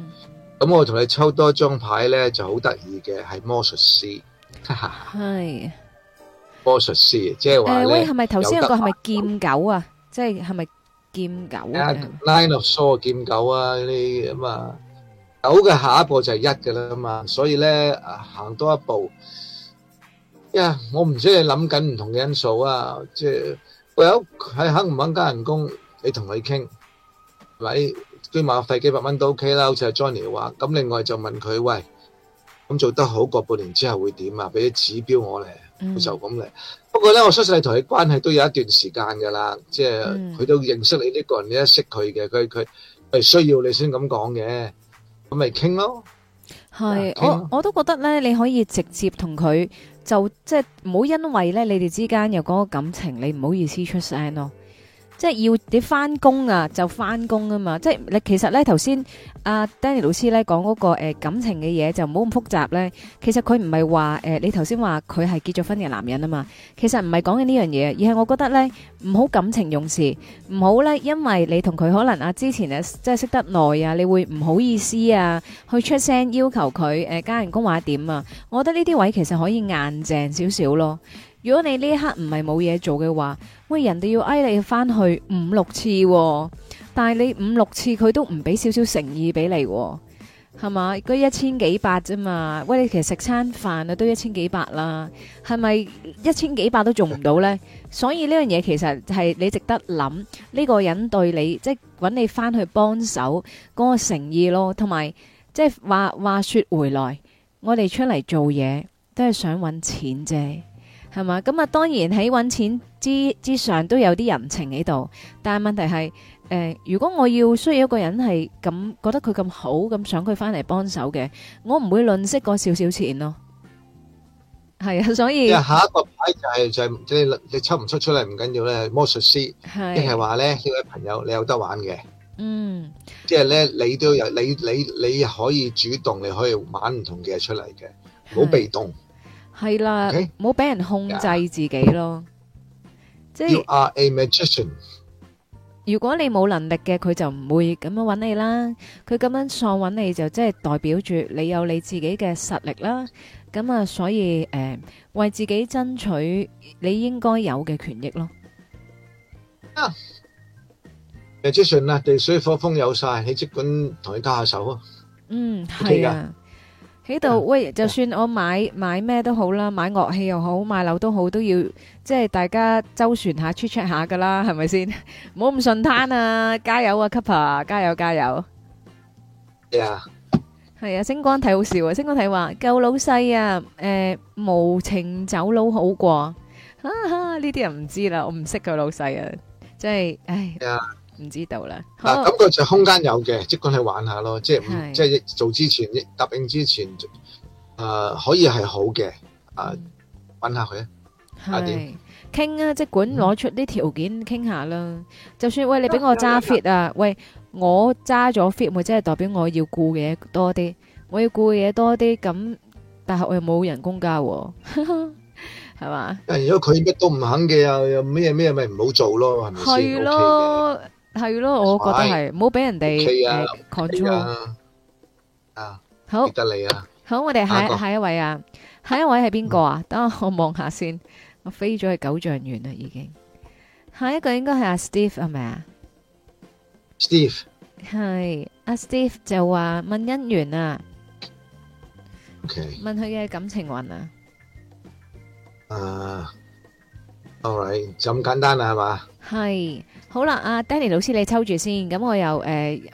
咁我同你抽多一張牌咧，就好得意嘅，係魔術師，係魔術師，即係話咧。誒喂，係咪頭先嗰個係咪劍九啊？即係係咪劍九？nine of sword 劍九啊，嗰啲咁啊。九嘅下一步就係一㗎啦嘛，所以咧啊，行多一步。呀，我唔知你諗緊唔同嘅因素啊，即係，Well，佢肯唔肯加人工，你同佢傾，喂。起碼費幾百蚊都 OK 啦，好似係 Johnny 話。咁另外就問佢，喂，咁做得好過半年之後會點啊？俾啲指標我嚟，我就咁嚟。嗯、不過咧，我相信你同佢關係都有一段時間噶啦，即係佢都認識你呢個人，你一識佢嘅，佢佢係需要你先咁講嘅，咁咪傾咯。係是，咯我我都覺得咧，你可以直接同佢，就即係唔好因為咧，你哋之間有嗰個感情，你唔好意思出聲咯。即係要你翻工啊，就翻工啊嘛！即係你其實呢，頭先阿 Danny 老師呢講嗰個誒感情嘅嘢，就唔好咁複雜呢。其實佢唔係話誒你頭先話佢係結咗婚嘅男人啊嘛，其實唔係講緊呢樣嘢，而係我覺得呢，唔好感情用事，唔好呢，因為你同佢可能啊之前呢即係識得耐啊，你會唔好意思啊去出聲要求佢誒加人工或者點啊，我覺得呢啲位其實可以硬淨少少咯。如果你呢一刻唔係冇嘢做嘅話，喂，人哋要挨你翻去五六次喎，但係你五六次佢都唔俾少少誠意俾你喎，係嘛？嗰一千幾百啫嘛，喂，你其實食餐飯啊都一千幾百啦，係咪一千幾百都做唔到呢。所以呢樣嘢其實係你值得諗呢，呢個人對你即係搵你翻去幫手嗰個誠意咯，同埋即係話，話說回來，我哋出嚟做嘢都係想搵錢啫。係嘛？咁啊，當然喺揾錢之之上都有啲人情喺度。但係問題係，誒、呃，如果我要需要一個人係咁覺得佢咁好，咁想佢翻嚟幫手嘅，我唔會吝惜個少少錢咯。係啊，所以下一個牌就係、是、就即、是、係你，你出唔出出嚟唔緊要咧，魔術師，即係話咧呢位朋友，你有得玩嘅。嗯，即係咧你都有你你你可以主動，你可以玩唔同嘅嘢出嚟嘅，好被動。係啦，冇俾 Okay? 人控制自己咯，You 即係。You are a magician。如果你冇能力嘅，佢就唔會咁樣揾你啦。佢咁樣想揾你，就即係代表住你有你自己嘅實力啦。咁啊，所以誒、呃，為自己爭取你應該有嘅權益咯。啊、yeah.，magician 啊，地水火風有晒，你即管同佢加下手、嗯、啊。嗯，係啊。喺度 Yeah, 喂，就算我買買咩都好啦，買樂器又好，買樓都好，都要即係大家周旋下 *laughs* check check 下噶啦，係咪先？唔好咁順攤啊！加油啊，Kappa，加油加油！係 Yeah. 啊，星光睇，好笑啊，星光睇話夠老細啊，誒、呃，無情走佬好過，哈哈，呢啲人唔知啦，我唔識佢老細啊，真係，唉。Yeah. 唔知道啦。嗱，感覺就空間有嘅，即管去玩下咯。即係即係做之前，答應之前，誒可以係好嘅。誒，揾下佢啊，點傾啊？即管攞出啲條件傾下啦。就算喂，你俾我揸 fit 啊，喂，我揸咗 fit 咪即係代表我要顧嘢多啲，我要顧嘢多啲。咁但係我又冇人工交，係嘛？如果佢乜都唔肯嘅又又咩咩咪唔好做咯，係咪先？係咯，我覺得係，唔好俾人哋 control 啊！好心、啊啊、得你啊！好，好，我哋下下一位啊，下一位係邊個啊？嗯、等我望下先，我飛咗去九象遠啊已經。下一個應該係阿 Steve 係咪 Steve 啊？Steve 係阿 Steve 就話問姻緣啊，Okay. 問佢嘅感情運啊。啊 o、uh, all right, 就咁簡單啦，係嘛？係。好啦，阿、啊、Danny 老師，你抽住先。咁我又誒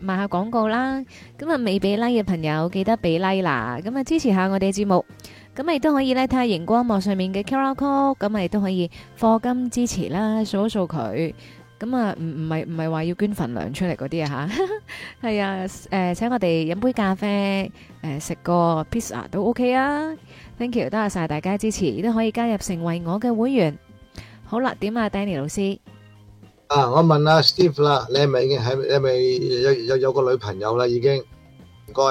賣、呃、下廣告啦。咁啊，未俾 like 嘅朋友記得俾 like 啦。咁啊，支持下我哋節目。咁咪都可以咧睇下熒光幕上面嘅 QR Code。咁咪都可以課金支持啦，數一數佢。咁、呃、啊，唔唔係唔係話要捐份糧出嚟嗰啲啊吓。係啊，誒、呃，請我哋飲杯咖啡，誒、呃、食個 pizza 都 OK 啊。Thank you，多謝晒大家支持，亦都可以加入成為我嘅會員。好啦，點啊，Danny 老師。啊！我問阿 Steve 啦，你係咪已經係？你係咪有有有個女朋友啦？已經唔該。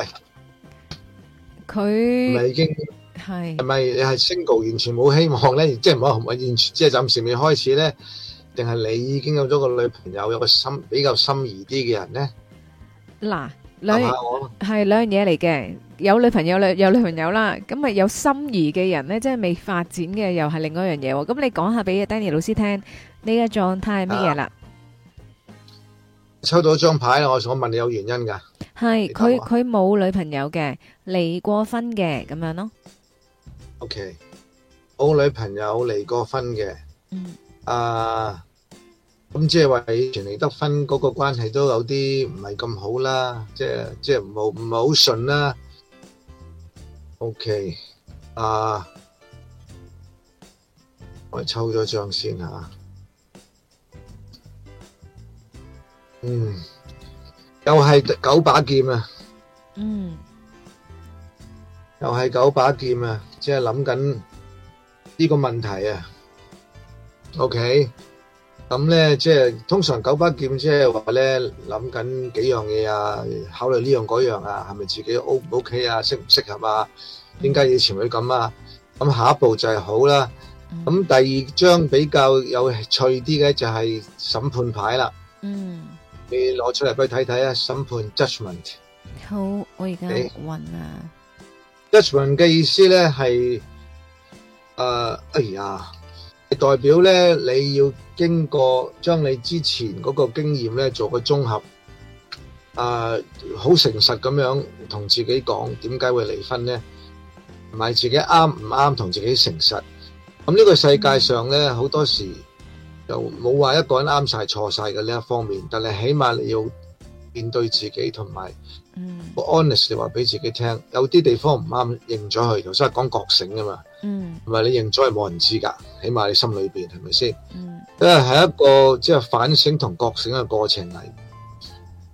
佢唔係已經係係咪你係 single 完全冇希望咧？即係唔好唔好完全，即係暫時未開始咧？定係你已經有咗個女朋友，有個心比較心儀啲嘅人咧？嗱，兩係兩樣嘢嚟嘅，有女朋友啦，有女朋友啦，咁咪有心儀嘅人咧，即係未發展嘅，又係另外一樣嘢。咁你講下俾 Danny 老師聽。你嘅狀態係乜嘢啦？抽到一張牌，我想問你有原因噶？係，佢佢冇女朋友嘅，離過婚嘅咁樣咯。OK，冇女朋友，離過婚嘅。嗯。啊，咁即係話你以前離得婚嗰個關係都有啲唔係咁好啦，即係即係唔係唔係好順啦。OK，啊，我哋抽咗張先吓。嗯，又係九把劍啊！嗯，又係九把劍啊！即係諗緊呢個問題啊。O K，咁咧即係通常九把劍即係話咧諗緊幾樣嘢啊，考慮呢樣嗰樣啊，係咪自己 O 唔 O K 啊，適唔適合啊？點解以前會咁啊？咁下一步就係好啦。咁第二張比較有趣啲嘅就係審判牌啦。嗯。你攞出嚟俾睇睇啊！審判 judgment 好，我而家暈啦。judgment 嘅意思咧係誒，哎呀，代表咧你要經過將你之前嗰個經驗咧做個綜合，誒，好誠實咁樣同自己講，點解會離婚咧？唔係自己啱唔啱，同自己誠實。咁呢個世界上咧，好多時。.就冇話一個人啱晒錯晒嘅呢一方面，但係起碼你要面對自己同埋、嗯、honest 話俾自己聽，有啲地方唔啱，認咗佢。頭先係講覺醒㗎嘛，唔係、嗯、你認咗係冇人知㗎，起碼你心裏邊係咪先？因為係一個即係、就是、反省同覺醒嘅過程嚟。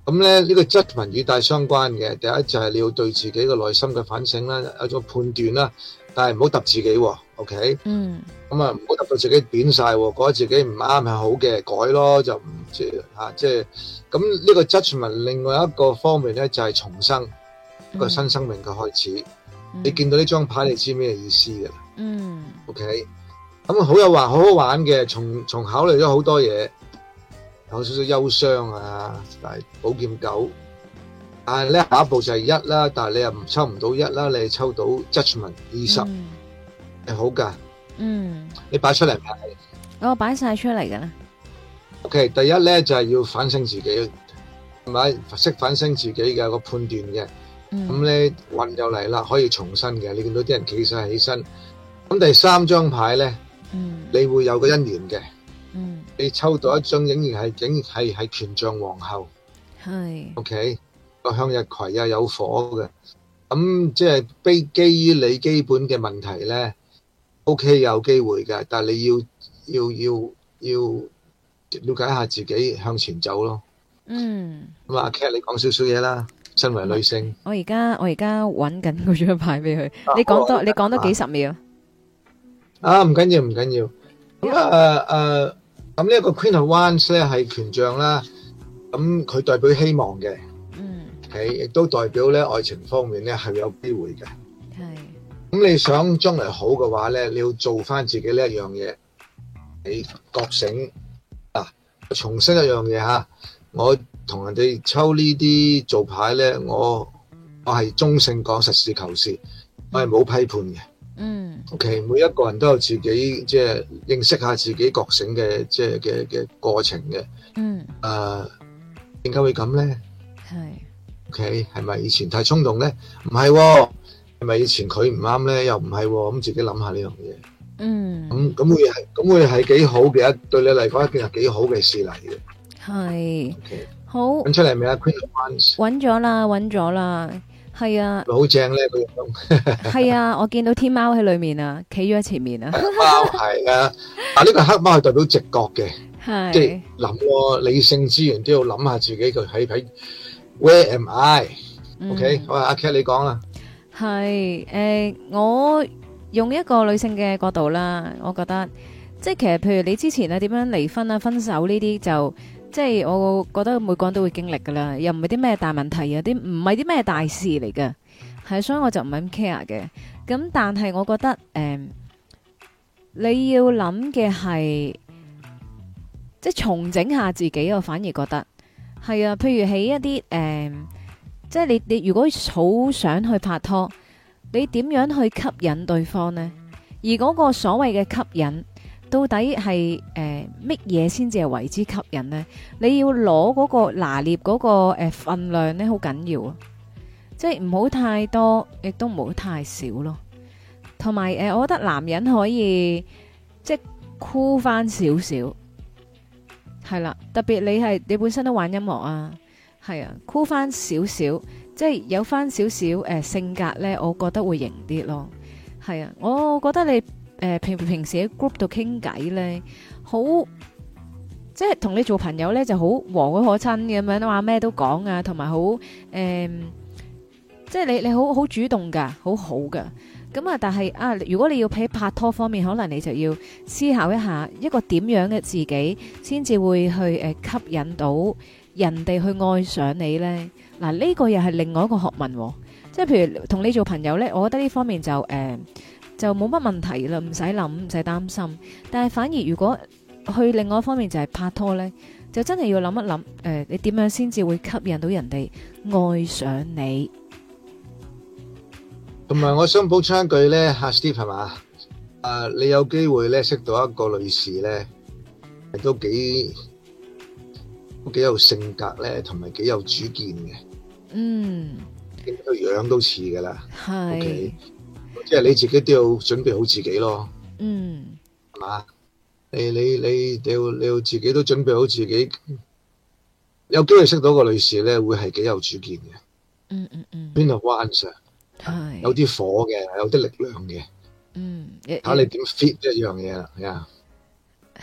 咁咧呢、這個質問與大相關嘅，第一就係你要對自己嘅內心嘅反省啦，有種判斷啦，但係唔好揼自己。OK，嗯。咁啊，唔覺得自己扁曬喎，覺得自己唔啱係好嘅，改咯就唔即係嚇，即係咁呢個 judgement。另外一個方面咧，就係重生，一個新生命嘅開始。你見到呢張牌，你知咩意思嘅啦？嗯，OK。咁好有話，好好玩嘅，從從考慮咗好多嘢，有少少憂傷啊，但係寶劍九。但係咧，下一步就係一啦，但係你又唔抽唔到一啦，你抽到 judgement 二十，係好㗎。嗯，你擺出嚟，我擺晒出嚟嘅啦。O K，第一咧就係要反省自己，係咪識反省自己嘅個判斷嘅？嗯，咁咧運又嚟啦，可以重新嘅。你見到啲人企晒起身，咁第三張牌咧，你會有個姻緣嘅。嗯，你抽到一張仍然係竟然係係權杖皇后，係 O K，個向日葵啊有火嘅，咁即係基基於你基本嘅問題咧。OK，有機會嘅，但係你要要要要瞭解下自己向前走咯。嗯。咁啊，K，你講少少嘢啦。身為女性，我而家，我而家揾緊個張牌俾佢。你講多，你講多幾十秒。啊，唔緊要，唔緊要。咁啊啊，咁呢一個 Queen of Wands 咧係權杖啦，咁佢代表希望嘅。嗯。係，亦都代表咧愛情方面咧係有機會嘅。咁你想將來好嘅話呢，你要做翻自己呢一樣嘢，你覺醒、啊、重新一樣嘢吓。我同人哋抽呢啲做牌呢，我我係中性講實事求是，我係冇批判嘅。嗯、mm.，OK，每一個人都有自己即係認識下自己覺醒嘅即係嘅嘅過程嘅。嗯、mm. uh,，啊，點解會咁呢？係 OK，係咪以前太衝動呢？唔係、哦。係咪以前佢唔啱咧？又唔係咁，自己諗下呢樣嘢。嗯，咁咁會係咁會係幾好嘅，一對你嚟講一件幾好嘅事嚟嘅。係，OK，好搵出嚟未啊？Queen，搵咗啦，搵咗啦，係啊，好正咧！佢係啊，我見到天貓喺裏面啊，企咗喺前面啊，黑貓係啊，嗱呢個黑貓係代表直覺嘅，係即係諗理性資源都要諗下自己佢喺喺 Where am I？OK，好啊，阿 K 你講啊。係誒、呃，我用一個女性嘅角度啦，我覺得即係其實，譬如你之前啊點樣離婚啊分手呢啲，就即係我覺得每個人都會經歷噶啦，又唔係啲咩大問題，又啲唔係啲咩大事嚟嘅，係所以我就唔係咁 care 嘅。咁但係我覺得誒、呃，你要諗嘅係即係重整下自己，我反而覺得係啊，譬如喺一啲誒。呃即係你你如果好想去拍拖，你點樣去吸引對方呢？而嗰個所謂嘅吸引，到底係誒乜嘢先至係為之吸引呢？你要攞嗰個拿捏嗰、那個誒、呃、分量呢，好緊要啊！即係唔好太多，亦都唔好太少咯。同埋誒，我覺得男人可以即係酷返少少，係啦。特別你係你本身都玩音樂啊。係啊，酷返少少，即係有返少少誒、呃、性格咧，我覺得會型啲咯。係啊，我覺得你誒、呃、平平時喺 group 度傾偈咧，好即係同你做朋友咧就好和藹可親咁樣，話咩都講啊，同埋好誒，即係你你好好主動㗎，好好㗎。咁啊，但係啊，如果你要喺拍拖方面，可能你就要思考一下一個點樣嘅自己，先至會去誒、呃、吸引到。人哋去愛上你呢，嗱、這、呢個又係另外一個學問喎、哦。即係譬如同你做朋友呢，我覺得呢方面就誒、呃、就冇乜問題啦，唔使諗，唔使擔心。但係反而如果去另外一方面就係拍拖呢，就真係要諗一諗誒、呃，你點樣先至會吸引到人哋愛上你。同埋我想補充一句呢，吓、啊、Steve 係嘛？誒、uh，你有機會咧識到一個女士呢，都幾～都幾有性格咧，同埋幾有主見嘅。嗯，個樣都似噶啦。係是，okay? 即係你自己都要準備好自己咯。嗯，係嘛？誒，你你你，你要你要自己都準備好自己，有機會識到個女士咧，會係幾有主見嘅。嗯嗯嗯，邊度關上？係，有啲火嘅，有啲力量嘅。嗯，睇、嗯嗯、你點 fit 一樣嘢啦，啊、yeah。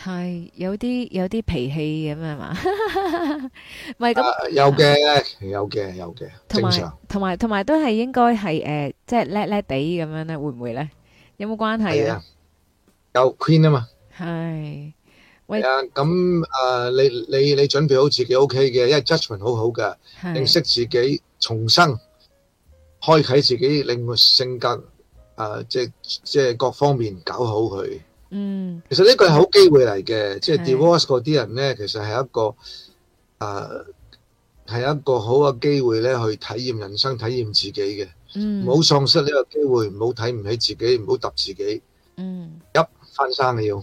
係有啲有啲脾氣咁樣嘛，唔係咁有嘅有嘅有嘅，正常。同埋同埋都係應該係誒，即係叻叻地咁樣咧，會唔會咧？有冇關係啊？有 queen 啊嘛。係喂，咁誒，你你你準備好自己 OK 嘅，因為 judgment 好好嘅，認識自己，重生，開啟自己令個性格誒，即即係各方面搞好佢。嗯，其實呢個係好機會嚟嘅，即係 divorce 嗰啲人呢，是其實係一個誒係一個好嘅機會呢去體驗人生，體驗自己嘅，嗯，唔好喪失呢個機會，唔好睇唔起自己，唔好揼自己，嗯，一翻生你要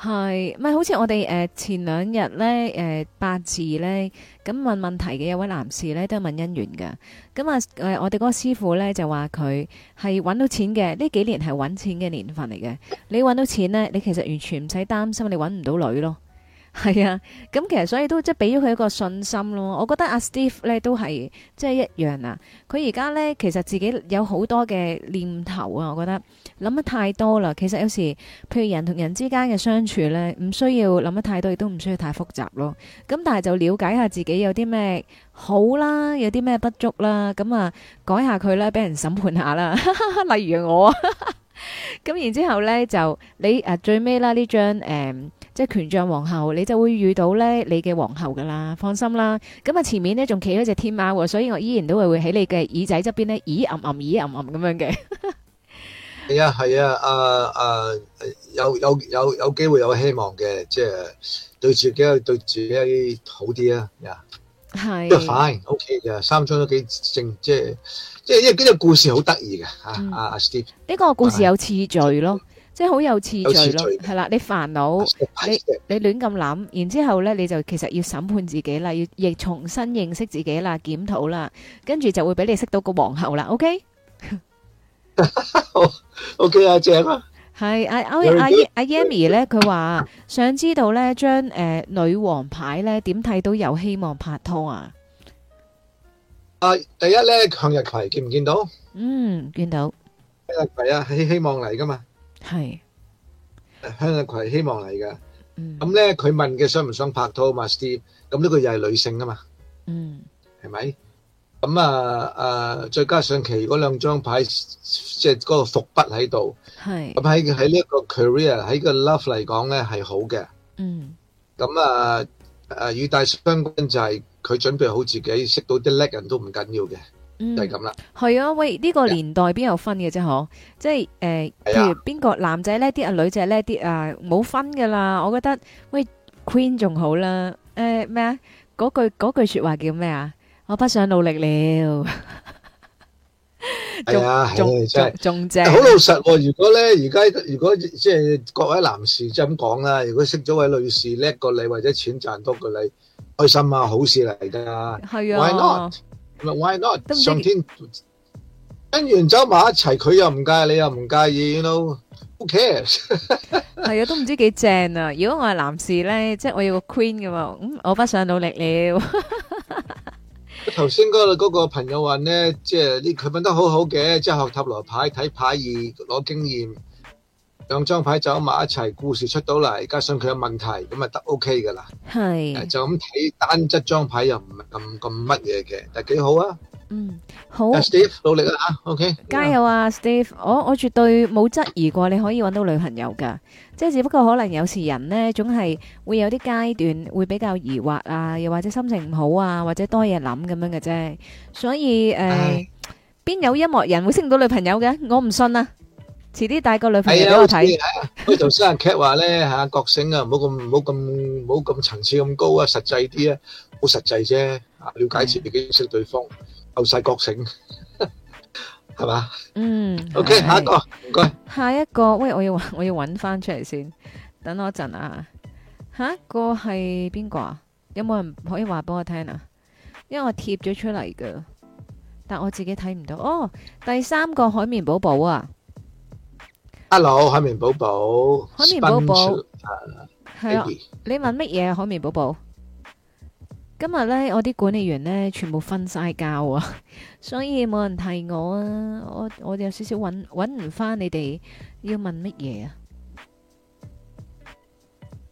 係咪？好似我哋誒前兩日呢，誒八字呢？呃咁問問題嘅有位男士咧，都係問姻緣嘅。咁啊，誒，我哋嗰個師傅咧就話佢係揾到錢嘅，呢幾年係揾錢嘅年份嚟嘅。你揾到錢咧，你其實完全唔使擔心，你揾唔到女咯。係啊，咁其實所以都即係俾咗佢一個信心咯。我覺得阿、啊、Steve 咧都係即係一樣啊。佢而家咧其實自己有好多嘅念頭啊，我覺得諗得太多啦。其實有時譬如人同人之間嘅相處咧，唔需要諗得太多，亦都唔需要太複雜咯。咁但係就了解下自己有啲咩好啦，有啲咩不足啦，咁啊改下佢啦，俾人審判下啦。 *laughs* 例如我， *laughs* 咁然之後咧就你最尾啦呢張誒。嗯即係權杖皇后，你就會遇到咧你嘅皇后噶啦，放心啦。咁啊前面咧仲企咗隻天喵喎，所以我依然都係會喺你嘅耳仔側邊咧，耳暗暗，耳暗暗咁樣嘅。係啊，係啊，啊啊有有有有機會有希望嘅，即係對自己啊，對自己好啲啊。呀，係都 fine，OK 嘅，三張都幾正，即係即係因為呢個故事好得意嘅。啊啊，Steve，呢個故事有次序咯。即係好有次序咯，係啦。你煩惱，你你亂咁諗，然之後咧，你就其實要審判自己啦，要亦重新認識自己啦，檢討啦，跟住就會俾你識到個皇后啦。O K，好 O K 啊，鄭啊，係阿歐阿姨阿 Yamy 咧，佢話想知道咧張誒女王牌咧點睇到有希望拍拖啊？啊，第一咧向日葵見唔見到？嗯，見到向日葵啊，係希望嚟噶嘛？係，向日葵係希望嚟噶，咁咧佢問嘅想唔想拍拖嘛？Steve，咁呢個又係女性啊嘛是，嗯，係、啊、咪？咁啊誒，再加上其嗰兩張牌，即係嗰個伏筆喺度，係是，咁喺喺呢一個 career 喺個 love 嚟講咧係好嘅，嗯，咁啊誒，與、啊、大相關就係佢準備好自己，識到啲叻人都唔緊要嘅。嗯、就係咁啦，係、嗯、啊！喂，呢、呢個年代邊有分嘅啫、啊？嗬 Yeah.，即係誒，譬如邊個男仔叻啲，啊女仔叻啲啊，冇、呃、分噶啦！我覺得喂，Queen 仲好啦，誒咩啊？嗰句嗰句說話叫咩啊？我不想努力了。係啊，仲真係好老實、啊。如果咧，而家如果即係各位男士，即係咁講啦。如果識咗位女士叻過你，或者錢賺多過你，開心啊！好事嚟噶，係啊。咪 why not？上天跟完走埋一齊，佢又唔介，你又唔介意咯？Who cares？係啊，都唔知幾正啊！如果我係男士咧，即係我要個 Queen 嘅，我不想努力了。頭先嗰個嗰個朋友話咧，即係呢佢問得好好嘅，即係學塔羅牌睇牌而攞經驗。兩張牌走埋一齊，故事出到嚟，加上佢有問題，咁咪得 OK 噶啦。係就咁睇單隻張牌又唔係咁咁乜嘢嘅，但係幾好啊。嗯，好。Steve 努力啦吓，OK，加油啊，Steve。我我絕對冇質疑過，你可以搵到女朋友噶，即係只不過可能有時人呢，總係會有啲階段會比較疑惑啊，又或者心情唔好啊，或者多嘢諗咁樣嘅啫。所以誒，邊有音樂人會識唔到女朋友嘅？我唔信啊！遲啲帶個女朋友俾我睇。頭先 Cat 話咧吓，覺醒啊，唔好咁，唔好咁，唔好咁層次咁高啊，實際啲啊，好實際啫，啊，了解自己，認識對方，夠晒、嗯、覺醒，係 *laughs* 嘛吧？嗯，OK，的下一個唔該。謝謝下一個，喂，我要我要揾翻出嚟先，等我一陣啊。下、啊、一個係邊個啊？有冇人可以話俾我聽啊？因為我貼咗出嚟噶，但我自己睇唔到。哦，第三個《海綿寶寶》啊。hello，海綿寶寶，海綿寶寶係啊，你問乜嘢？海綿寶寶，今日咧，我啲管理員咧全部瞓晒覺啊，所以冇人提我啊，我我有少少搵，搵唔翻你哋要問乜嘢啊？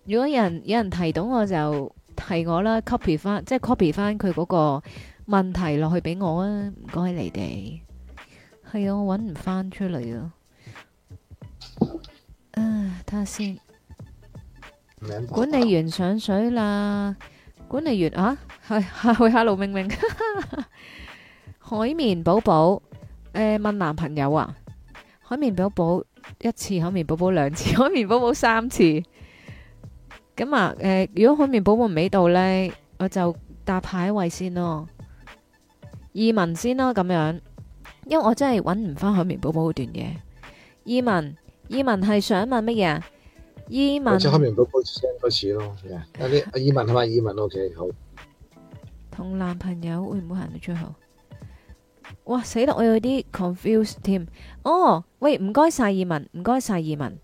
如果有人有人提到我就提我啦，copy 翻即係 copy 翻佢嗰個問題落去俾我啊！唔該你哋，係啊，我搵唔翻出嚟啊！啊，睇下先。管理員上水啦！管理員啊，係、哎、去 hello 明明。 *laughs* 海綿寶寶，誒、呃，問男朋友啊？海綿寶寶一次，海綿寶寶兩次，海綿寶寶三次。咁啊，誒、呃，如果海綿寶寶唔喺度呢，我就搭牌位先咯。意文先啦，咁樣，因為我真係揾唔返海綿寶寶嗰段嘢。意文。伊文係想問乜嘢啊？伊文即係開明到高聲開始咯。阿啲阿伊文係嘛？伊文 O K 好。同男朋友會唔會行到最後？哇，死得我有啲 confused 添。哦，喂，唔該晒伊文，唔該晒伊文。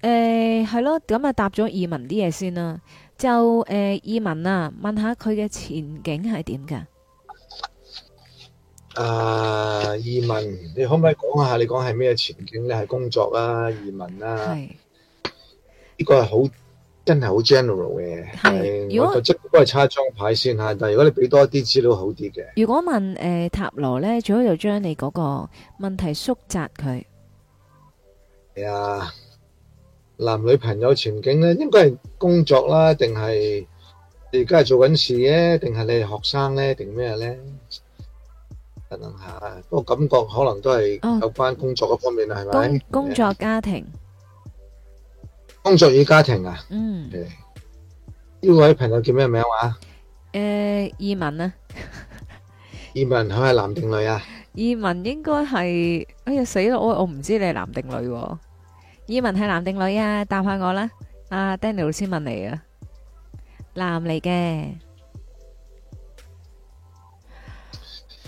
誒，係咯，咁啊答咗伊文啲嘢先啦。就誒，伊文啊，問下佢嘅前景係點㗎。啊！移民，你可唔可以講下你講係咩前景咧？係工作啊，移民啊？係呢個係好真係好 general 嘅。係如果即係都係插張牌先吓，但係如果你俾多一啲資料好啲嘅。如果問誒塔羅咧最好就將你嗰個問題縮窄佢。係啊，男女朋友前景咧應該係工作啦，定係你而家係做緊事咧定係你係學生咧定咩咧？等等下，不過感覺可能都係有關工作嗰方面啦，係咪？工作、家庭、工作與家庭啊。嗯。呢位朋友叫咩名話？誒，依文啊。依文佢係男定女啊？依文應該係哎呀死咯，我我唔知你係男定女。依文係男定女啊？答下我啦，阿 Danny 先問你啊，男嚟嘅。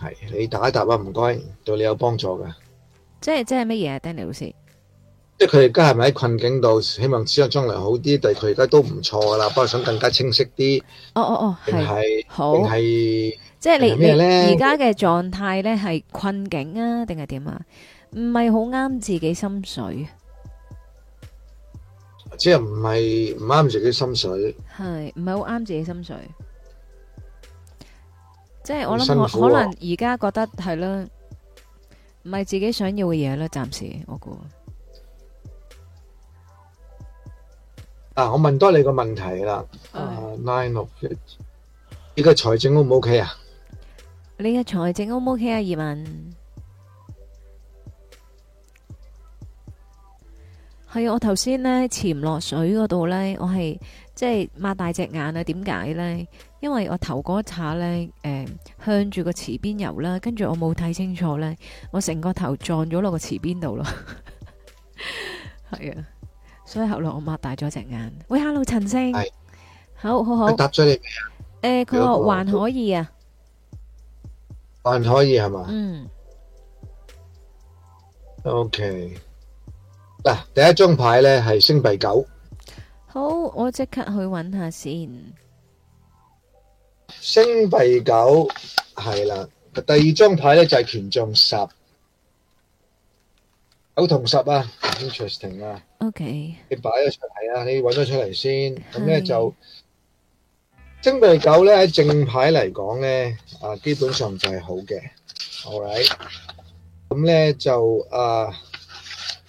係，你打一打啊！唔該，對你有幫助噶。即係即係乜嘢啊，Danny 老師？即係佢而家係咪喺困境度？希望只係將來好啲，但係佢而家都唔錯噶啦，不過想更加清晰啲。哦哦哦，係是。好。定係是即係你咩咧？而家嘅狀態咧係困境啊，定係點啊？唔係好啱自己心水。即係唔係唔啱自己心水？係唔係好啱自己心水？即係我諗可可能而家覺得係咯，唔係自己想要嘅嘢咧，暫時我估。嗱、啊，我問多你個問題啦，nine 呢個財政 O 唔 O K 啊？你嘅財政 O 唔 O K 啊？移民係我頭先咧潛落水嗰度咧，我係即係擘大隻眼啊？點解咧？因為我頭嗰一下咧，誒、呃，向住個池邊游啦，跟住我冇睇清楚咧，我成個頭撞咗落個池邊度咯，係 *laughs* 啊，所以後來我擘大咗隻眼。喂，hello，陳星，係是，好好好。答咗你未誒，佢、呃、話還可以啊，還可以係嘛？嗯。OK，嗱，第一張牌咧係星幣九。好，我即刻去揾下先。星幣九係啦，第二張牌咧就係權杖十，九同十啊，interesting 啊，OK，你擺咗出嚟啊，你揾咗出嚟先，咁咧就星幣九咧喺正牌嚟講咧啊，基本上就係好嘅，OK，咁咧就啊，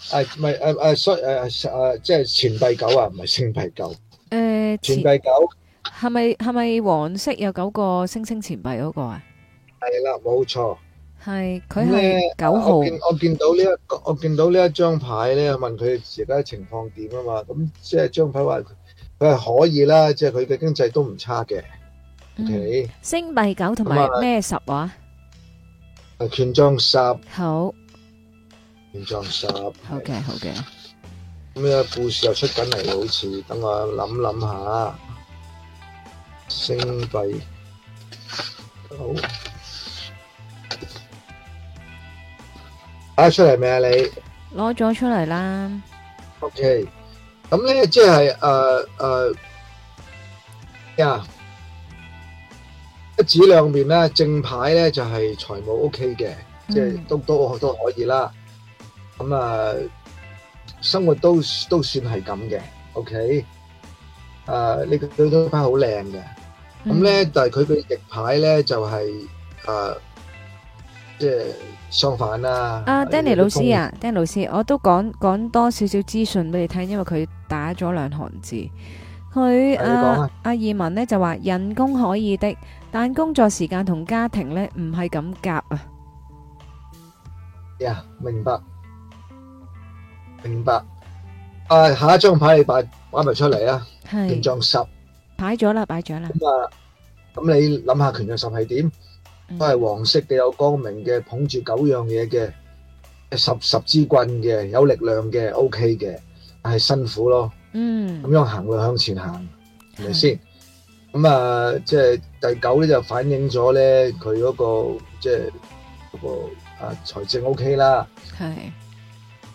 誒唔係誒誒 sorry 誒誒即係錢幣九啊，唔係星幣九，誒錢幣九。係咪係咪黃色有九個星星錢幣嗰個啊？係啦，冇錯。係佢係九號。我見我見到呢一我見到呢一張牌咧，問佢而家情況點啊嘛？咁即係張牌話佢係可以啦，即係佢嘅經濟都唔差嘅。OK，星幣九同埋咩十話？啊，權杖十。好。權杖十。好嘅，好嘅。咁呢個故事又出緊嚟。好似等我諗諗下。四、八、九，睇得出嚟未啊？你攞咗出嚟啦。OK，咁咧即係誒誒呀，一紙兩面咧，正牌咧就係財務 OK 嘅，即係都都都可以啦。咁啊，生活都都算係咁嘅。OK，誒，呢個呢張牌好靚嘅。咁咧，但係佢嘅逆牌咧就係誒，即係相反啦。阿 Danny 老師啊，Danny 老師，我都講講多少少資訊俾你聽，因為佢打咗兩行字，佢阿阿義文咧就話人工可以的，但工作時間同家庭咧唔係咁夾啊。呀，明白，明白。啊，下一張牌你擺擺埋出嚟啊，權杖十。擺咗啦，擺咗啦。咁啊，咁你諗下權杖十係點？都係黃色嘅，有光明嘅，捧住九樣嘢嘅，十十支棍嘅，有力量嘅，OK 嘅，係辛苦咯。嗯，咁樣行會向前行，係咪先？咁啊，即係第九咧就反映咗咧，佢嗰個即係嗰個啊財政 OK 啦。係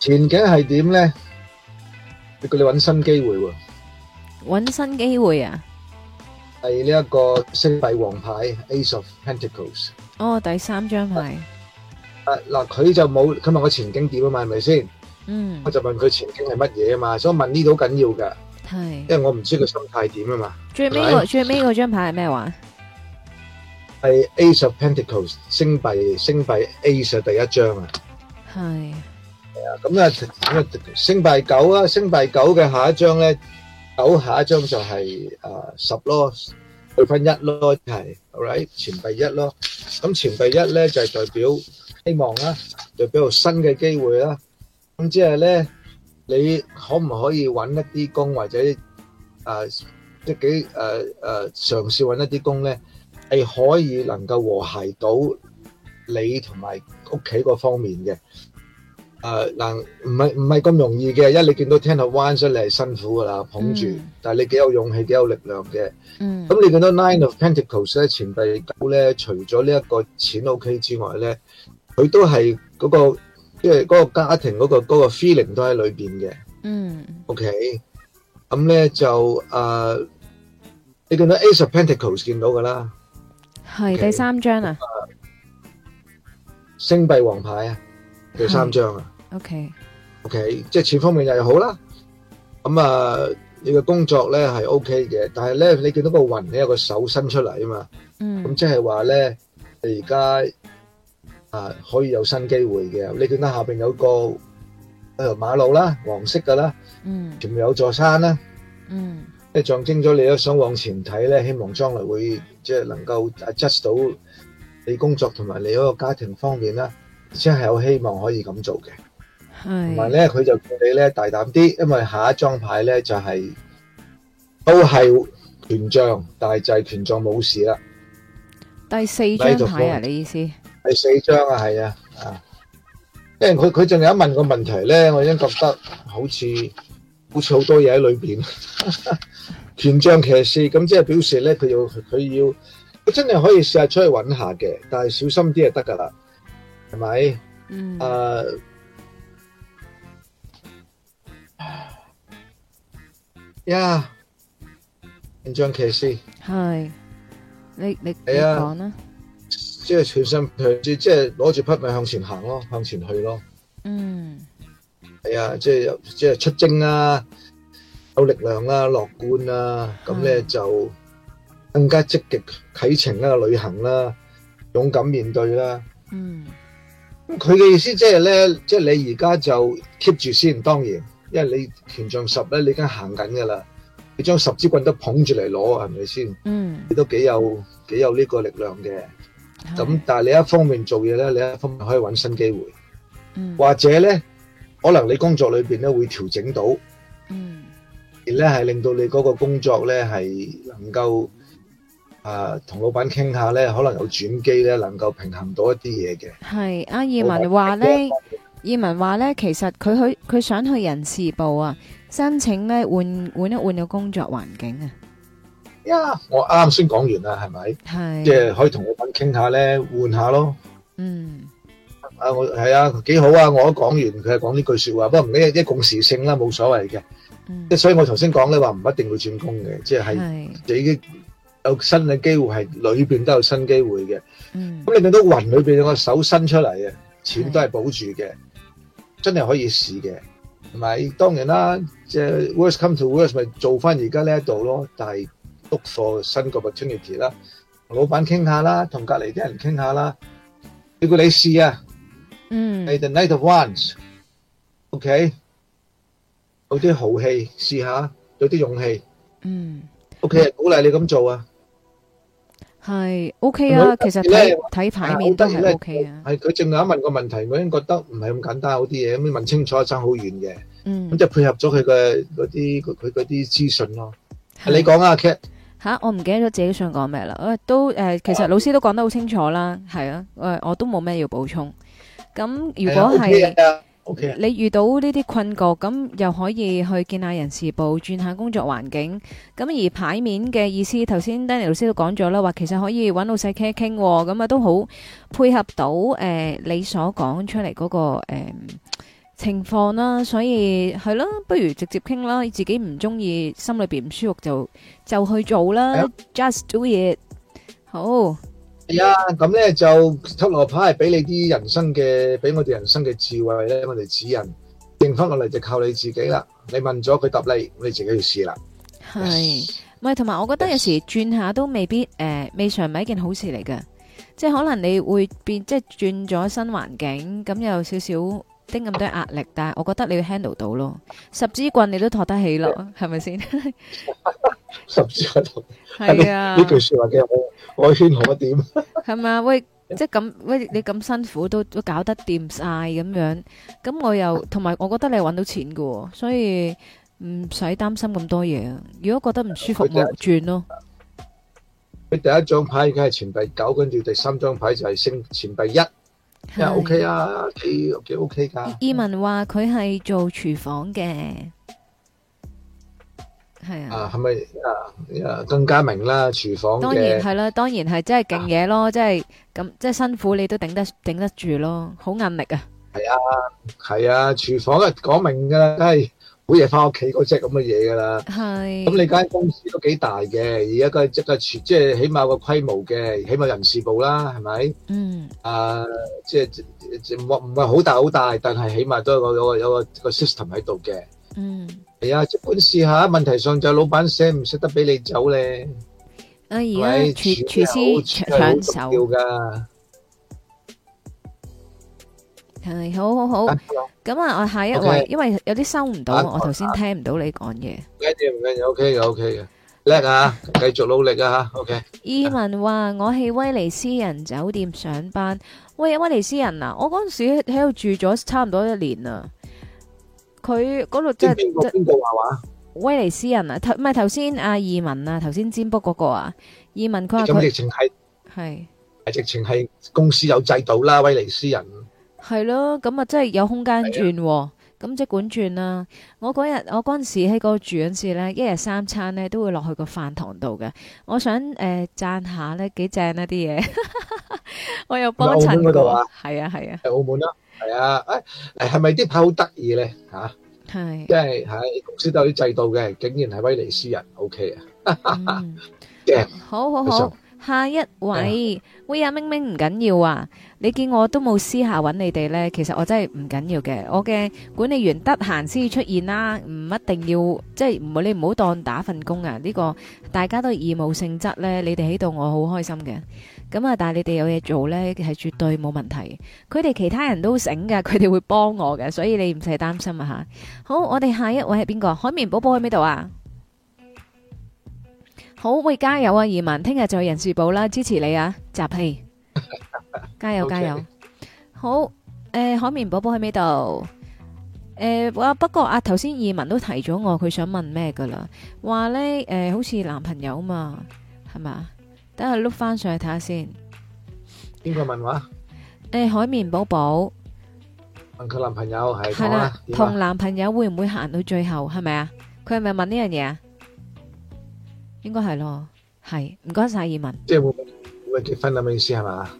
前景係點咧？叫你搵新機會喎，搵新機會啊！係呢一個星幣王牌 Ace of Pentacles。哦，第三張牌。誒，嗱，佢就冇佢問我前景點啊嘛，係咪先？嗯。我就問佢前景係乜嘢啊嘛，所以問呢度好緊要噶。係。因為我唔知佢心態點啊嘛。最尾個最尾嗰張牌係咩話？係 Ace of Pentacles，星幣星幣 Ace 第一張啊。係。係啊，咁咧星幣九啊，星幣九嘅下一張咧。好，下一張就係誒十咯，倍分一咯，係，O.K. 錢幣一咯，咁錢幣一咧就係代表希望啦，代表新嘅機會啦，咁即係咧，你可唔可以揾一啲工或者誒即係幾誒誒嘗試揾一啲工咧，係可以能夠和諧到你同埋屋企嗰方面嘅。誒，嗱，唔係唔係咁容易嘅，因為你見到 Ten of Wands 出嚟，係辛苦噶啦，捧住，但係你幾有勇氣，幾有力量嘅。嗯，咁你見到 Nine of Pentacles，咧，錢幣九咧，除咗呢一個錢 OK 之外咧，佢都係嗰個，即係嗰個家庭嗰個嗰個 feeling 都喺裏邊嘅。嗯，OK，咁咧就誒，你見到 Ace of Pentacles 見到噶啦，係第三張啊，星幣王牌啊，第三張啊。O K，O K，即係錢方面又好啦。咁啊，你嘅工作咧係 O K 嘅，但係咧你見到個雲，你有個手伸出嚟啊嘛，咁即係話咧你而家啊可以有新機會嘅。你見到下邊有個誒馬路啦，黃色噶啦，前面有座山啦，即係象徵咗你都想往前睇咧，希望將來會即係能夠 adjust 到你工作同埋你嗰個家庭方面啦，即係有希望可以咁做嘅。同埋咧，佢就叫你咧大膽啲，因為下一張牌咧就係都係權杖，但係就係權杖武士啦。第四張牌啊，你意思？第四張啊，係啊，啊，因為佢佢仲有一問個問題咧，我已經覺得好似好似好多嘢喺裏邊。權杖騎士咁即係表示咧，佢要佢要，佢真係可以試下出去揾下嘅，但係小心啲就得噶啦，係咪？嗯，誒。呀，印象騎師係，你你點講咧？即係全身向住，即係攞住匹馬向前行咯，向前去咯。嗯，係啊，即係即係出征啦，有力量啦，樂觀啦，咁咧就更加積極啟程啦，旅行啦，勇敢面對啦。嗯，咁佢嘅意思即係咧，即係你而家就 keep 住先，當然。因為你權杖十咧，你已經行緊㗎喇，你將十支棍都捧住嚟攞，係咪先？嗯，你都幾有幾有呢個力量嘅。咁但係你一方面做嘢咧，你一方面可以揾新機會，或者咧可能你工作裏邊咧會調整到，而咧係令到你嗰個工作咧係能夠啊同老闆傾下咧，可能有轉機咧，能夠平衡到一啲嘢嘅。係，阿葉文話咧。葉文話咧，其實佢去佢想去人事部啊，申請咧換換一換個工作環境啊。呀、yeah,，我啱先講完啦，係咪是？係，即係可以同我講傾下咧，換下咯。嗯。啊，我係啊，幾好啊！我一講完，佢係講呢句說話，不過唔啲一共時性啦，冇所謂嘅。即、嗯、所以我頭先講咧話唔一定會轉工嘅，是即係自己有新嘅機會，係裏邊都有新機會嘅。嗯。咁、嗯、你見到雲裏邊有個手伸出嚟嘅，錢都係保住嘅。真係可以試嘅，同埋當然啦，即係 worst come to worst 咪做翻而家呢一度咯，但係 look for 新個 opportunity 啦，同老闆傾下啦，同隔離啲人傾下啦。如果你試啊，嗯，係 the Knight of Wands，OK，有啲豪氣試下，有啲勇氣，嗯，OK，鼓勵你咁做啊！係 OK 啊，嗯、其實睇睇，嗯、牌面都係 OK 啊。係佢淨係問個問題，我已經覺得唔係咁簡單好啲嘢，咁你問清楚爭好遠嘅。嗯，咁就配合咗佢嘅嗰啲佢嗰啲資訊咯。你講啊，Cat 吓，我唔記得咗自己想講咩啦。誒，都誒，呃，其實老師都講得好清楚啦，係啊，誒，我都冇咩要補充。咁如果係。Okay. 你遇到呢啲困局，咁又可以去見下人事部，轉下工作環境。咁而牌面嘅意思，頭先 Danny 老師都講咗啦，話其實可以揾老細傾一傾，咁啊都好配合到誒、呃、你所講出嚟嗰、那個誒、呃、情況啦。所以係咯，不如直接傾啦。自己唔中意，心裏邊唔舒服就，就去做啦。Yeah. Just do it，好。啊，咁咧、yeah, 就吸落牌，俾你啲人生嘅，俾我哋人生嘅智慧咧，我哋指引，剩翻落嚟就靠你自己啦。你問咗佢答你，你自己要試啦。係、yes.，唔係同埋，我覺得有時轉下都未必誒、呃，未嘗唔係一件好事嚟嘅。即係可能你會變，即係轉咗新環境，咁有少少啲咁多壓力。 *laughs* 但係我覺得你要 handle 到咯，十支棍你都托得起咯，係咪先？ *laughs* *laughs* 十支棍，係啊 Yeah.，呢句說話幾好。我圈好一點係咪？喂，即係咁，喂，你咁辛苦都都搞得掂晒咁樣，咁我又同埋，我覺得你揾到錢嘅、哦，所以唔使擔心咁多嘢。如果覺得唔舒服，咪轉咯。佢第一張牌依家係錢幣九，跟住第三張牌就係升錢幣一，啊的、yeah, OK 啊，幾幾 OK 噶。意文話佢係做廚房嘅。係啊，啊係咪啊？啊更加明啦廚房嘅，當然係啦，當然係真係勁嘢咯，即係咁即係辛苦你都頂得頂得住咯，好壓力啊！係啊係啊，廚房啊講明噶啦，係每日翻屋企嗰隻咁嘅嘢噶啦。係，咁你間公司都幾大嘅，而家個即係廚即係起碼個規模嘅，起碼人事部啦，係咪？嗯。啊，即係唔唔係好大好大，但係起碼都有個有個有個個 system 喺度嘅。嗯。係啊，本試下，問題上就老闆捨唔捨得俾你走咧？啊，而家廚師搶手噶。係，好好好。咁啊，我下一位，因為有啲收唔到，我頭先聽唔到你講嘢。唔緊要，唔緊要，O K 嘅，O K 嘅，叻啊，繼續努力啊吓，O K。意文話：我喺威尼斯人酒店上班。喂，威尼斯人啊，我嗰陣時喺度住咗差唔多一年啦。佢嗰度真係邊度邊個畫畫？威尼斯人啊，頭咪頭先阿移民啊，頭先占卜嗰個啊，移民佢話直情係係直情係公司有制度啦，威尼斯人係咯，咁啊真係有空間轉、啊，咁的即管轉啦、啊。我嗰日我嗰陣時喺嗰度住嗰陣時咧，一日三餐咧都會落去個飯堂度嘅。我想誒讚、呃、下咧幾正一啲嘢。 *laughs* 我又幫襯過，係啊係啊，喺澳門啦。係啊，誒，係咪啲牌好得意咧？吓，係，即係，係公司都有啲制度嘅，竟然係威尼斯人，OK 啊，好好好，下一位，喂啊，明明唔緊要啊，你見我都冇私下搵你哋咧，其實我真係唔緊要嘅，我嘅管理員得閒先出現啦，唔一定要，即係唔你唔好當打份工啊，呢個大家都義務性質咧，你哋喺度我好開心嘅。咁啊、嗯，但係你哋有嘢做呢，係絕對冇問題。佢哋其他人都醒噶，佢哋會幫我嘅，所以你唔使擔心啊吓。好，我哋下一位係邊個？海綿寶寶喺邊度啊？好，喂，加油啊！移民，聽日就去人事部啦，支持你啊！集氣，加油 *laughs* 加油！Okay. 好，誒、呃，海綿寶寶喺邊度？誒、呃，不過啊，頭先移民都提咗我，佢想問咩噶啦？話呢，誒、呃，好似男朋友嘛，係嘛？等我碌翻上去睇下先。邊個問話？誒，海綿寶寶問佢男朋友係點啊？同男朋友會唔會行到最後係咪啊？佢係咪問呢樣嘢啊？應該係咯，係唔該晒葉文。即係會會結婚咁嘅意思係咪啊？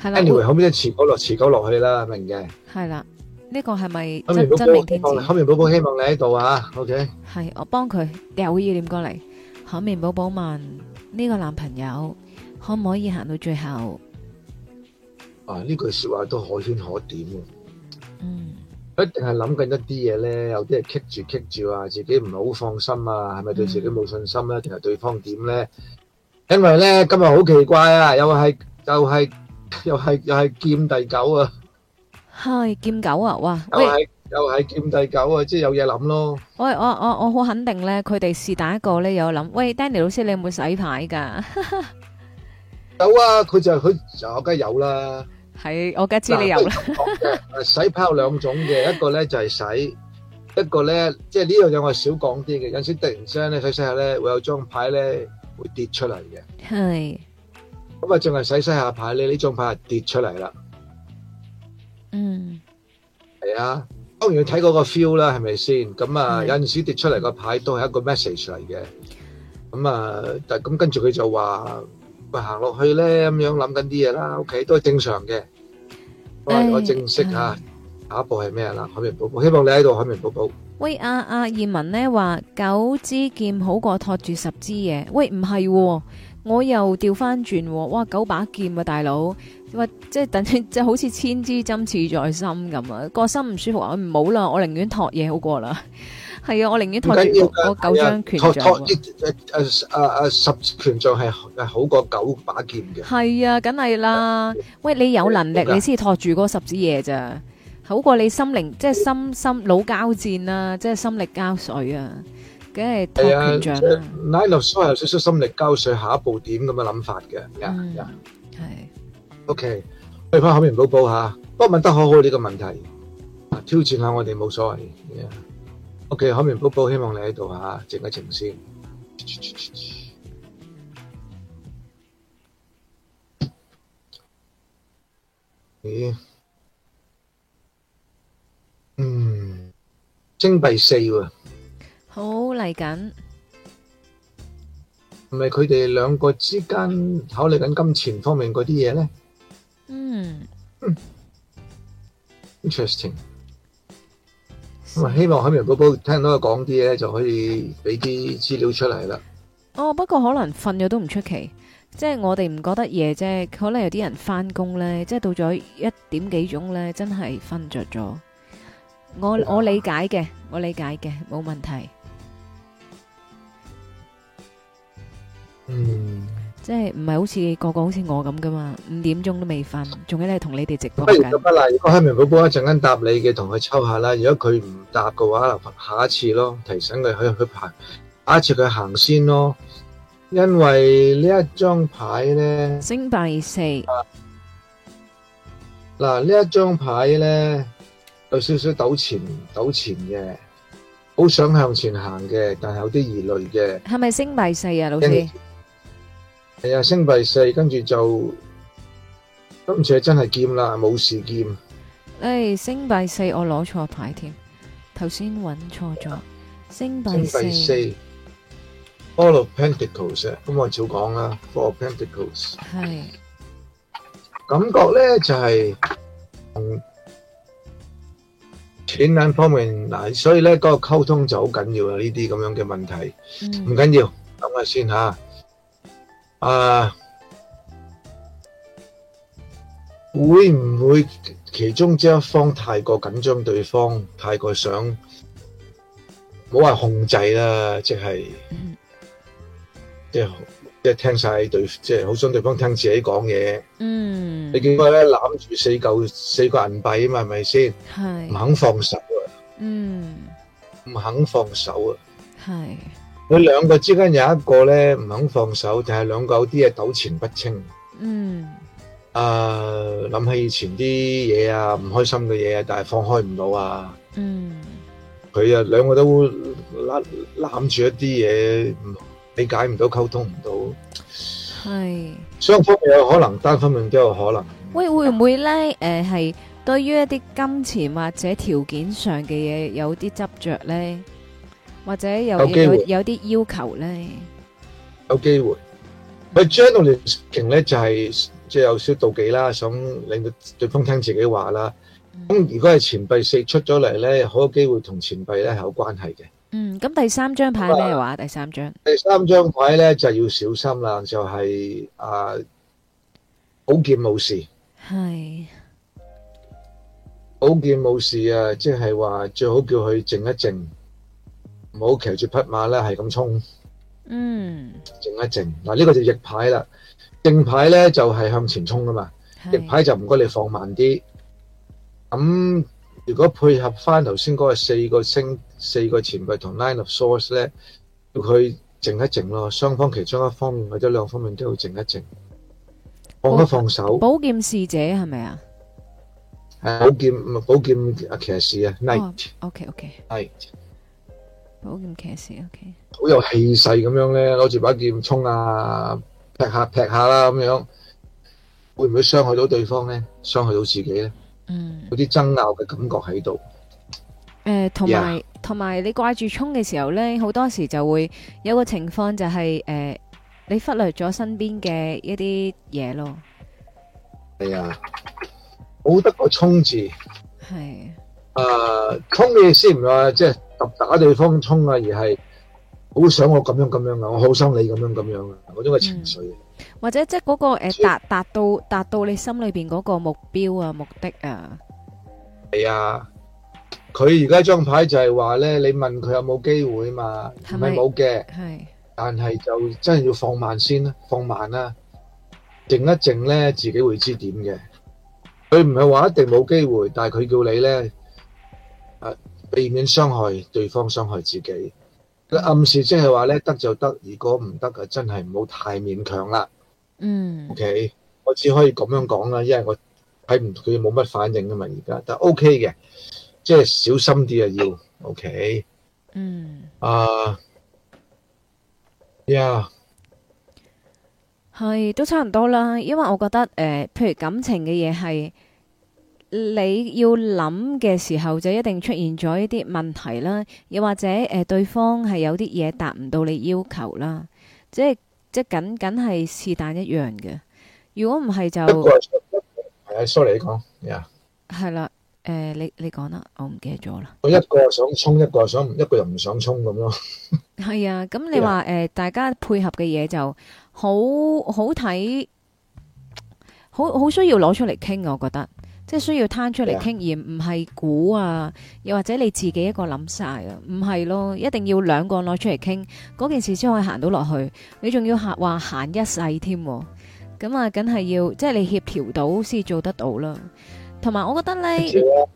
係啦，Anyway，後邊都持久落，持久落去啦，明嘅。係啦，呢個係咪真真？希望海綿寶寶，希望你喺度啊！OK。係我幫佢掉個意念過嚟，海綿寶寶問。呢個男朋友可唔可以行到最後？啊！呢句說話都可圈可點啊！嗯，一定係諗緊一啲嘢咧，有啲係棘住棘住啊，自己唔係好放心啊，係咪對自己冇信心咧，定係對方點咧？因為咧今日好奇怪啊，又係又係又係又係劍第九啊！係劍九啊！哇！喂！又係劍第九啊，即係有嘢諗咯。喂，我我我好肯定咧，佢哋是但一個咧有諗。喂，Danny 老師，你有冇洗牌噶？有啊，佢就佢我梗係有啦。係，我梗係知你有啦。洗牌有兩種嘅，一個咧就係洗，一個咧即係呢樣嘢我少講啲嘅。有時突然之間咧洗洗下咧會有張牌咧會跌出嚟嘅。係。咁啊，淨係洗洗下牌咧，呢張牌係跌出嚟啦。嗯。係啊。當然要睇嗰個 feel 啦，係咪先？咁啊，的有陣時跌出嚟個牌都係一個 message 嚟嘅。咁啊，但係咁跟住佢就話，咪行落去咧，咁樣諗緊啲嘢啦。OK，都係正常嘅。我唉我正式嚇下，下一步係咩啦？海綿寶寶，我希望你喺度海綿寶寶。喂，阿阿燕文咧，話九支劍好過托住十支嘢。喂，唔係喎，我又掉翻轉喎。哇，九把劍啊，大佬！話即係等，即係好似千支針刺在心咁啊！個心唔舒服啊，我唔好啦，我寧願托嘢好過啦。係啊，我寧願托住個九張權杖。托托誒誒誒誒，十權杖係係好過九把劍嘅。係啊，梗係啦。喂，你有能力，你先托住嗰十支嘢咋？好過你心靈即係心心腦交戰啊！即係心力交瘁啊！梗係托權杖啦。Nine of Swords 有少少心力交瘁，下一步點咁嘅諗法嘅啊，係。O.K. 我哋翻海綿寶寶吓，不過問得好好呢個問題，挑戰下我哋冇所謂。O.K. 海綿寶寶，希望你喺度吓，靜一靜先。咦？嗯，金幣四喎，好嚟緊，唔係佢哋兩個之間考慮緊金錢方面嗰啲嘢咧？嗯，interesting。咁啊，希望喺明嗰波聽到佢講啲咧，就可以俾啲資料出嚟啦。哦，不過可能瞓咗都唔出奇，即係我哋唔覺得夜啫，可能有啲人翻工咧，即係到咗一點幾鐘咧，真係瞓着咗。我我理解嘅，我理解嘅，冇問題。嗯。即係唔係好似個個好似我咁噶嘛？五點鐘都未瞓，仲要喺度同你哋直播。不如咁啦，如果海綿寶寶一陣間答你嘅，同佢抽下啦。如果佢唔答嘅話，下一次咯，提醒佢去去排，下一次佢行先咯。因為呢一張牌咧，星幣四。嗱，呢一張牌咧，有少少賭錢賭錢嘅，好想向前行嘅，但係有啲疑慮嘅。係咪星幣四啊，老師？係啊，星幣四，跟住就今次真係劍啦，冇時間。誒，星幣四，我攞錯牌添，頭先揾錯咗。星幣四，Four Pentacles，咁我照講啦，Four Pentacles。係。感覺咧就係錢銀方面嗱，所以咧嗰個溝通就好緊要啦。呢啲咁樣嘅問題，唔緊要，諗下先吓。啊，會唔會其中之一方太過緊張對方，太過想，唔好話控制啦，即係，即係即係聽晒對，即係好想對方聽自己講嘢。嗯，你見佢咧攬住四嚿四個銀幣啊嘛，係咪先？係，唔肯放手啊。嗯，唔肯放手啊。係。佢兩個之間有一個咧唔肯放手，但係兩個有啲嘢糾纏不清。嗯，啊，諗起以前啲嘢啊，唔開心嘅嘢啊，但係放開唔到啊。嗯，佢啊兩個都攬攬住一啲嘢，理解唔到，溝通唔到。係雙方面有可能，單方面都有可能。喂，會唔會咧？誒，係對於一啲金錢或者條件上嘅嘢有啲執著咧？或者有有有啲要求咧，有機會。佢 journaling 咧就係即係有少妒忌啦，想令到對方聽自己話啦。咁如果係錢幣四出咗嚟咧，好有機會同錢幣咧係有關係嘅。嗯，咁第三張牌咩話？第三張，第三張牌咧就要小心啦，就係啊，寶劍武士係，寶劍武士啊，即係話最好叫佢靜一靜。唔好騎住匹馬咧，係咁衝。嗯，靜一靜。嗱，呢個就逆牌啦。正牌咧就係向前衝㗎嘛。逆牌就唔該你放慢啲。咁如果配合翻頭先嗰個四個星、四個前輩同 line of source 咧，要佢靜一靜咯。雙方其中一方面或者兩方面都要靜一靜，放一放手。寶劍侍者係咪啊？係寶劍，寶劍騎士啊，Knight。OK，OK，Knight。寶劍騎士啊，OK。好有氣勢咁樣咧，攞住把劍衝啊，劈下劈下啦咁樣，會唔會傷害到對方咧？傷害到自己咧？嗯。有啲爭拗嘅感覺喺度。誒，同埋同埋，你掛住衝嘅時候咧，好多時就會有個情況就係誒，你忽略咗身邊嘅一啲嘢咯。係啊，好得個衝字。係。誒，衝嘅意思唔係即係。打對方沖啊，而係好想我咁樣咁樣啊，我好想你咁樣咁樣啊，嗰種嘅情緒。或者即係嗰個誒達達到達到你心裏邊嗰個目標啊目的啊。係啊，佢而家張牌就係話呢，你問佢有冇機會嘛，係冇嘅，係，但係就真係要放慢先啦，放慢啦，靜一靜呢，自己會知點嘅。佢唔係話一定冇機會，但係佢叫你呢。避免傷害對方，傷害自己。暗示即係話咧，得就得，如果唔得啊，真係唔好太勉強啦。嗯，OK，我只可以咁樣講啦，因為我睇唔到佢冇乜反應噶嘛，而家但係 OK 嘅，即係小心啲啊，要 OK。嗯，啊、uh, yeah，呀，係都差唔多啦，因為我覺得誒、呃，譬如感情嘅嘢係。你要諗嘅時候就一定出現咗一啲問題啦，又或者誒、呃、對方係有啲嘢達唔到你要求啦，即係即係僅僅係是但一樣嘅。如果唔係就係啊，sorry，你講，係、yeah. 啦，誒、呃，你你講啦，我唔記得咗啦。我一個想衝，一個想，一個又唔想衝咁咯。係 *laughs* 啊，咁你話誒 Yeah.、呃，大家配合嘅嘢就好好睇，好好需要攞出嚟傾，我覺得。即係需要攤出嚟傾，而唔係估啊，又或者你自己一個諗晒啊，唔係咯，一定要兩個攞出嚟傾嗰件事，先可以行到落去。你仲要吓話行一世添，咁啊，梗係要即係你協調到先做得到啦。同埋我覺得呢，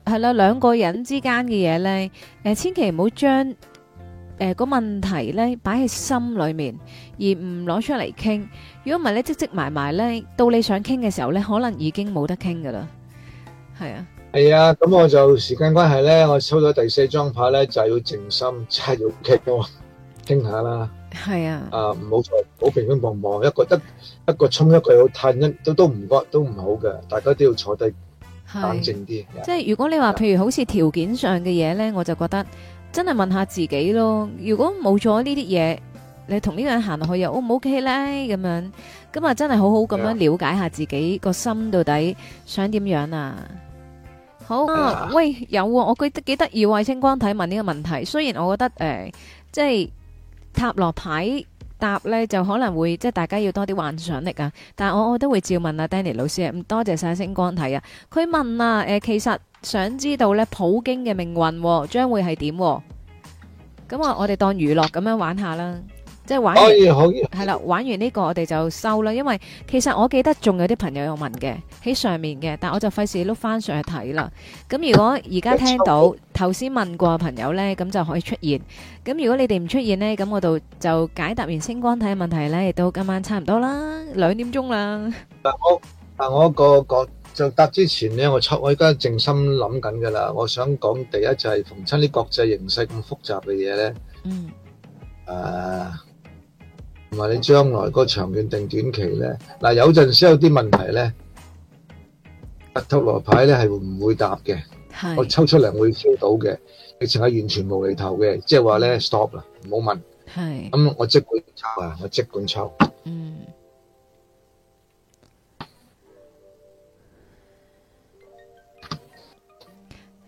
係啦，兩個人之間嘅嘢呢，誒，千祈唔好將誒個問題呢，擺喺心裏面，而唔攞出嚟傾。如果唔係呢，積積埋埋呢，到你想傾嘅時候呢，可能已經冇得傾噶啦。係啊，係啊，咁我就時間關係咧，我抽咗第四張牌咧，就係要靜心，即係要傾多傾下啦。係啊，啊唔好再好乒乒乓乓，一個得一個衝，一個又嘆，一,一都都唔覺都唔好嘅，大家都要坐低冷靜啲。是啊、即係如果你話譬如好似條件上嘅嘢咧，我就覺得真係問下自己咯。如果冇咗呢啲嘢，你同呢個人行落去又 O 唔 OK 咧？咁樣咁啊，就真係好好咁樣了解下自己個心到底、啊、想點樣啊？好啊！喂，有、哦、我覺得幾得意，星光體問呢個問題，雖然我覺得誒、呃，即係塔羅牌答呢就可能會即係大家要多啲幻想力啊，但係我我都會照問阿 Danny 老師啊，多謝晒星光體啊，佢問啊，誒、呃，其實想知道呢普京嘅命運將、哦、會係點、哦，咁啊，我哋當娛樂咁樣玩下啦。即係玩，係啦，玩完呢個我哋就收啦。因為其實我記得仲有啲朋友有問嘅喺上面嘅，但我就費事碌翻上去睇啦。咁如果而家聽到頭先問過朋友咧，咁就可以出現。咁如果你哋唔出現咧，咁我度就解答完星光體嘅問題咧，亦都今晚差唔多啦，兩點鐘啦。但我，但我個個就答之前咧，我出我依家靜心諗緊噶啦。我想講第一就係逢親啲國際形勢咁複雜嘅嘢咧，嗯，誒。同埋你將來個長遠定短期咧，嗱，有陣時有啲問題咧，阿塔羅牌咧係唔會答嘅，我抽出嚟會 feel 到嘅，疫情係完全無厘頭嘅，即係話咧，stop 啦，唔好問，咁我即管抽啊，我即管抽，嗯，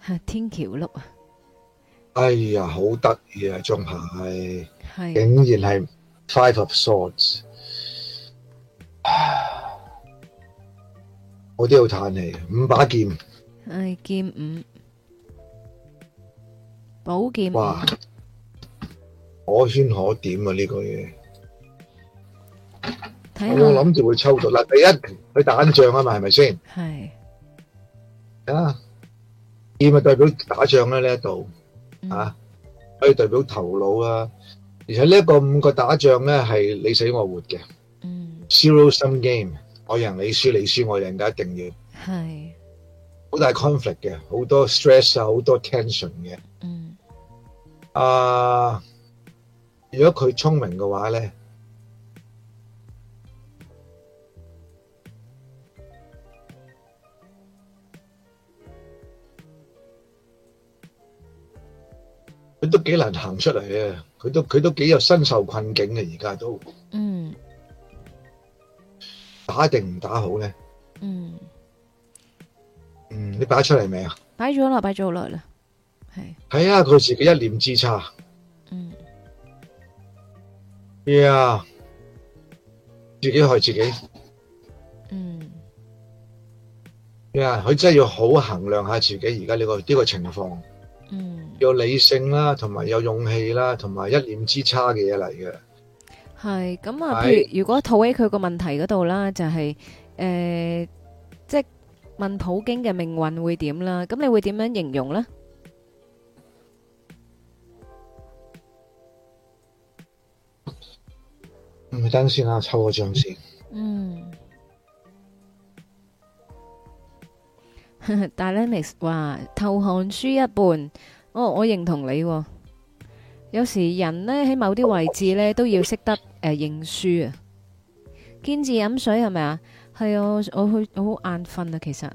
吓天橋碌，哎呀好得意啊，張牌竟然係。Five of swords，我都有嘆氣，五把劍，唉，劍五，寶劍，哇，可圈可點啊！呢個嘢，睇下我諗住會抽到啦。第一，佢打仗啊嘛，係咪先？係，啊，劍咪代表打仗呢一度，啊，嗯、可以代表頭腦啊。而且呢一個五個打仗呢係你死我活嘅，zero sum game，我贏你輸，你輸我贏，嘅一定要係好大 conflict 嘅，好多 stress 啊，好多 tension 嘅。啊，如果佢聰明嘅話呢，佢都幾難行出嚟。啊！佢都佢都幾有身受困境嘅，而家都嗯，打定唔打好咧？嗯嗯，你擺出嚟未啊？擺咗啦，擺咗好耐啦，係係啊，佢自己一念之差，嗯，啊，yeah，自己害自己，嗯，啊，佢真係要好衡量下自己而家呢個呢個情況，嗯。有理性啦，同埋有勇氣啦，同埋一念之差嘅嘢嚟嘅。係咁啊！譬如如果套喺佢個問題嗰度啦，就係誒，即係問普京嘅命運會點啦？咁你會點樣形容呢？唔等先啊，抽個獎先。嗯。大 Dynamics 話：投降輸一半。我、哦、我認同你、哦，有時人呢，喺某啲位置呢，都要識得誒、呃、認輸啊！堅持飲水係咪啊？係、啊、我我去好眼瞓啊，其實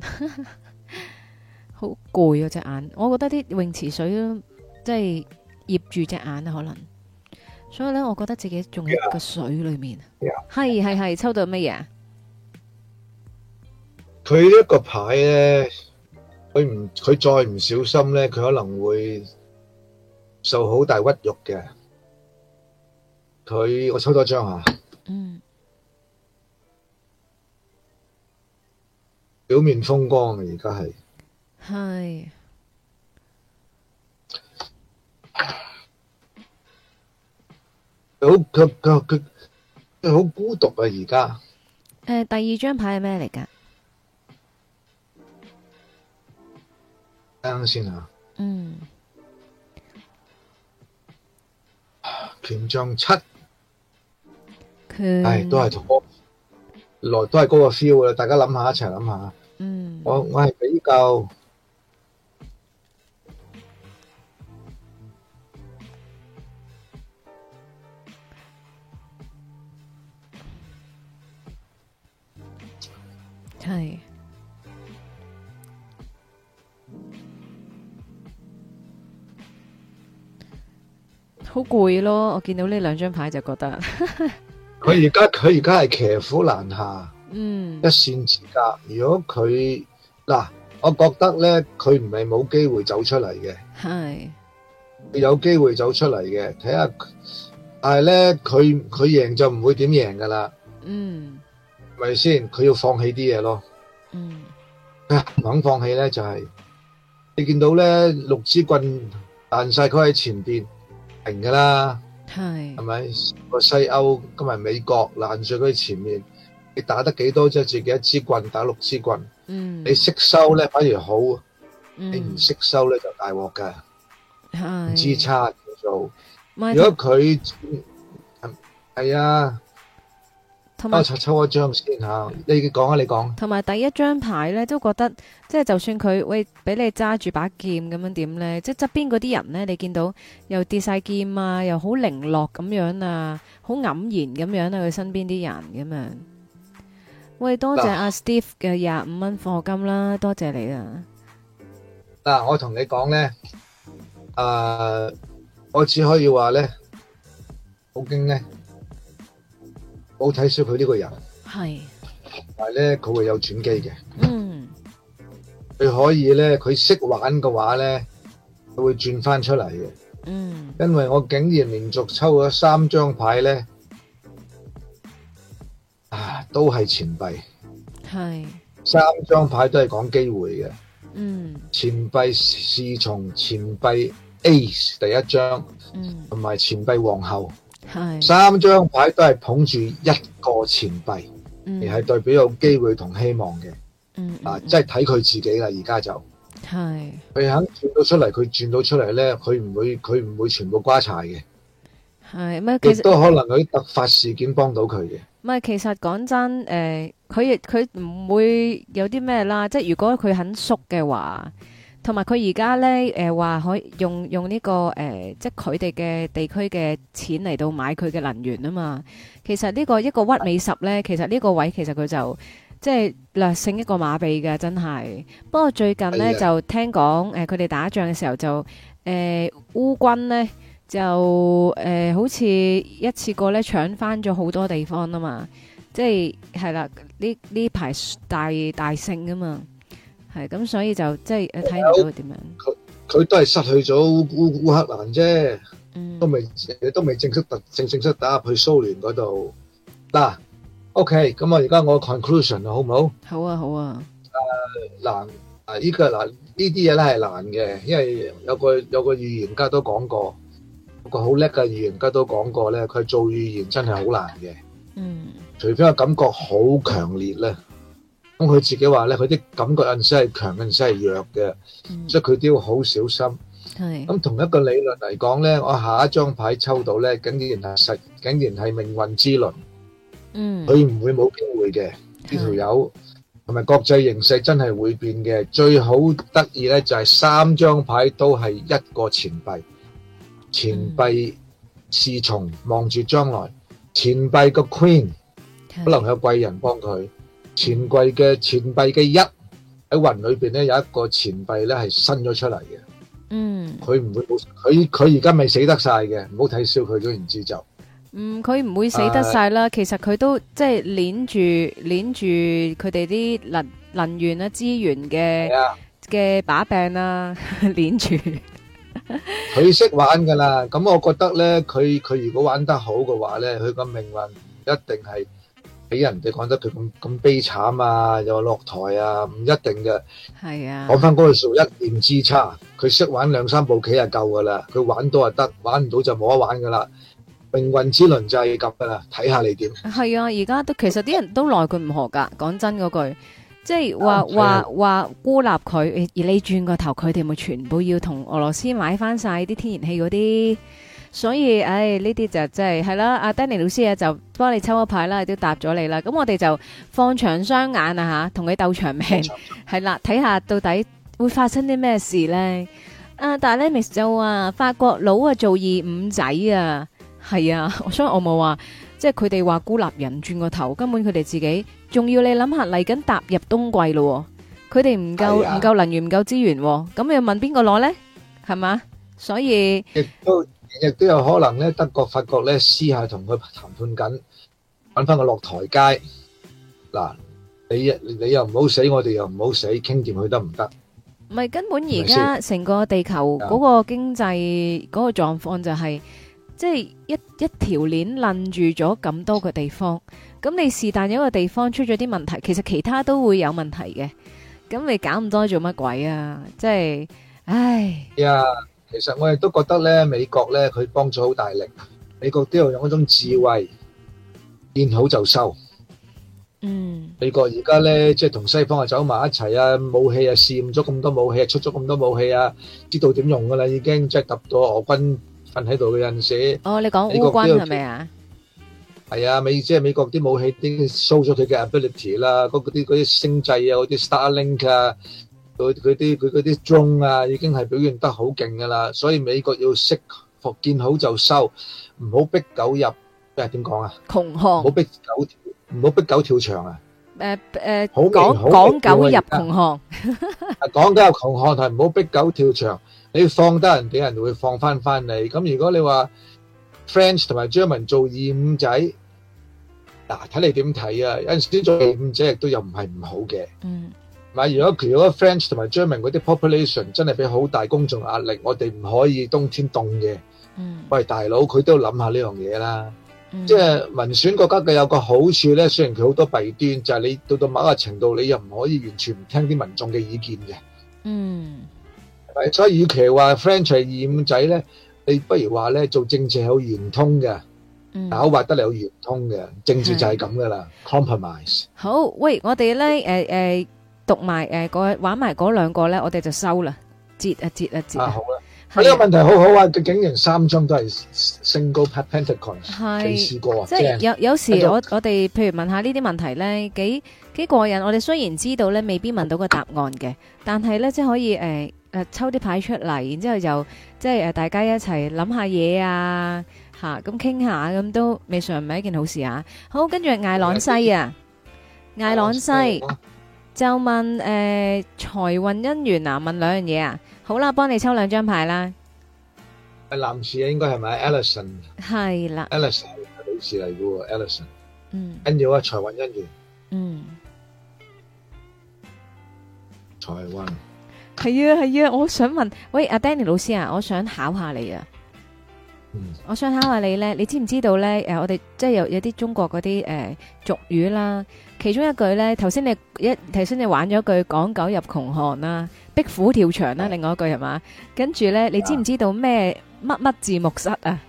好攰 *laughs* 啊隻眼。我覺得啲泳池水都即係醃住隻眼啊，可能。所以呢，我覺得自己仲喺個水裏面。係係係，抽到乜嘢？佢一個牌呢。佢唔，佢再唔小心咧，佢可能會受好大屈辱嘅。佢我抽多張吓。嗯。表面風光啊，而家係。係。好，佢佢佢好孤獨啊！而家。誒，第二張牌係咩嚟㗎？等陣先啊，嗯，權杖七，係都係高，來都係高個 feel 啊。大家諗下，一齊諗下。嗯，我我係比較係。好攰咯！我見到呢兩張牌就覺得佢而家佢而家係騎虎難下，嗯，一線之隔。如果佢嗱，我覺得咧，佢唔係冇機會走出嚟嘅，係有機會走出嚟嘅。睇下，但係咧，佢佢贏就唔會點贏噶啦，嗯，係咪先？佢要放棄啲嘢咯，嗯，唔肯放棄咧就係你見到咧，六支棍彈晒佢喺前邊。平噶啦，係，係咪個西歐今日美國爛在佢前面？你打得幾多即係自己一支棍打六支棍？嗯，你識收咧反而好，你唔識收咧就大鑊噶，唔知差叫做。如果佢係啊。和我抽一張先吓，你講下你講。同埋第一張牌咧，都覺得即係就算佢喂俾你揸住把劍咁樣點咧，即係側邊嗰啲人咧，你見到又跌晒劍啊，又好零落咁樣啊，好黯然咁樣啊，佢身邊啲人咁樣。喂，多謝阿、啊、Steve 嘅廿五蚊課金啦，多謝你啊。嗱，我同你講咧，誒，我只可以話咧，好驚咧。冇睇少佢呢個人，係，但係咧，佢會有轉機嘅。嗯，佢可以咧，佢識玩嘅話咧，佢會轉翻出嚟嘅。嗯，因為我竟然連續抽咗三張牌咧，啊，都係錢幣。係，三張牌都係講機會嘅。嗯，錢幣侍從，錢幣 A 第一張，嗯，同埋錢幣皇后。係是三張牌都係捧住一個錢幣，嗯、而係代表有機會同希望嘅、嗯。嗯啊，即係睇佢自己啦。而家就係佢是肯轉到出嚟，佢轉到出嚟咧，佢唔會佢唔會，會全部瓜柴嘅。係咩？其實都可能有啲突發事件幫到佢嘅。唔係，其實講真，誒、呃，佢亦佢唔會有啲咩啦。即係如果佢肯縮嘅話。同埋佢而家咧，誒話、呃、可以用用呢、這個誒、呃，即係佢哋嘅地區嘅錢嚟到買佢嘅能源啊嘛。其實呢、這個一個屈美十咧，其實呢個位置其實佢就即係略勝一個馬鼻嘅，真係。不過最近咧、哎、呀就聽講誒，佢、呃、哋打仗嘅時候就誒烏、呃、軍咧就誒、呃、好似一次過咧搶翻咗好多地方啊嘛，即係係啦，呢呢排大大勝啊嘛。係咁，所以就即係睇唔到佢點樣。佢佢、嗯、都係失去咗烏烏克蘭啫，都未都未正式打，正正式打入去蘇聯嗰度。嗱，OK，咁我而家我 conclusion 好唔好？好啊，好啊。誒難啊！依個嗱，呢啲嘢咧係難嘅，因為有個有個預言家都講過，有個好叻嘅預言家都講過咧，佢做預言真係好難嘅。嗯。除非個感覺好強烈咧。嗯佢自己話咧，佢啲感覺陣時係強，陣時係弱嘅，所以佢都要好小心。咁同一個理論嚟講咧，我下一張牌抽到咧，竟然係實，竟然係命運之輪。嗯，佢唔會冇機會嘅。呢條友同埋國際形勢真係會變嘅。最好得意咧就係三張牌都係一個錢幣，錢幣侍從望住將來，錢幣個 queen 可能有貴人幫佢。錢櫃嘅錢幣嘅一喺雲裏邊咧，有一個錢幣咧係伸咗出嚟嘅。嗯，佢唔會冇，佢佢而家未死得曬嘅，唔好睇小佢總之就。嗯，佢唔會死得曬啦。其實佢都即係捻住捻住佢哋啲能能源啊、資源嘅嘅把柄啦，捻住。佢識玩㗎啦，咁我覺得咧，佢佢如果玩得好嘅話咧，佢個命運唔一定係。俾人哋講得佢咁咁悲慘啊！又落台啊！唔一定嘅。係啊。講翻嗰句話，一念之差，佢識玩兩三部棋就夠噶啦。佢玩到就得，玩唔到就冇得玩噶啦。命運之輪就係咁噶啦，睇下你點。係啊，而家都其實啲人都耐佢唔何噶。講真嗰句，即係話話話孤立佢，而你轉個頭，佢哋咪全部要同俄羅斯買翻晒啲天然氣嗰啲。所以，唉、哎，呢啲就真係係啦。阿、啊、Danny 老師啊，就幫你抽一牌啦，都答咗你啦。咁我哋就放長雙眼啊，嚇，同佢鬥長命，係啦，睇下到底會發生啲咩事咧。但係咧，Miss Yeah .就話：法國佬啊，做二五仔啊，係啊，所以我冇話，即係佢哋話孤立人，轉個頭，根本佢哋自己仲要你諗下嚟緊踏入冬季咯。佢哋唔夠唔 Yeah. 夠能源，唔夠資源、啊，咁你問邊個攞咧？係嘛？所以。Hey. 亦都有可能咧，德國、法國咧私下同佢談判緊，揾翻個落台階。嗱，你你又唔好死，我哋又唔好死，傾掂佢得唔得？唔係，根本而家成個地球嗰個經濟嗰個狀況就係，即係一一條鏈輪住咗咁多個地方。咁你是但有一個地方出咗啲問題，其實其他都會有問題嘅。咁你搞咁多做乜鬼啊？即係，唉呀！其實我哋都覺得咧，美國咧佢幫咗好大力。美國都有用一種智慧，見好就收。嗯，美國而家咧即係同西方啊走埋一齊啊，武器啊試驗咗咁多武器，出咗咁多武器啊，知道點用噶啦，已經即係及到俄軍瞓喺度嘅震懾。哦，你講烏軍係咪啊？係啊，美即係美國啲武器已經 show 咗佢嘅 ability 啦，嗰個啲嗰啲星際啊，嗰啲 Starlink 啊。佢佢啲佢嗰啲中啊，已經係表現得好勁㗎喇，所以美國要識學見好就收，唔好逼狗入，誒，點講啊，窮巷，唔好逼狗，唔好逼狗跳牆啊！誒誒，講講狗入窮巷，講狗入窮巷，但係唔好逼狗跳牆。你放得人哋，人會放翻翻你。咁如果你話 French 同埋 German 做二五仔，嗱，睇你點睇啊？有陣時做二五仔亦都又唔係唔好嘅。嗯。係如果其，如果 French 同埋 German 嗰啲 population 真係俾好大公眾壓力，我哋唔可以冬天凍嘅。嗯，喂大佬，佢都要諗下呢樣嘢啦。即係民選國家嘅有個好處咧，雖然佢好多弊端，就係你到到某一個程度，你又唔可以完全唔聽啲民眾嘅意見嘅。嗯，係，所以與其話 French 係二五仔咧，你不如話咧做政治係好圓通嘅，嗯，口話得嚟有圓通嘅，政治就係咁噶啦，compromise。好，喂，我哋咧，誒誒。讀埋誒，個玩埋嗰兩個咧，我哋就收啦，截啊，截啊，截啊！好啦，呢個問題好好啊，竟然三張都係 single pentacle 嘅，係未試過啊？即係有有時我我哋譬如問下呢啲問題咧，幾幾過癮！我哋雖然知道咧，未必問到個答案嘅，但係咧，即係可以誒誒抽啲牌出嚟，然之後就即係誒大家一齊諗下嘢啊吓，咁傾下咁都未嘗唔係一件好事啊！好，跟住艾朗西啊，艾朗西。就問誒財運姻緣啊？問兩樣嘢啊！好啦，幫你抽兩張牌啦。係男士啊，應該係咪 Alison？係啦，Alison，女士嚟嘅喎，Alison。嗯。跟住話財運姻緣。嗯。財運。係啊係啊，我想問，喂阿 Danny 老師啊，我想考下你啊。嗯。我想考下你咧，你知唔知道咧？誒，我哋即係有有啲中國嗰啲誒俗語啦。其中一句咧，頭先你一頭先你玩咗一句講狗入窮巷啦，逼虎跳牆啦、啊，另外一句係嘛？是的 跟住咧，你知唔知道咩乜乜字幕室啊？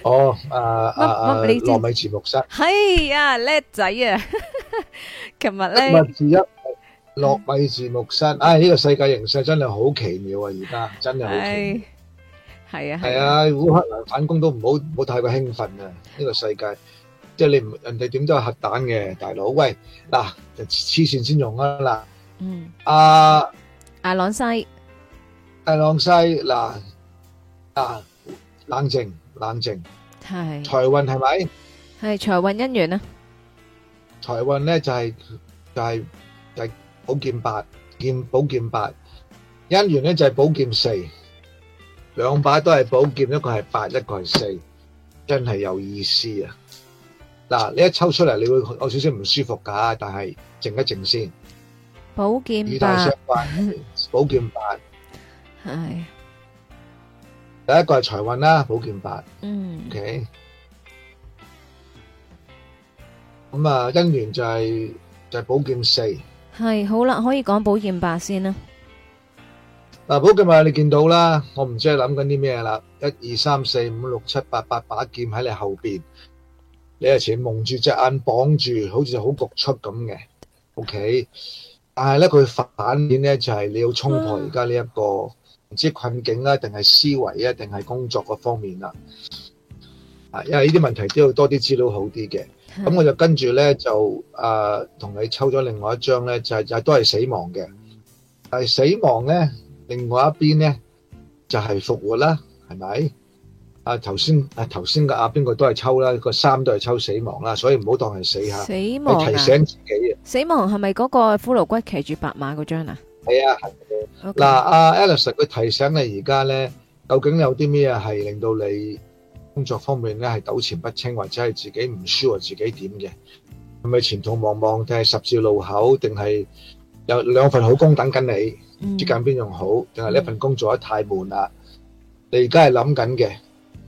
哦，啊 *laughs* 啊，糯米字幕室？係啊叻仔啊！琴日咧，一字一糯米字幕室？唉、哎，呢、這個世界形勢真係好奇妙啊！而家真係好奇，係、哎、啊，係啊，烏、啊啊、克蘭反攻都唔好唔好太過興奮啊！呢、這個世界。即係你唔人哋點都係核彈嘅大佬，喂嗱就黐線先用啊嗱，嗯，阿阿朗西，阿朗西嗱嗱冷靜冷靜，係財運係咪？係財運姻緣啊？財運咧就係就係就係寶劍八劍寶劍八姻緣咧就係寶劍四，兩把都係寶劍，一個係八，一個係四，真係有意思啊！嗱，你一抽出嚟，你會有少少唔舒服噶，但係靜一靜先。寶劍啊，與大相關。寶劍八，係。第一個係財運啦，寶劍八。嗯。O K。咁啊，姻緣就係就係寶劍四。係，好啦，可以講寶劍八先啦。嗱，寶劍八你見到啦，我唔知係諗緊啲咩啦，一二三四五六七八八把劍喺你後邊。你係前蒙住隻眼綁住，好似好局促咁嘅，ok 但。但係咧佢反面咧就係、是、你要衝破而家呢一個唔知困境啦，定係思維啊，定係、啊、工作嗰方面啦。啊，因為呢啲問題都要多啲資料好啲嘅。咁我就跟住咧就啊同、呃、你抽咗另外一張咧，就就是、都係死亡嘅。係死亡咧，另外一邊咧就係、是、復活啦，係咪？啊，頭先啊，頭先嘅啊，邊個都係抽啦，個三都係抽死亡啦，所以唔好當係死吓，死亡提醒自己啊！死亡係咪嗰個骷髏骨騎住白馬嗰張啊？係啊，嗱，阿 Alice 佢提醒你而家咧，究竟有啲咩係令到你工作方面咧係糾纏不清，或者係自己唔 sure 自己點嘅？係咪前途茫茫定係十字路口？定係有兩份好工等緊你？接緊邊樣好？定係呢一份工做得太悶啦？你而家係諗緊嘅？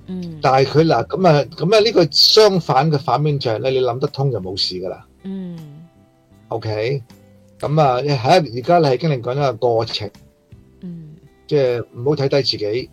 嗯，但係佢嗱咁啊，咁啊呢個相反嘅反面就係咧，你諗得通就冇事噶啦。嗯，OK，咁啊，喺而家你係經歷緊一個過程。嗯，即係唔好睇低自己，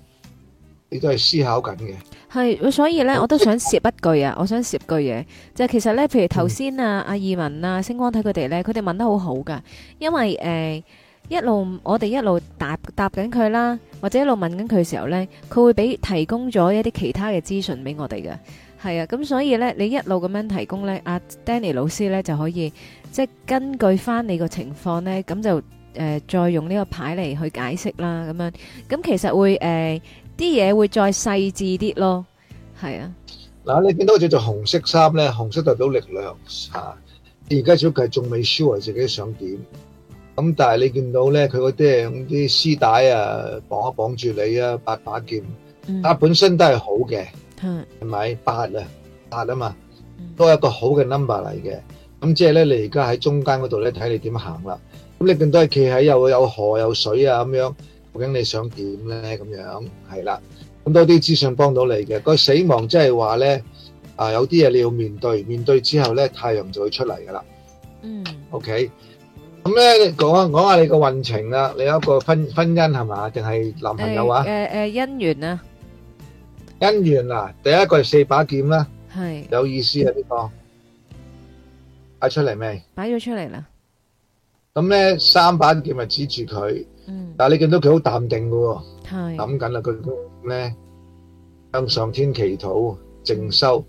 你都係思考緊嘅。係，所以咧，我都想說一句啊， *laughs* 我想說句嘢，就係，其實咧，譬如頭先啊，阿意文啊，星光睇佢哋咧，佢哋問得好好噶，因為誒。呃一路我哋一路答答緊佢啦，或者一路問緊佢嘅時候咧，佢會俾提供咗一啲其他嘅資訊俾我哋嘅，係啊，咁所以咧，你一路咁樣提供咧，阿 Danny 老師咧就可以即係根據翻你個情況咧，咁就誒再用呢個牌嚟去解釋啦，咁樣，咁其實會誒啲嘢會再細致啲咯，係啊。嗱，你見到叫做紅色衫咧，紅色代表力量吓，而家小葵仲未 sure 自己想點。咁、嗯、但係你見到咧，佢嗰啲啊，啲絲帶啊，綁一綁住你啊，八把劍，啊、嗯、本身都係好嘅，係咪、嗯、八啊？八啊嘛，嗯、都係一個好嘅 number 嚟嘅。咁即係咧，你而家喺中間嗰度咧，睇你點行啦。咁你咁都係企喺有有河有水啊咁樣，究竟你想呢點咧？咁樣係啦。咁多啲資訊幫到你嘅。個死亡即係話咧，啊有啲嘢你要面對，面對之後咧，太陽就會出嚟噶啦。嗯。OK。咁咧，講下講下你個運程啦，你有一個婚婚姻係嘛，定係男朋友啊？誒誒，姻緣啊，姻緣嗱，第一個係四把劍啦，係有意思啊，呢個擺出嚟未？擺咗出嚟啦。咁咧，三把劍咪指住佢，但係你見到佢好淡定噶喎，諗緊啦，佢咩向上天祈禱靜修。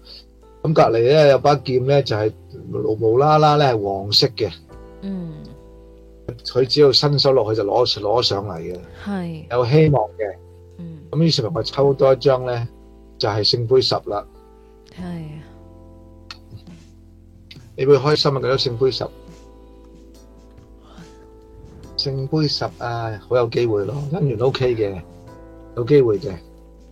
咁隔籬咧有把劍咧就係無無啦啦咧係黃色嘅，嗯。佢只要伸手落去就攞攞上嚟嘅，係有希望嘅。嗯，咁於是乎我抽多一張咧，就係聖杯十啦。係，你會開心啊！覺得聖杯十，聖杯十啊，好有機會咯，姻緣 OK 嘅，有機會嘅。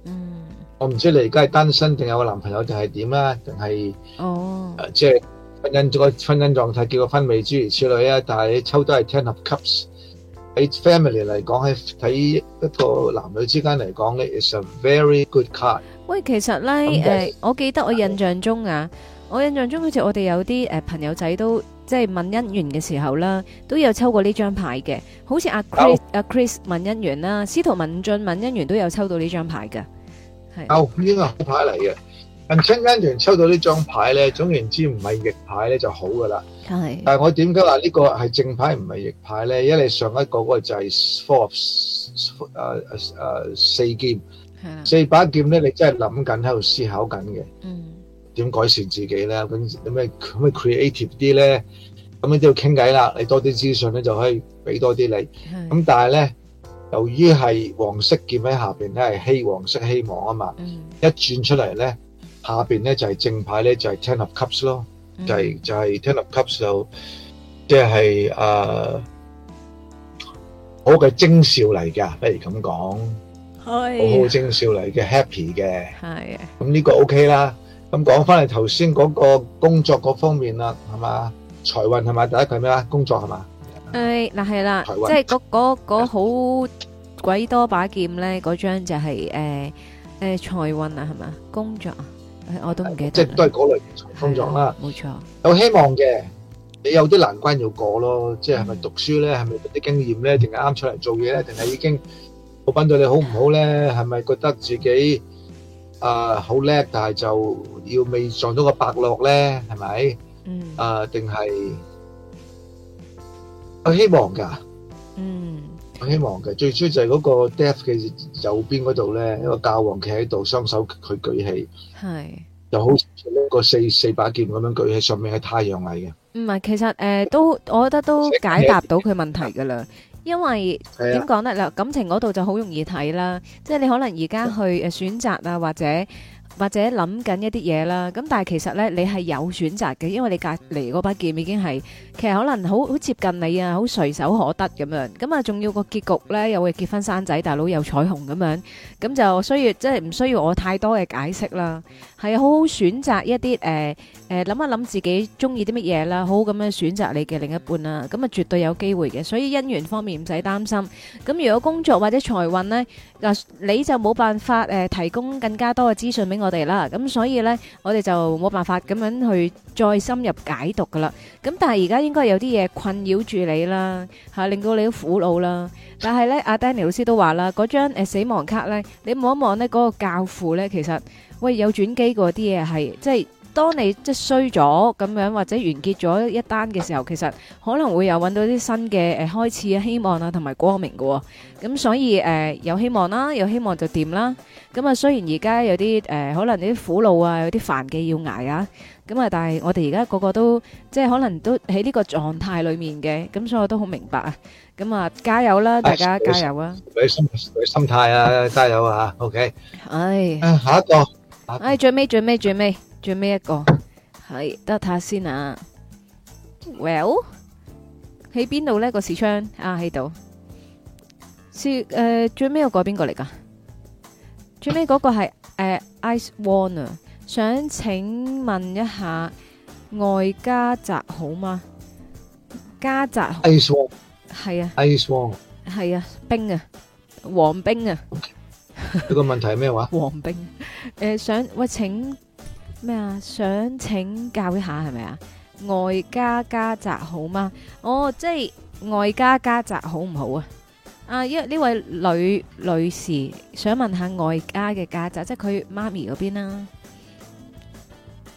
嗯，我唔知你而家係單身定有個男朋友定係點啊，定係哦，即係。婚姻個婚姻狀態叫個婚美諸如此類啊，但係抽都係 Ten of Cups 喺 family 嚟講，喺睇一個男女之間嚟講咧，is a very good card。喂，其實咧，誒，我記得我印象中啊，Yes. 我印象中好似我哋有啲誒朋友仔都即係問姻緣嘅時候啦，都有抽過呢張牌嘅。好似阿 Chris、oh. 阿 Chris 問姻緣啦，司徒文進問姻緣都有抽到呢張牌嘅。係，呢個好牌嚟嘅。近青睞團抽到呢張牌咧，總言之唔係逆牌咧就好噶啦。的但係我點解話呢個係正牌唔係逆牌咧？因為上一個嗰個就係 four，誒誒四劍，係啊的，四把劍咧，你真係諗緊喺度思考緊嘅。嗯，點改善自己咧？咁你咩咩 creative 啲咧？咁你都要傾偈啦。你多啲資訊咧就可以俾多啲你。咁的、嗯、但係咧，由於係黃色劍喺下面，咧係希望黃色希望啊嘛。嗯、一轉出嚟咧。下邊咧就係正牌咧，就係 Ten of Cups 咯，就係就係 Ten of Cups 就即係誒好嘅徵兆嚟㗎，不如咁講，好好徵兆嚟嘅 Happy 嘅，咁呢個 OK 啦。咁講翻嚟頭先嗰個工作嗰方面啊，係嘛，財運係嘛？第一個係咩啊？工作係嘛？誒嗱係啦，即係嗰嗰嗰好鬼多把劍咧，嗰張就係誒誒財運啊，係嘛，工作啊？我都唔記得，即係都係嗰類工作啦，冇錯。有希望嘅，你有啲難關要過咯，即係咪讀書咧，係咪嗰啲經驗咧，定係啱出嚟做嘢咧，定係已經老闆對你好唔好咧？係咪覺得自己啊好叻，但係就要未撞到個伯樂咧？係咪？嗯。啊，定係有希望噶。嗯。我希望嘅最初就係嗰個 death 嘅右邊嗰度呢，一個教皇企喺度，雙手佢舉起，係是就好似一個四四把劍咁樣舉起，上面係太陽嚟嘅。唔係，其實誒、呃，都我覺得都解答到佢問題噶啦， *laughs* 因為點講的呢？啦感情嗰度就好容易睇啦，即係你可能而家去誒選擇啊，或者。或者諗緊一啲嘢啦，咁但係其實呢，你係有選擇嘅，因為你隔籬嗰把劍已經係，其實可能好好接近你啊，好隨手可得咁樣，咁啊仲要個結局呢，又會結婚生仔，大佬有彩虹咁樣，咁就需要即係唔需要我太多嘅解釋啦，係好好選擇一啲誒。呃誒，諗一諗自己中意啲乜嘢啦，好好咁樣選擇你嘅另一半啦，咁啊絕對有機會嘅，所以姻緣方面唔使擔心。咁如果工作或者財運呢，嗱你就冇辦法誒提供更加多嘅資訊俾我哋啦。咁所以呢，我哋就冇辦法咁樣去再深入解讀噶啦。咁但係而家應該有啲嘢困擾住你啦，吓令到你都苦惱啦。但係呢，阿 *laughs* Danny 老師都話啦，嗰張誒死亡卡呢，你望一望呢嗰個教父呢，其實喂有轉機嗰啲嘢係即係。當你即係衰咗咁樣，或者完結咗一單嘅時候，其實可能會有搵到啲新嘅，誒，開始啊，希望啊，同埋光明嘅。咁所以誒，有希望啦，有希望就掂啦。咁啊，雖然而家有啲誒，可能啲苦惱啊，有啲煩嘅要挨啊。咁啊，但係我哋而家個個都即係可能都喺呢個狀態裏面嘅。咁所以我都好明白啊。咁啊，加油啦，大家加油啊！心心態啊，加油啊，OK。唉，下一個。唉，最尾最尾最尾。最尾一個係，得睇下先啊。Well，喺邊度呢？個視窗啊喺度。視誒最尾個改邊個嚟㗎？最尾嗰個係誒 Ice Warner。想請問一下，外加宅好嗎？加宅 Ice Warner 係啊，Ice Warner 係啊，冰啊，黃冰啊。呢個問題係咩話？黃冰誒，想喂請。咩啊？想請教一下，係咪啊？外家家宅好嗎？哦，即係外家家宅好唔好啊？啊，因為呢呢位女女士想問下外家嘅家宅，即係佢媽咪嗰邊啦。誒、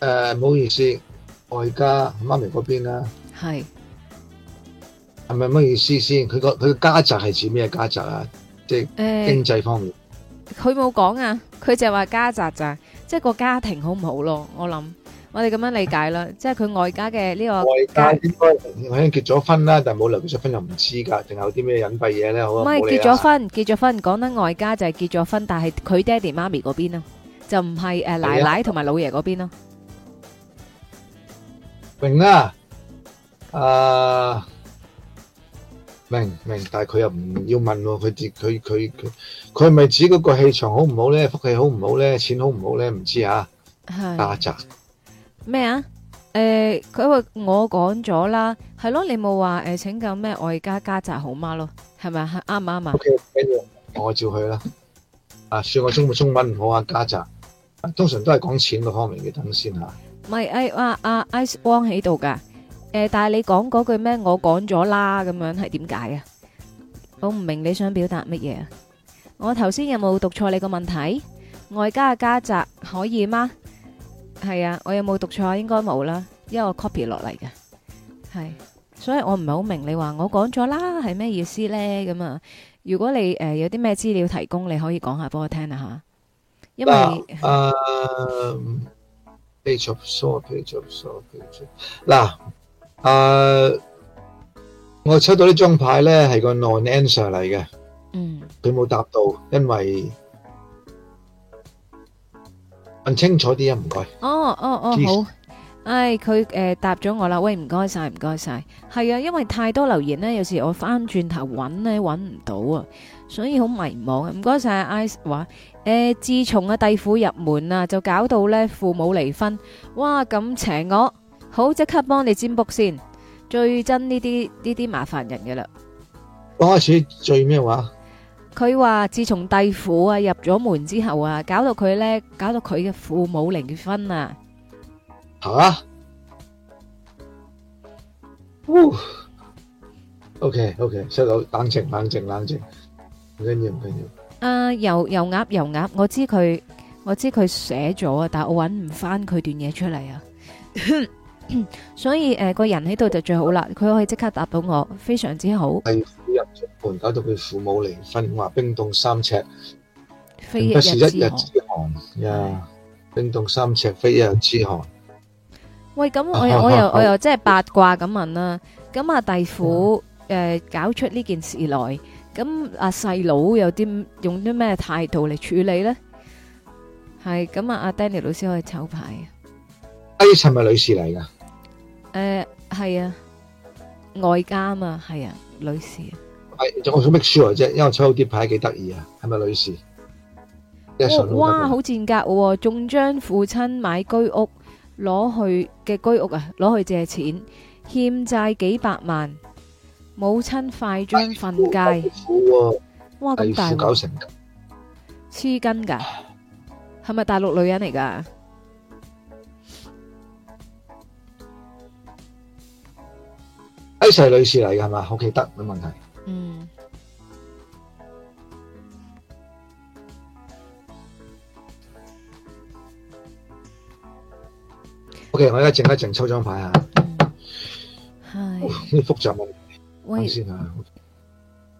呃，唔好意思，外家媽咪嗰邊啦。係係咪乜意思先？佢個佢嘅家宅係指咩家宅啊？即係經濟方面。佢冇講啊，佢就係話家宅咋。即係個家庭好唔好咯？我諗我哋咁樣理解啦，即係佢外家嘅，呢個外家應該我已經結咗婚啦，但係冇理由結咗婚又唔知噶仲有啲咩隱蔽嘢咧？好唔係結咗婚，結咗婚，講緊外家就係結咗婚，但係佢爹哋媽咪嗰邊啊，就唔係誒奶奶同埋老爺嗰邊咯。明啦，誒。明明，但係佢又唔要問喎，佢佢佢佢佢咪指嗰個氣場好唔好咧，福氣好唔好咧，錢好唔好咧，唔知啊。家宅咩啊？誒，佢話我講咗啦，係咯，你冇話誒，請教咩外加家宅好嗎？咯，係咪？啱唔啱啊？跟住我照佢啦。啊，算我中文中文唔好啊，家宅通常都係講錢嗰方面嘅，等先吓。咪誒阿阿阿 Ice 喺度噶。誒、呃，但係你講嗰句咩？我講咗啦，咁樣係點解啊？我唔明你想表達乜嘢？我頭先有冇讀錯你個問題？外加嘅家宅可以嗎？係啊，我有冇讀錯？應該冇啦，因為我 copy 落嚟嘅係，所以我唔係好明你話我講咗啦係咩意思呢。咁啊，如果你誒、呃、有啲咩資料提供，你可以講下俾我聽啦吓，因為嗱。啊！我抽到呢張牌咧，係個 non-answer 嚟嘅。嗯，佢冇答到，因為問清楚啲啊，唔該。哦哦哦，好。唉，佢誒答咗我啦。喂，唔該曬，唔該曬。係啊，因為太多留言咧，有時我返轉頭揾咧揾唔到啊，所以好迷茫啊。唔該曬，Ice 話誒，自從阿弟婦入門啊，就搞到咧父母離婚。哇！咁邪惡。好，即刻幫你占卜先。最憎呢啲呢啲麻煩人嘅啦。我開始最咩話？佢話自從弟父啊入咗門之後啊，搞到佢咧，搞到佢嘅父母離婚啊。吓？OK，OK，細佬冷靜冷靜冷靜，唔緊要唔緊要。誒，油油鴨油鴨，我知佢我知佢寫咗啊，但我搵唔翻佢段嘢出嚟啊。所以誒，個人喺度就最好啦，佢可以即刻答到我，非常之好。係入盤搞到佢父母離婚，話，冰凍三尺，非一日之寒呀！冰凍三尺，非一日之寒。喂，咁我我又我又即係八卦咁問啦。咁阿弟父誒搞出呢件事來咁阿細佬有啲用啲咩態度嚟處理呢？係咁啊，阿 Danny 老師可以抽牌啊？係咪女士嚟噶？誒，係、呃、啊，外家嘛，係啊，女士、啊。係，我想 make sure 啫，因為我抽啲牌幾得意啊，係咪女士？哇，好賤格、哦，仲將父親買居屋攞去嘅居屋啊，攞去借錢，欠債幾百萬，母親快將瞓街。哎哎哎哎哎、哇，咁大陸黐筋噶，係咪呦大陸女人嚟噶？I 氏女士嚟嘅，係嘛？好，記得冇問題。嗯。O K，我而家靜一靜，抽張牌啊。係。好複雜啊！睇先啊，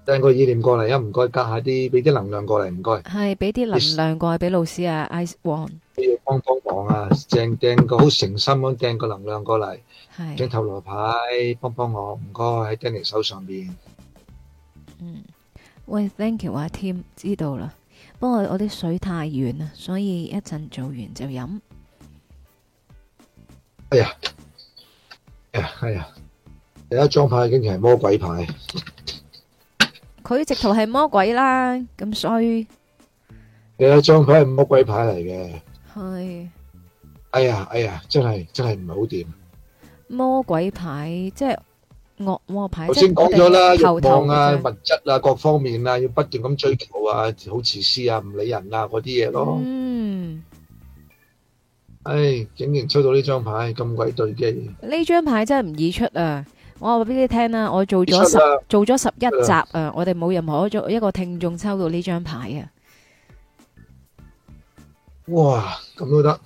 掟個意念過嚟啊！唔該，隔下啲，俾啲能量過嚟，唔該。係俾啲能量過嚟俾老師啊，I One。你要幫幫忙啊！正掟個好誠心咁，掟個能量過嚟，掟頭羅牌，幫幫我，唔該喺 Danny 手上邊。嗯，喂，Thank you，阿 Tim，知道啦。不過我啲水太遠啦，所以一陣做完就飲。哎呀，哎呀，第一張牌竟然係魔鬼牌。佢直頭係魔鬼啦，咁衰。第一張牌係魔鬼牌嚟嘅。係，哎呀，哎呀，真係真係唔係好掂。魔鬼牌，即係惡魔牌。頭先講咗啦，欲望啊、物質啊、各方面啊，要不斷咁追求啊，好自私啊，唔理人啊嗰啲嘢咯。嗯。唉，竟然抽到呢張牌，咁鬼對機。呢張牌真係唔易出啊！我話俾你聽啦，我做咗十，做咗十一集啊，我哋冇任何一個一個聽眾抽到呢張牌啊。哇，咁都得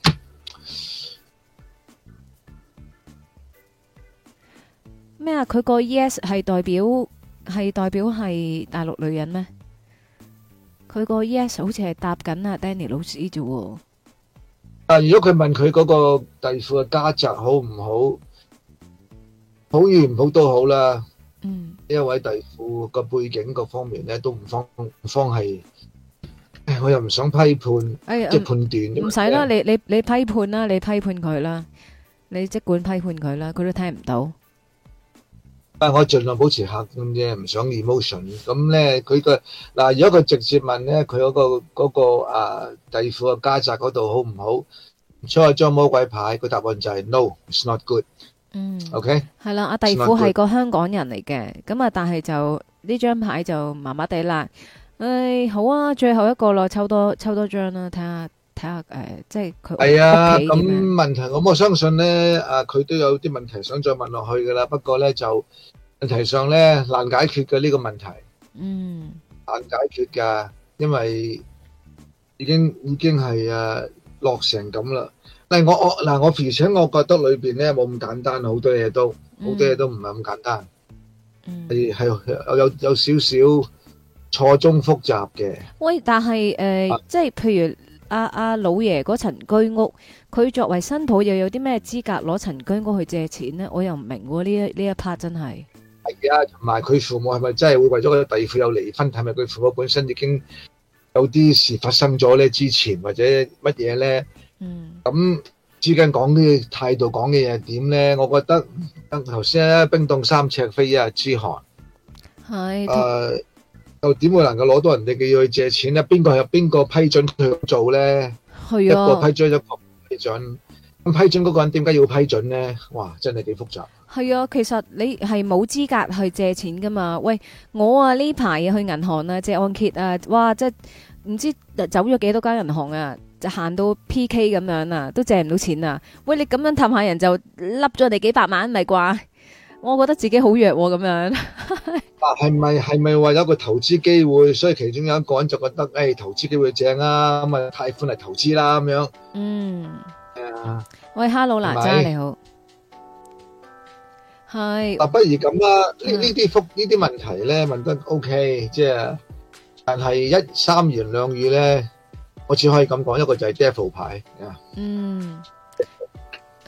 咩啊？佢個 e s 係、yes、代表係代表係大陸女人咩？佢個 yes 好似係搭緊阿 Danny 老師啫喎、啊。但係如果佢問佢嗰個弟父嘅家宅好唔好，好與唔好都好啦。嗯，呢一位弟父嘅背景各方面呢，都唔方方係。我又唔想批判，即判斷。唔使啦，你你你批判啦，你批判佢啦，你即管批判佢啦，佢都聽唔到。但係我盡量保持客觀啫，唔想 emotion。咁咧，佢個嗱，如果佢直接問咧，佢嗰個嗰個啊，弟父個家宅嗰度好唔好？出咗張魔鬼牌，個答案就係 no，it's not good。嗯，OK，係啦，阿弟父係個香港人嚟嘅，咁啊，但係就呢張牌就麻麻地啦。誒，好啊，最後一個啦，抽多抽多張啦，睇下睇下誒，即係佢係啊，咁問題，咁我相信咧，啊，佢都有啲問題想再問落去噶啦，不過咧就問題上咧難解決嘅呢個問題，嗯，難解決噶，因為已經已經係誒落成咁啦。但係我我嗱我而且我覺得裏邊咧冇咁簡單，好多嘢都好多嘢都唔係咁簡單，嗯，係係有有有少少。錯綜複雜嘅，喂，但係誒，呃啊、即係譬如阿阿、啊啊、老爺嗰層居屋，佢作為新抱又有啲咩資格攞層居屋去借錢咧？我又唔明喎，呢一呢一 part 真係係啊，同埋佢父母係咪真係會為咗第二戶有離婚？係咪佢父母本身已經有啲事發生咗咧？之前或者乜嘢咧？嗯，咁之間講嘅態度，講嘅嘢係點咧？我覺得頭先冰凍三尺非一日之寒，係誒的。呃又點會能夠攞到人哋嘅，要去借錢咧？邊個係邊個批准佢去做咧？係啊，一個批准，一個批准咁，批准嗰個人點解要批准咧？哇，真係幾複雜。係啊，其實你係冇資格去借錢噶嘛？喂，我啊呢排去銀行啊借按揭啊，哇，即係唔知走咗幾多間銀行啊，就行到 PK 咁樣啊，都借唔到錢啊！喂，你咁樣氹下人就笠咗你幾百萬，咪啩？我覺得自己好弱咁樣。啊，係咪係咪話有一個投資機會，所以其中有一個人就覺得，誒，投資機會正啊，咁啊貸款嚟投資啦咁樣。嗯。係啊。喂，哈嘍，娜姐你好。係。啊，不如咁啦，呢呢啲幅呢啲問題咧問得 OK，即係，但係一三言兩語咧，我只可以咁講，一個就係 Devil 牌啊。嗯。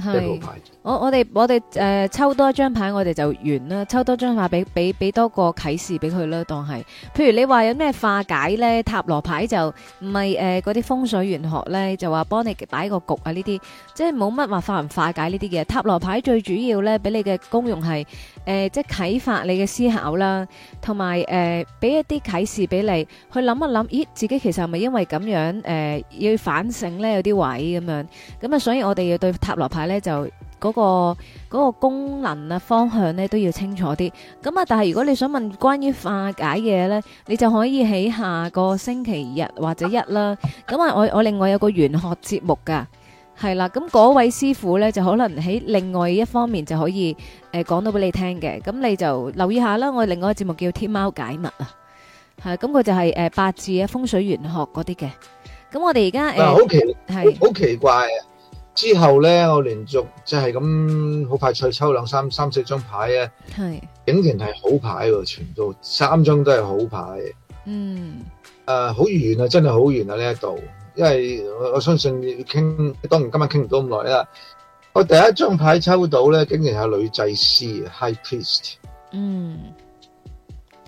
係，我我哋我哋誒抽多一張牌，我哋就完啦。抽多張牌俾俾俾多個啟示俾佢啦，當係。譬如你話有咩化解咧，塔羅牌就唔係誒嗰啲風水玄學咧，就話幫你擺個局啊，呢啲，即係冇乜話化唔化解呢啲嘅。塔羅牌最主要咧，俾你嘅功用係誒、呃，即係啟發你嘅思考啦，同埋誒俾一啲啟示俾你去諗一諗，咦自己其實係咪因為咁樣誒、呃、要反省咧？有啲位咁樣，咁啊，所以我哋要對塔羅牌，咧就嗰個嗰個功能啊方向咧都要清楚啲，咁啊但係如果你想問關於化解嘢咧，你就可以喺下個星期日或者一啦，咁啊我我另外有個玄學節目噶，係啦，咁嗰位師傅咧就可能喺另外一方面就可以誒講到俾你聽嘅，咁你就留意下啦，我另外個節目叫天貓解密啊，係，咁佢就係誒八字啊風水玄學嗰啲嘅，咁我哋而家誒好奇係好奇怪啊。之後咧，我連續即係咁好快脆抽兩三三四張牌啊。係是，竟然係好牌喎，全部三張都係好牌。嗯，誒，好完啊，真係好完啊！呢一度，因為我我相信要傾，當然今晚傾唔到咁耐啦。我第一張牌抽到咧，竟然係女祭司 （High Priest）。嗯，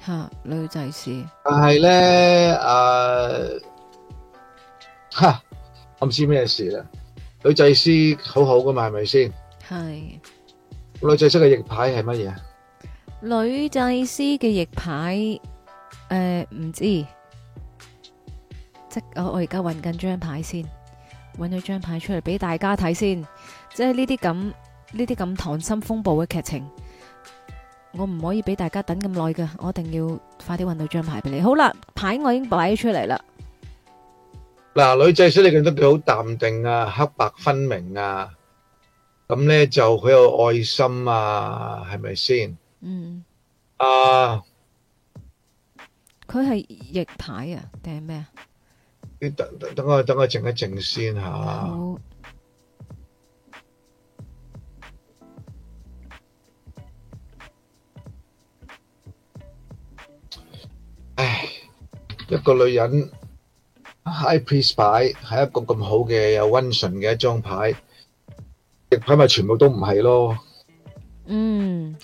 吓女祭司，嗯、但係咧誒吓，我唔知咩事啦。女祭司好好噶嘛，係咪先？係。女祭司嘅逆牌係乜嘢？女祭司嘅逆牌，誒、呃，唔知道。即我我而家搵緊張牌先，搵到張牌出嚟俾大家睇先。即係呢啲咁呢啲咁溏心風暴嘅劇情，我唔可以俾大家等咁耐噶，我一定要快啲搵到張牌俾你。好啦，牌我已經擺咗出嚟啦。嗱，女祭司你見到佢好淡定啊，黑白分明啊，咁咧，就好有愛心啊，係咪先？嗯。啊，佢係逆牌啊，定係咩啊？要等等我，等我靜一靜先吓。好。唉，一個女人。High Priest 牌係一個咁好嘅，有溫順嘅一張牌，亦係咪全部都唔係咯？嗯，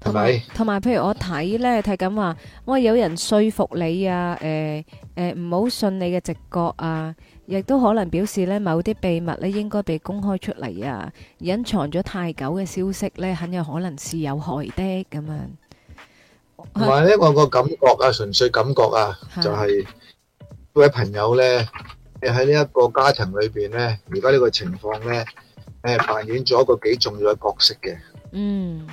係咪？同埋，譬如我睇咧睇緊話，我有人說服你啊，誒誒，唔好信你嘅直覺啊，亦都可能表示咧某啲秘密咧應該被公開出嚟啊，隱藏咗太久嘅消息咧，很有可能是有害的，咁樣。同埋咧，我個感覺啊，純粹感覺啊，就係。各位朋友咧，你喺呢一個家庭裏邊咧，而家呢個情況咧，誒扮演咗一個幾重要嘅角色嘅，嗯，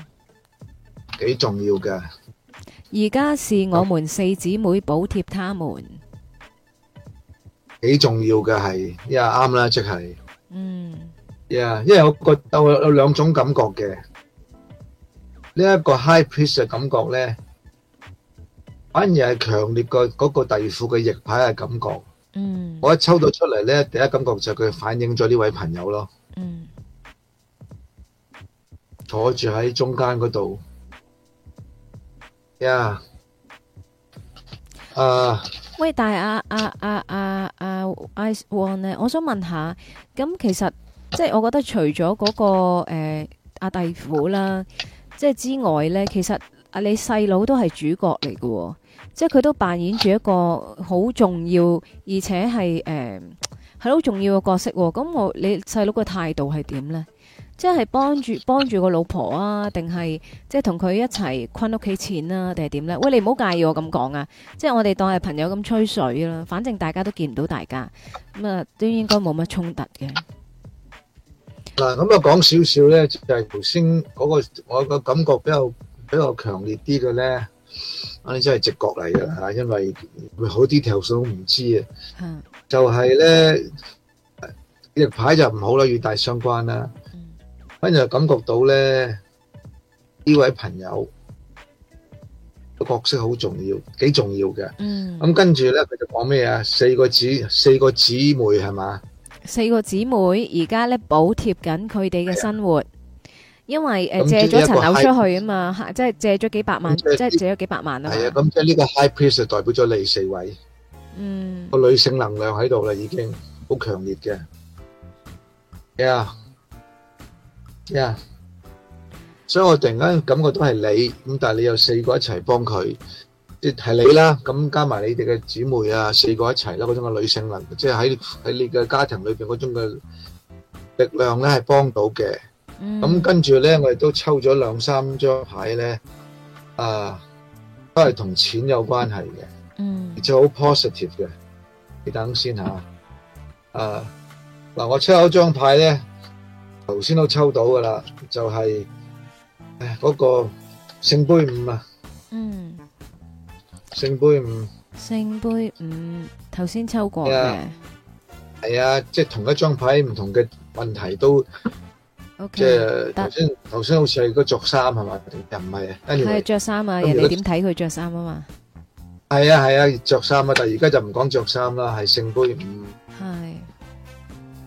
幾重要嘅。而家是我們四姊妹補貼他們，幾重要嘅係，呀啱啦，即係，嗯，呀，因為有個有有兩種感覺嘅，呢一個 high pitch 嘅感覺咧。反而係強烈嘅嗰個弟婦嘅逆牌嘅感覺。嗯，我一抽到出嚟咧，第一感覺就係佢反映咗呢位朋友咯。嗯，坐住喺中間嗰度。呀，誒，喂，但係阿阿阿阿阿 ice one 咧，我想問下，咁其實即係我覺得除咗嗰個誒阿弟婦啦，即係之外咧，其實阿你細佬都係主角嚟嘅喎。即係佢都扮演住一個好重要，而且係誒係好重要嘅角色喎。咁我你細佬個態度係點呢？即係幫住幫住個老婆啊，定係即係同佢一齊昆屋企錢啊？定係點呢？喂，你唔好介意我咁講啊！即係我哋當係朋友咁吹水啦，反正大家都見唔到大家，咁啊都應該冇乜衝突嘅。嗱、那個，咁啊講少少呢。就係頭先嗰個我個感覺比較比較強烈啲嘅呢。我呢真係直覺嚟嘅吓，因為好啲條數唔知啊，就係咧，呢隻牌就唔好啦，與大相關啦。反正就感覺到咧，呢位朋友個角色好重要，幾重要嘅。嗯，咁跟住咧，佢就講咩啊？四個姊，四個姊妹係嘛？四個姊妹而家咧補貼緊佢哋嘅生活。因為誒借咗層樓出去啊嘛，即係借咗幾百萬，即係借咗幾百萬啊嘛。係啊，咁即係呢個 high place 就代表咗你四位，嗯，個女性能量喺度啦，已經好強烈嘅。呀呀，所以我突然間感覺到係你咁，但係你有四個一齊幫佢，即係係你啦，咁加埋你哋嘅姊妹啊，四個一齊啦，嗰種嘅女性能，即係喺喺你嘅家庭裏邊嗰種嘅力量咧，係幫到嘅。咁、嗯、跟住咧，我哋都抽咗兩三張牌咧，啊，都係同錢有關係嘅，而且好、嗯、positive 嘅。你等先吓，啊，嗱，我抽一張牌咧，頭先都抽到噶啦，就係、是、嗰、嗰個聖杯五啊，嗯，聖杯五，聖杯五，頭先抽過嘅，係啊，即係、啊就係、同一張牌，唔同嘅問題都。即係頭先，頭先好似係嗰着衫係嘛，定唔係啊？係着衫啊，人哋點睇佢着衫啊嘛？係啊係啊，着衫啊！但係而家就唔講着衫啦，係聖杯五。係。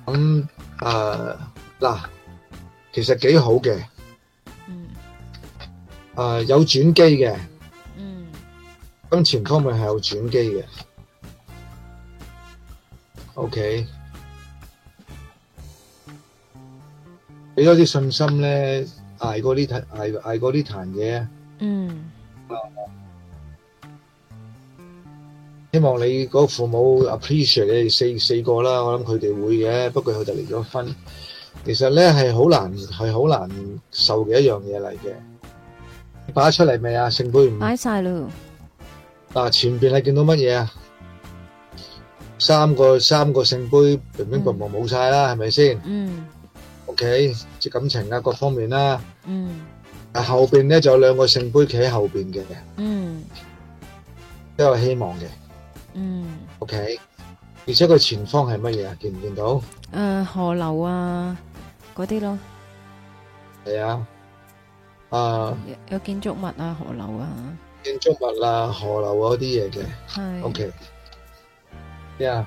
咁誒，嗱，其實幾好嘅。嗯。誒，有轉機嘅。嗯。金錢方面係有轉機嘅。OK。俾多啲信心咧，捱過啲壇，捱捱過啲壇嘢。嗯。希望你個父母 appreciate 你哋四四個啦，我諗佢哋會嘅。不過佢哋離咗婚，其實咧係好難，係好難受嘅一樣嘢嚟嘅。擺出嚟未啊？聖杯唔擺曬喇？嗱了，前邊你見到乜嘢啊？三個三個聖杯，平平冇冇曬啦，係咪先？嗯。是企，即感情啦，各方面啦。嗯。啊，後邊咧就有兩個聖杯企喺後邊嘅。嗯。都有希望嘅。嗯。OK，而且佢前方係乜嘢？見唔見到？誒，河流啊，嗰啲咯。係啊。啊。有建築物啊，河流啊。建築物啊，河流啊，嗰啲嘢嘅。係。OK。呀。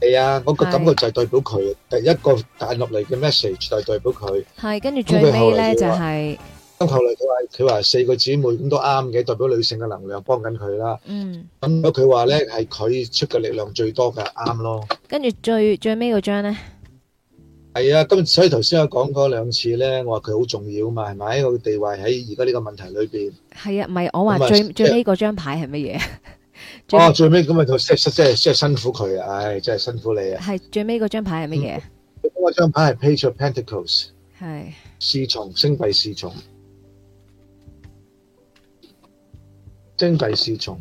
係啊，我個感覺就係代表佢第一個彈落嚟嘅 message 就係代表佢。係跟住最尾咧就係咁後嚟佢話佢話四個姊妹咁都啱嘅，代表女性嘅能量幫緊佢啦。嗯，咁如果佢話咧係佢出嘅力量最多嘅，啱咯。跟住最最尾嗰張咧係啊，咁所以頭先我講過兩次咧，我話佢好重要啊嘛，係咪一個地位喺而家呢個問題裏邊？係啊，唔係我話最最尾嗰張牌係乜嘢？哦，最尾咁咪就即即即即係辛苦佢啊！唉、哎，真係辛苦你啊！係最尾嗰張牌係乜嘢？嗰張牌係 Page of Pentacles，係侍從是星幣侍從星幣侍從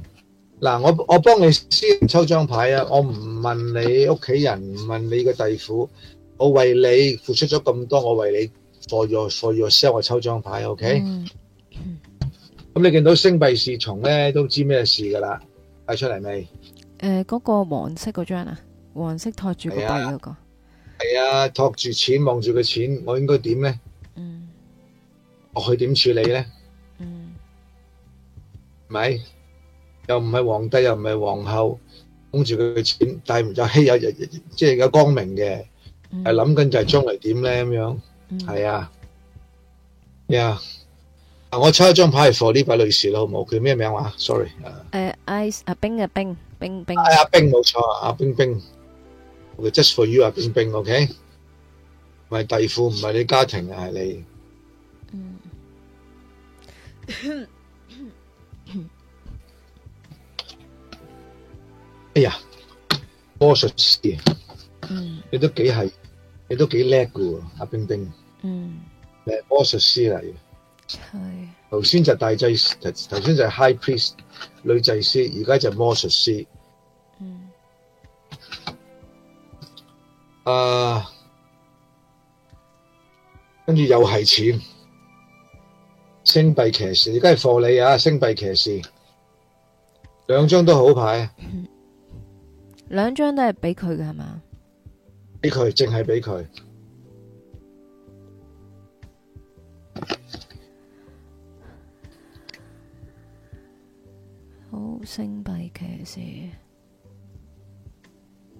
嗱。我我幫你先抽張牌啊！我唔問你屋企人，唔問你個弟婦，我為你付出咗咁多，我為你 For your for yourself 我抽張牌，OK？咁你見到星幣侍從咧，都知咩事噶啦？帶出嚟未？誒，嗰個黃色嗰張啊，黃色托住個帝嗰個，係啊，托住錢望住個錢，我應該點咧？嗯，我去點處理咧？嗯，咪又唔係皇帝又唔係皇后，捧住佢嘅錢，但係唔就稀有，即係有光明嘅，係諗緊就係將來點咧咁樣，係啊，係啊～啊！我抽一張牌係 for 呢位女士啦，好冇？佢咩名話？Sorry，誒，ice 阿冰啊，冰冰冰。係阿冰，冇錯，阿冰冰。我叫 Just for You 阿冰冰，OK？唔係弟婦，唔係你家庭啊，係你。嗯。哎呀，魔術師，你都幾係，你都幾叻㗎喎，阿冰冰。嗯。誒，魔術師嚟。係頭先就大祭司，頭先就係 High Priest 女祭司，而家就魔術師。嗯。誒、uh，跟住又係錢星幣騎士，而家係霍你啊，星幣騎士，兩張都好牌。兩張都係俾佢嘅係嘛？俾佢，淨係俾佢。星幣騎士，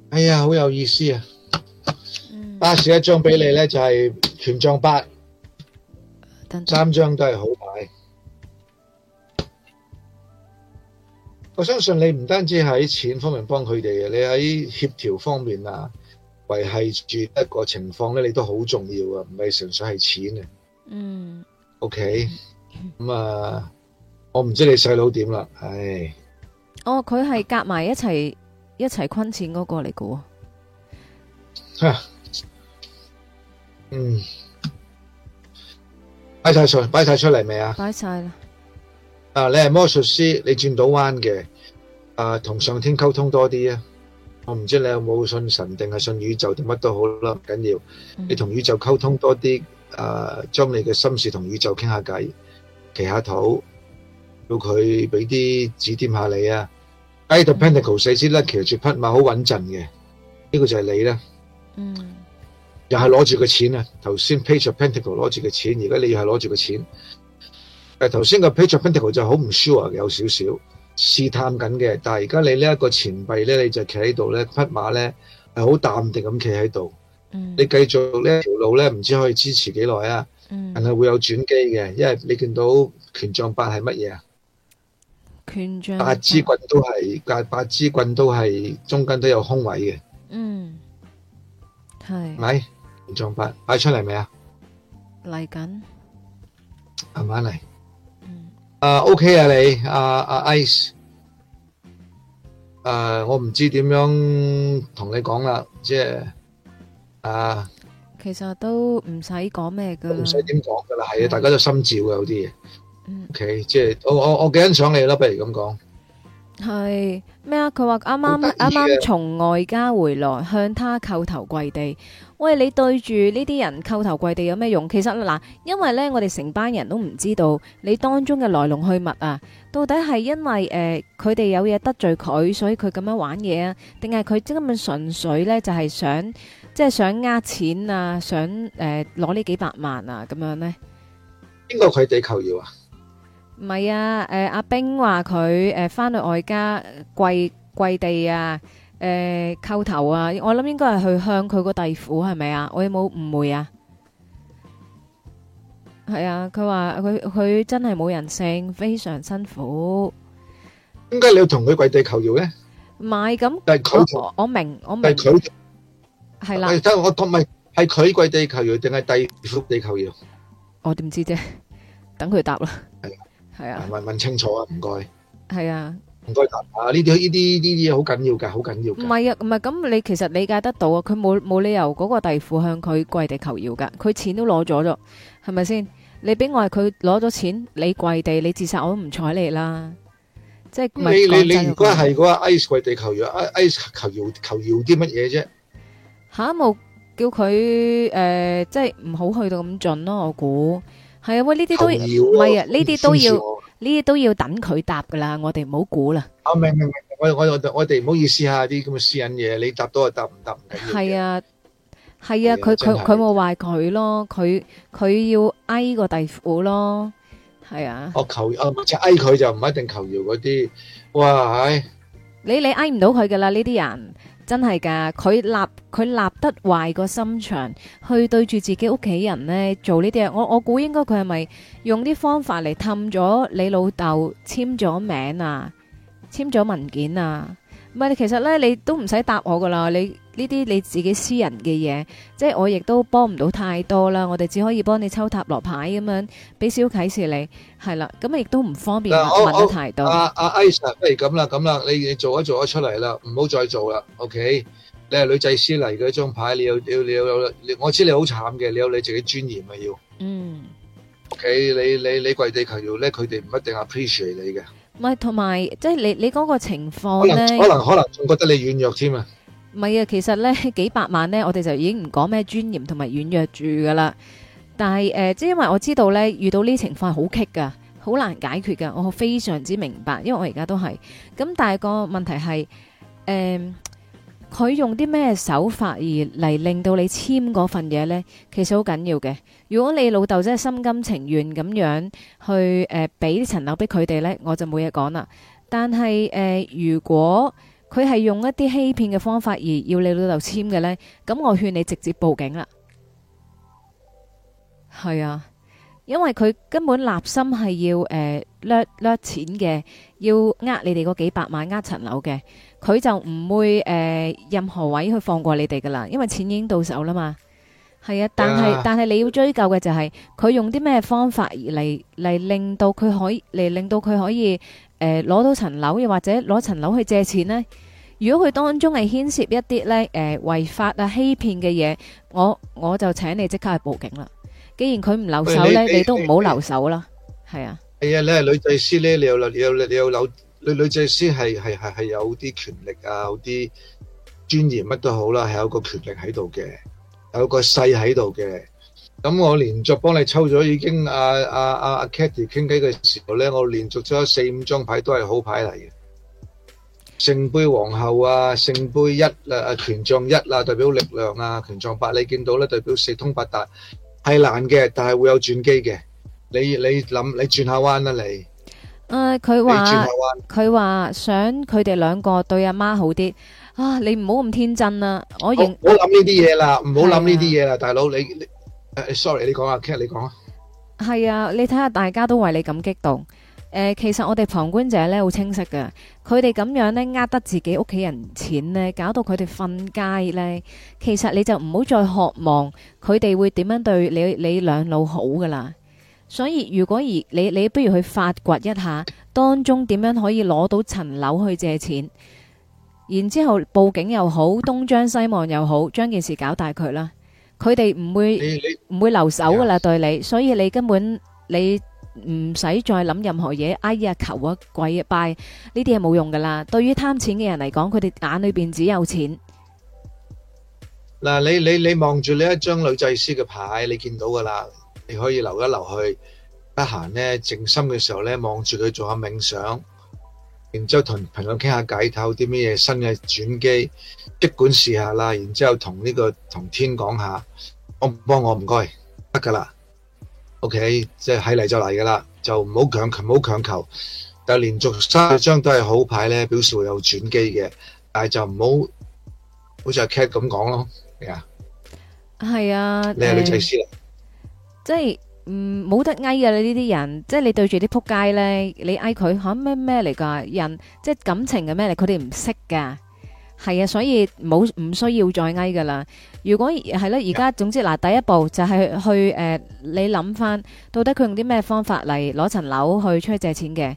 哎呀，好有意思啊！打少一張俾你咧，就係權杖八，三張都係好牌。我相信你唔單止喺錢方面幫佢哋，你喺協調方面啊，維繫住一個情況咧，你都好重要啊，唔係純粹係錢啊。嗯。OK，咁啊。我唔知你細佬點啦，唉。哦，佢係夾埋一齊一齊昆錢嗰個嚟噶、啊。嗯，擺晒出擺晒出嚟未啊？擺晒啦。啊，你係魔術師，你轉到彎嘅。啊，同上天溝通多啲啊。我唔知你有冇信神，定係信宇宙，定乜都好啦，唔緊要。你同宇宙溝通多啲，誒、啊，將你嘅心事同宇宙傾下偈，企下土。聊聊要佢俾啲指點下你啊！At Pentacle 細先呢，騎住匹馬好穩陣嘅。呢個就係你啦。嗯。又係攞住個錢啊！頭先 Page of Pentacles 攞住個錢，而家你又係攞住個錢。誒，頭先個 Page of Pentacles 就好唔 sure，有少少試探緊嘅。但係而家你呢一個錢幣咧，你就企喺度咧，匹馬咧係好淡定咁企喺度。Mm hmm. 你繼續呢條路咧，唔知可以支持幾耐啊？Mm hmm. 但係會會有轉機嘅？因為你見到權杖八係乜嘢啊？八支棍都係，八八支棍都係，中間都有空位嘅。嗯，係咪？五張八，擺出嚟未啊？嚟緊，慢慢嚟。嗯。啊，OK 啊，你，阿阿 Ice，誒，我唔知點樣同你講啦，即係，啊。其實都唔使講咩嘅，都唔使點講噶啦，係啊，大家都心照嘅，有啲嘢。OK，即係我我我幾欣賞你啦，不如咁講，係咩啊？佢話啱啱啱啱從外家回來，向他叩頭跪地。喂，你對住呢啲人叩頭跪地有咩用？其實嗱，因為呢，我哋成班人都唔知道你當中嘅來龍去脈啊。到底係因為誒佢哋有嘢得罪佢，所以佢咁樣玩嘢啊？定係佢根本純粹呢，就係想即係想呃錢啊，想誒攞呢幾百萬啊咁樣呢？邊個佢哋求饒啊？唔係啊，誒、呃，阿冰話佢誒翻去外家跪跪地啊，誒、呃，叩頭啊，我諗應該係去向佢個弟府係咪啊？我有冇誤會啊？係啊，佢話佢佢真係冇人性，非常辛苦。點解你要同佢跪地求饒呢？唔係咁，但係佢我，我明我明，係啦。即係我同咪係佢跪地求饒，定係弟府地求饒？我點知啫？ *laughs* 等佢答啦。係啊，問問清楚啊，唔該。係啊，唔該啊，呢啲呢啲呢啲嘢好緊要噶，好緊要。唔係啊，唔係。咁你其實理解得到啊，佢冇冇理由嗰、那個弟婦向佢跪地求饒噶，佢錢都攞咗咗，係咪先？你俾我佢攞咗錢，你跪地你自殺我都唔睬你啦。即係你你你如果係嘅話，跪地求饒，跪求饒求饒啲乜嘢啫？吓，冇叫佢誒、呃，即係唔好去到咁盡咯，我估。係啊，喂，呢啲都唔係啊，呢啲、啊、都要呢啲都要等佢答噶啦，我哋唔好估啦。啊，明明，我我我哋唔好意思下啲咁嘅私隱嘢，你答到係答唔答唔係啊，係啊，佢佢佢冇話佢咯，佢佢要哀個地府咯，係啊。我求啊，即係哀佢就唔一定求饒嗰啲，哇、哎、你你哀唔到佢噶啦，呢啲人。真係噶，佢立佢立得壞個心腸，去對住自己屋企人呢做呢啲嘢，我我估應該佢係咪用啲方法嚟氹咗你老豆簽咗名啊，簽咗文件啊？唔係，其實呢，你都唔使答我噶啦，你。呢啲你自己私人嘅嘢，即係我亦都幫唔到太多啦。我哋只可以幫你抽塔羅牌咁樣，俾少啟示你，係啦。咁亦都唔方便問得太多。阿阿、啊啊、Aisa，不如咁啦，咁啦，你你做一做咗出嚟，啦，唔好再做啦。OK，你係女祭司嚟嘅，張牌你有你有有，我知你好慘嘅，你有你自己尊嚴啊要。嗯。OK，你你你跪地求饒，咧，佢哋唔一定 appreciate 你嘅。唔係，同埋即係你你嗰個情況可能可能可能仲覺得你軟弱添啊。唔係啊，其實咧，幾百萬咧，我哋就已經唔講咩尊嚴同埋軟弱住噶啦。但係誒、呃，即係因為我知道咧，遇到呢情況係好棘噶，好難解決噶。我非常之明白，因為我而家都係。咁但係個問題係，誒、呃，佢用啲咩手法而嚟令到你簽嗰份嘢咧，其實好緊要嘅。如果你老豆真係心甘情願咁樣去誒俾層樓俾佢哋咧，我就冇嘢講啦。但係誒、呃，如果，佢係用一啲欺騙嘅方法而要你老豆簽嘅呢。咁我勸你直接報警啦。係啊，因為佢根本立心係要誒、呃、掠掠錢嘅，要呃你哋嗰幾百萬，呃層樓嘅，佢就唔會誒任何位去放過你哋噶啦，因為錢已經到手啦嘛。係啊，但係 Yeah. 但係你要追究嘅就係、是、佢用啲咩方法而嚟嚟令到佢可以嚟令到佢可以。誒，攞、呃、到層樓又或者攞層樓去借錢咧，如果佢當中係牽涉一啲咧誒違法啊欺騙嘅嘢，我我就請你即刻去報警啦。既然佢唔留守咧，你，你，你都唔好留守啦。係啊，係啊，你係女祭司咧，你有你有你有你有你女女祭司係係係係有啲權力啊，有啲尊嚴乜都好啦，係有個權力喺度嘅，有個勢喺度嘅。咁我連續幫你抽咗，已經阿阿阿阿 Katie 傾偈嘅時候咧，我連續抽咗四五張牌都係好牌嚟嘅，聖杯皇后啊，聖杯一啊，權杖一啊，代表力量啊，權杖八你見到咧，代表四通八達，係難嘅，但係會有轉機嘅。你你諗，你轉下彎啦，你。誒，佢話佢話想佢哋兩個對阿媽好啲啊！你唔好咁天真啊，我認。唔好諗呢啲嘢啦，唔好諗呢啲嘢啦，大佬你。Sorry，你講啊 Kat 你講，啊，係啊，你睇下大家都為你咁激動。誒、呃，其實我哋旁觀者咧好清晰㗎。佢哋咁樣咧，呃得自己屋企人錢咧，搞到佢哋瞓街咧。其實你就唔好再渴望佢哋會點樣對你你兩老好噶啦。所以如果而你你不如去發掘一下當中點樣可以攞到層樓去借錢，然之後報警又好，東張西望又好，將件事搞大佢啦。佢哋唔會唔會留守噶啦，對你，所以你根本你唔使再諗任何嘢，哎呀求啊跪啊拜呢啲係冇用噶啦。對於貪錢嘅人嚟講，佢哋眼裏邊只有錢。嗱，你你你望住呢一張女祭司嘅牌，你見到噶啦，你可以留一留去，得閒呢靜心嘅時候呢望住佢做下冥想。然之後同朋友傾下偈，啲咩嘢新嘅轉機，即管試下啦。然之後同呢個同天講下，幫我唔幫我唔該得㗎啦。OK，即係嚟就嚟㗎啦，就唔好強求，唔好強求。但係連續三張都係好牌咧，表示會有轉機嘅，但係就唔好好似阿 Cat 咁講咯。係啊，係啊，你係女祭司即係。嗯就是唔冇、嗯、得嗌噶啦呢啲人，即係你對住啲撲街呢，你嗌佢吓咩咩嚟噶人，即係感情嘅咩嚟，佢哋唔識噶，係啊，所以冇唔需要再嗌噶啦。如果係咧，而家總之嗱，第一步就係去誒、呃，你諗翻到底佢用啲咩方法嚟攞層樓去出去借錢嘅？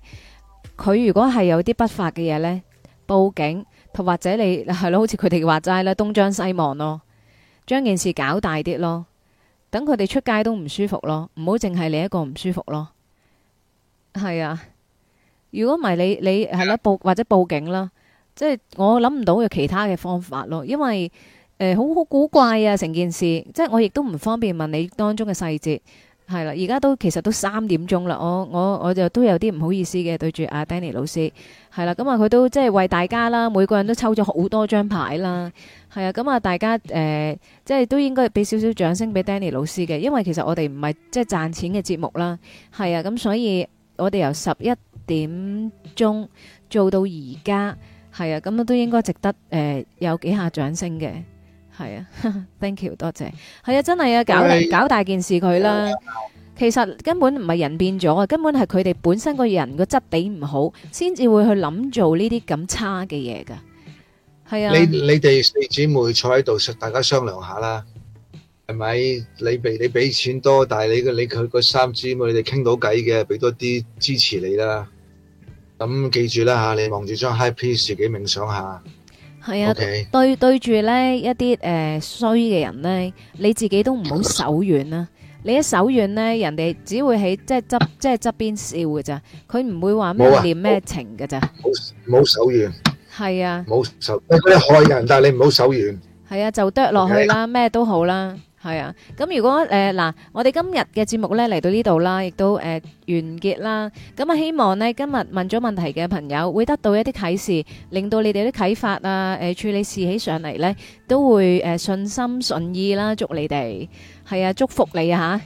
佢如果係有啲不法嘅嘢呢，報警同或者你係咯，好似佢哋話齋啦，東張西望咯，將件事搞大啲咯。等佢哋出街都唔舒服咯，唔好淨係你一個唔舒服咯。係啊，如果唔係你你係啦、啊、報或者報警啦，即係我諗唔到有其他嘅方法咯，因為誒好好古怪啊成件事，即係我亦都唔方便問你當中嘅細節。係啦，而家都其實都三點鐘啦，我我我就都有啲唔好意思嘅對住阿 Danny 老師，係啦，咁啊佢都即係、就是、為大家啦，每個人都抽咗好多張牌啦，係啊，咁啊大家誒即係都應該俾少少掌聲俾 Danny 老師嘅，因為其實我哋唔係即係賺錢嘅節目啦，係啊，咁所以我哋由十一點鐘做到而家，係啊，咁都應該值得誒、呃、有幾下掌聲嘅。係啊，thank you，多謝。係啊，真係啊，搞搞大件事佢啦。其實根本唔係人變咗啊，根本係佢哋本身個人個質地唔好，先至會去諗做呢啲咁差嘅嘢噶。係啊，你你哋四姊妹坐喺度，大家商量下啦，係咪？你俾你俾錢多，但係你個你佢個三姊妹，你哋傾到偈嘅，俾多啲支持你啦。咁記住啦吓，你望住張 high piece，自己冥想下。係啊，對對住咧一啲誒衰嘅人咧，你自己都唔好手軟啦。你一手軟咧，人哋只會喺即係側即係側邊笑㗎咋，佢唔會話咩念咩情㗎咋。唔好唔好手軟。係啊，冇手。你佢係害人，但係你唔好手軟。係啊，就剁落去啦，咩都好啦。係啊，咁如果誒嗱，我哋今日嘅節目咧嚟,到呢度啦，亦都誒完結啦。咁啊，希望咧今日問咗問題嘅朋友會得到一啲啟示，令到你哋啲啟發啊，誒處理事起上嚟咧都會誒順心順意啦，祝你哋係啊，祝福你吓。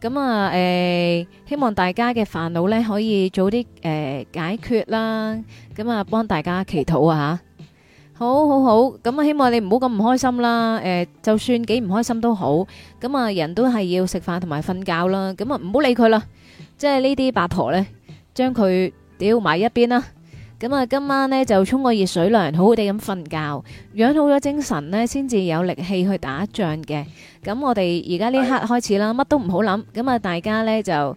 咁啊，誒希望大家嘅煩惱咧可以早啲誒解決啦。咁啊，幫大家祈禱啊吓。好好好，咁啊，希望你唔好咁唔開心啦。誒，就算幾唔開心都好，咁啊，人都係要食飯同埋瞓覺啦。咁啊，唔好理佢啦，即係呢啲八婆呢，將佢丟埋一邊啦。咁啊，今晚呢就沖個熱水涼，好好地咁瞓覺，養好咗精神呢，先至有力氣去打仗嘅。咁我哋而家呢刻開始啦，乜都唔好諗，咁啊，大家呢就。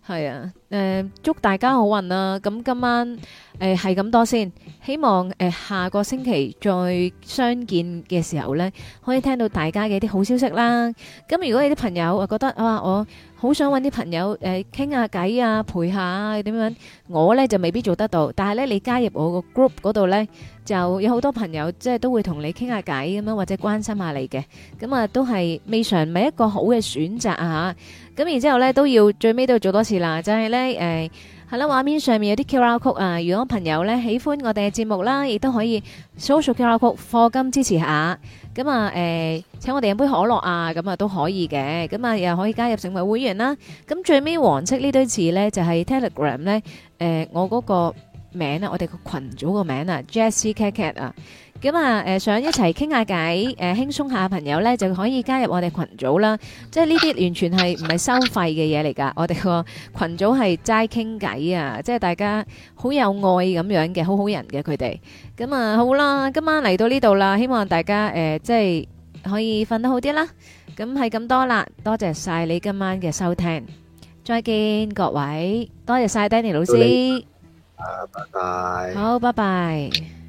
係啊，誒、呃，祝大家好運啊！咁今晚誒係咁多先，希望誒、呃、下個星期再相見嘅時候呢，可以聽到大家嘅一啲好消息啦。咁如果有啲朋友覺得啊，我好想揾啲朋友誒傾下偈啊，陪下啊，點樣？我呢就未必做得到，但係呢，你加入我個 group 嗰度呢，就有好多朋友即係都會同你傾下偈咁樣，或者關心下你嘅，咁啊都係未嘗唔係一個好嘅選擇啊！咁然之後咧都要最尾都要做多次啦，就係咧誒係啦。畫、哎、面上面有啲 QR 曲啊。如果朋友咧喜歡我哋嘅節目啦，亦都可以 social QR 曲課金支持下。咁啊誒、呃，請我哋飲杯可樂啊，咁啊都可以嘅。咁啊又可以加入成為會員啦。咁、啊、最尾黃色堆次呢堆字咧就係、是、Telegram 咧誒、呃，我嗰個名啊，我哋個群組個名啊 j e s、mm hmm. s e k a t Cat 啊。咁啊、呃，想一齊傾下偈，誒、呃、輕鬆下朋友呢，就可以加入我哋群組啦。即係呢啲完全係唔係收費嘅嘢嚟㗎，我哋個群組係齋傾偈啊！即係大家好有愛咁樣嘅，好好人嘅佢哋。咁啊，好啦，今晚嚟到呢度啦，希望大家、呃、即係可以瞓得好啲啦。咁係咁多啦，多謝晒你今晚嘅收聽，再見各位，多謝晒 Danny 老師。拜拜。Uh, bye bye。好，拜拜。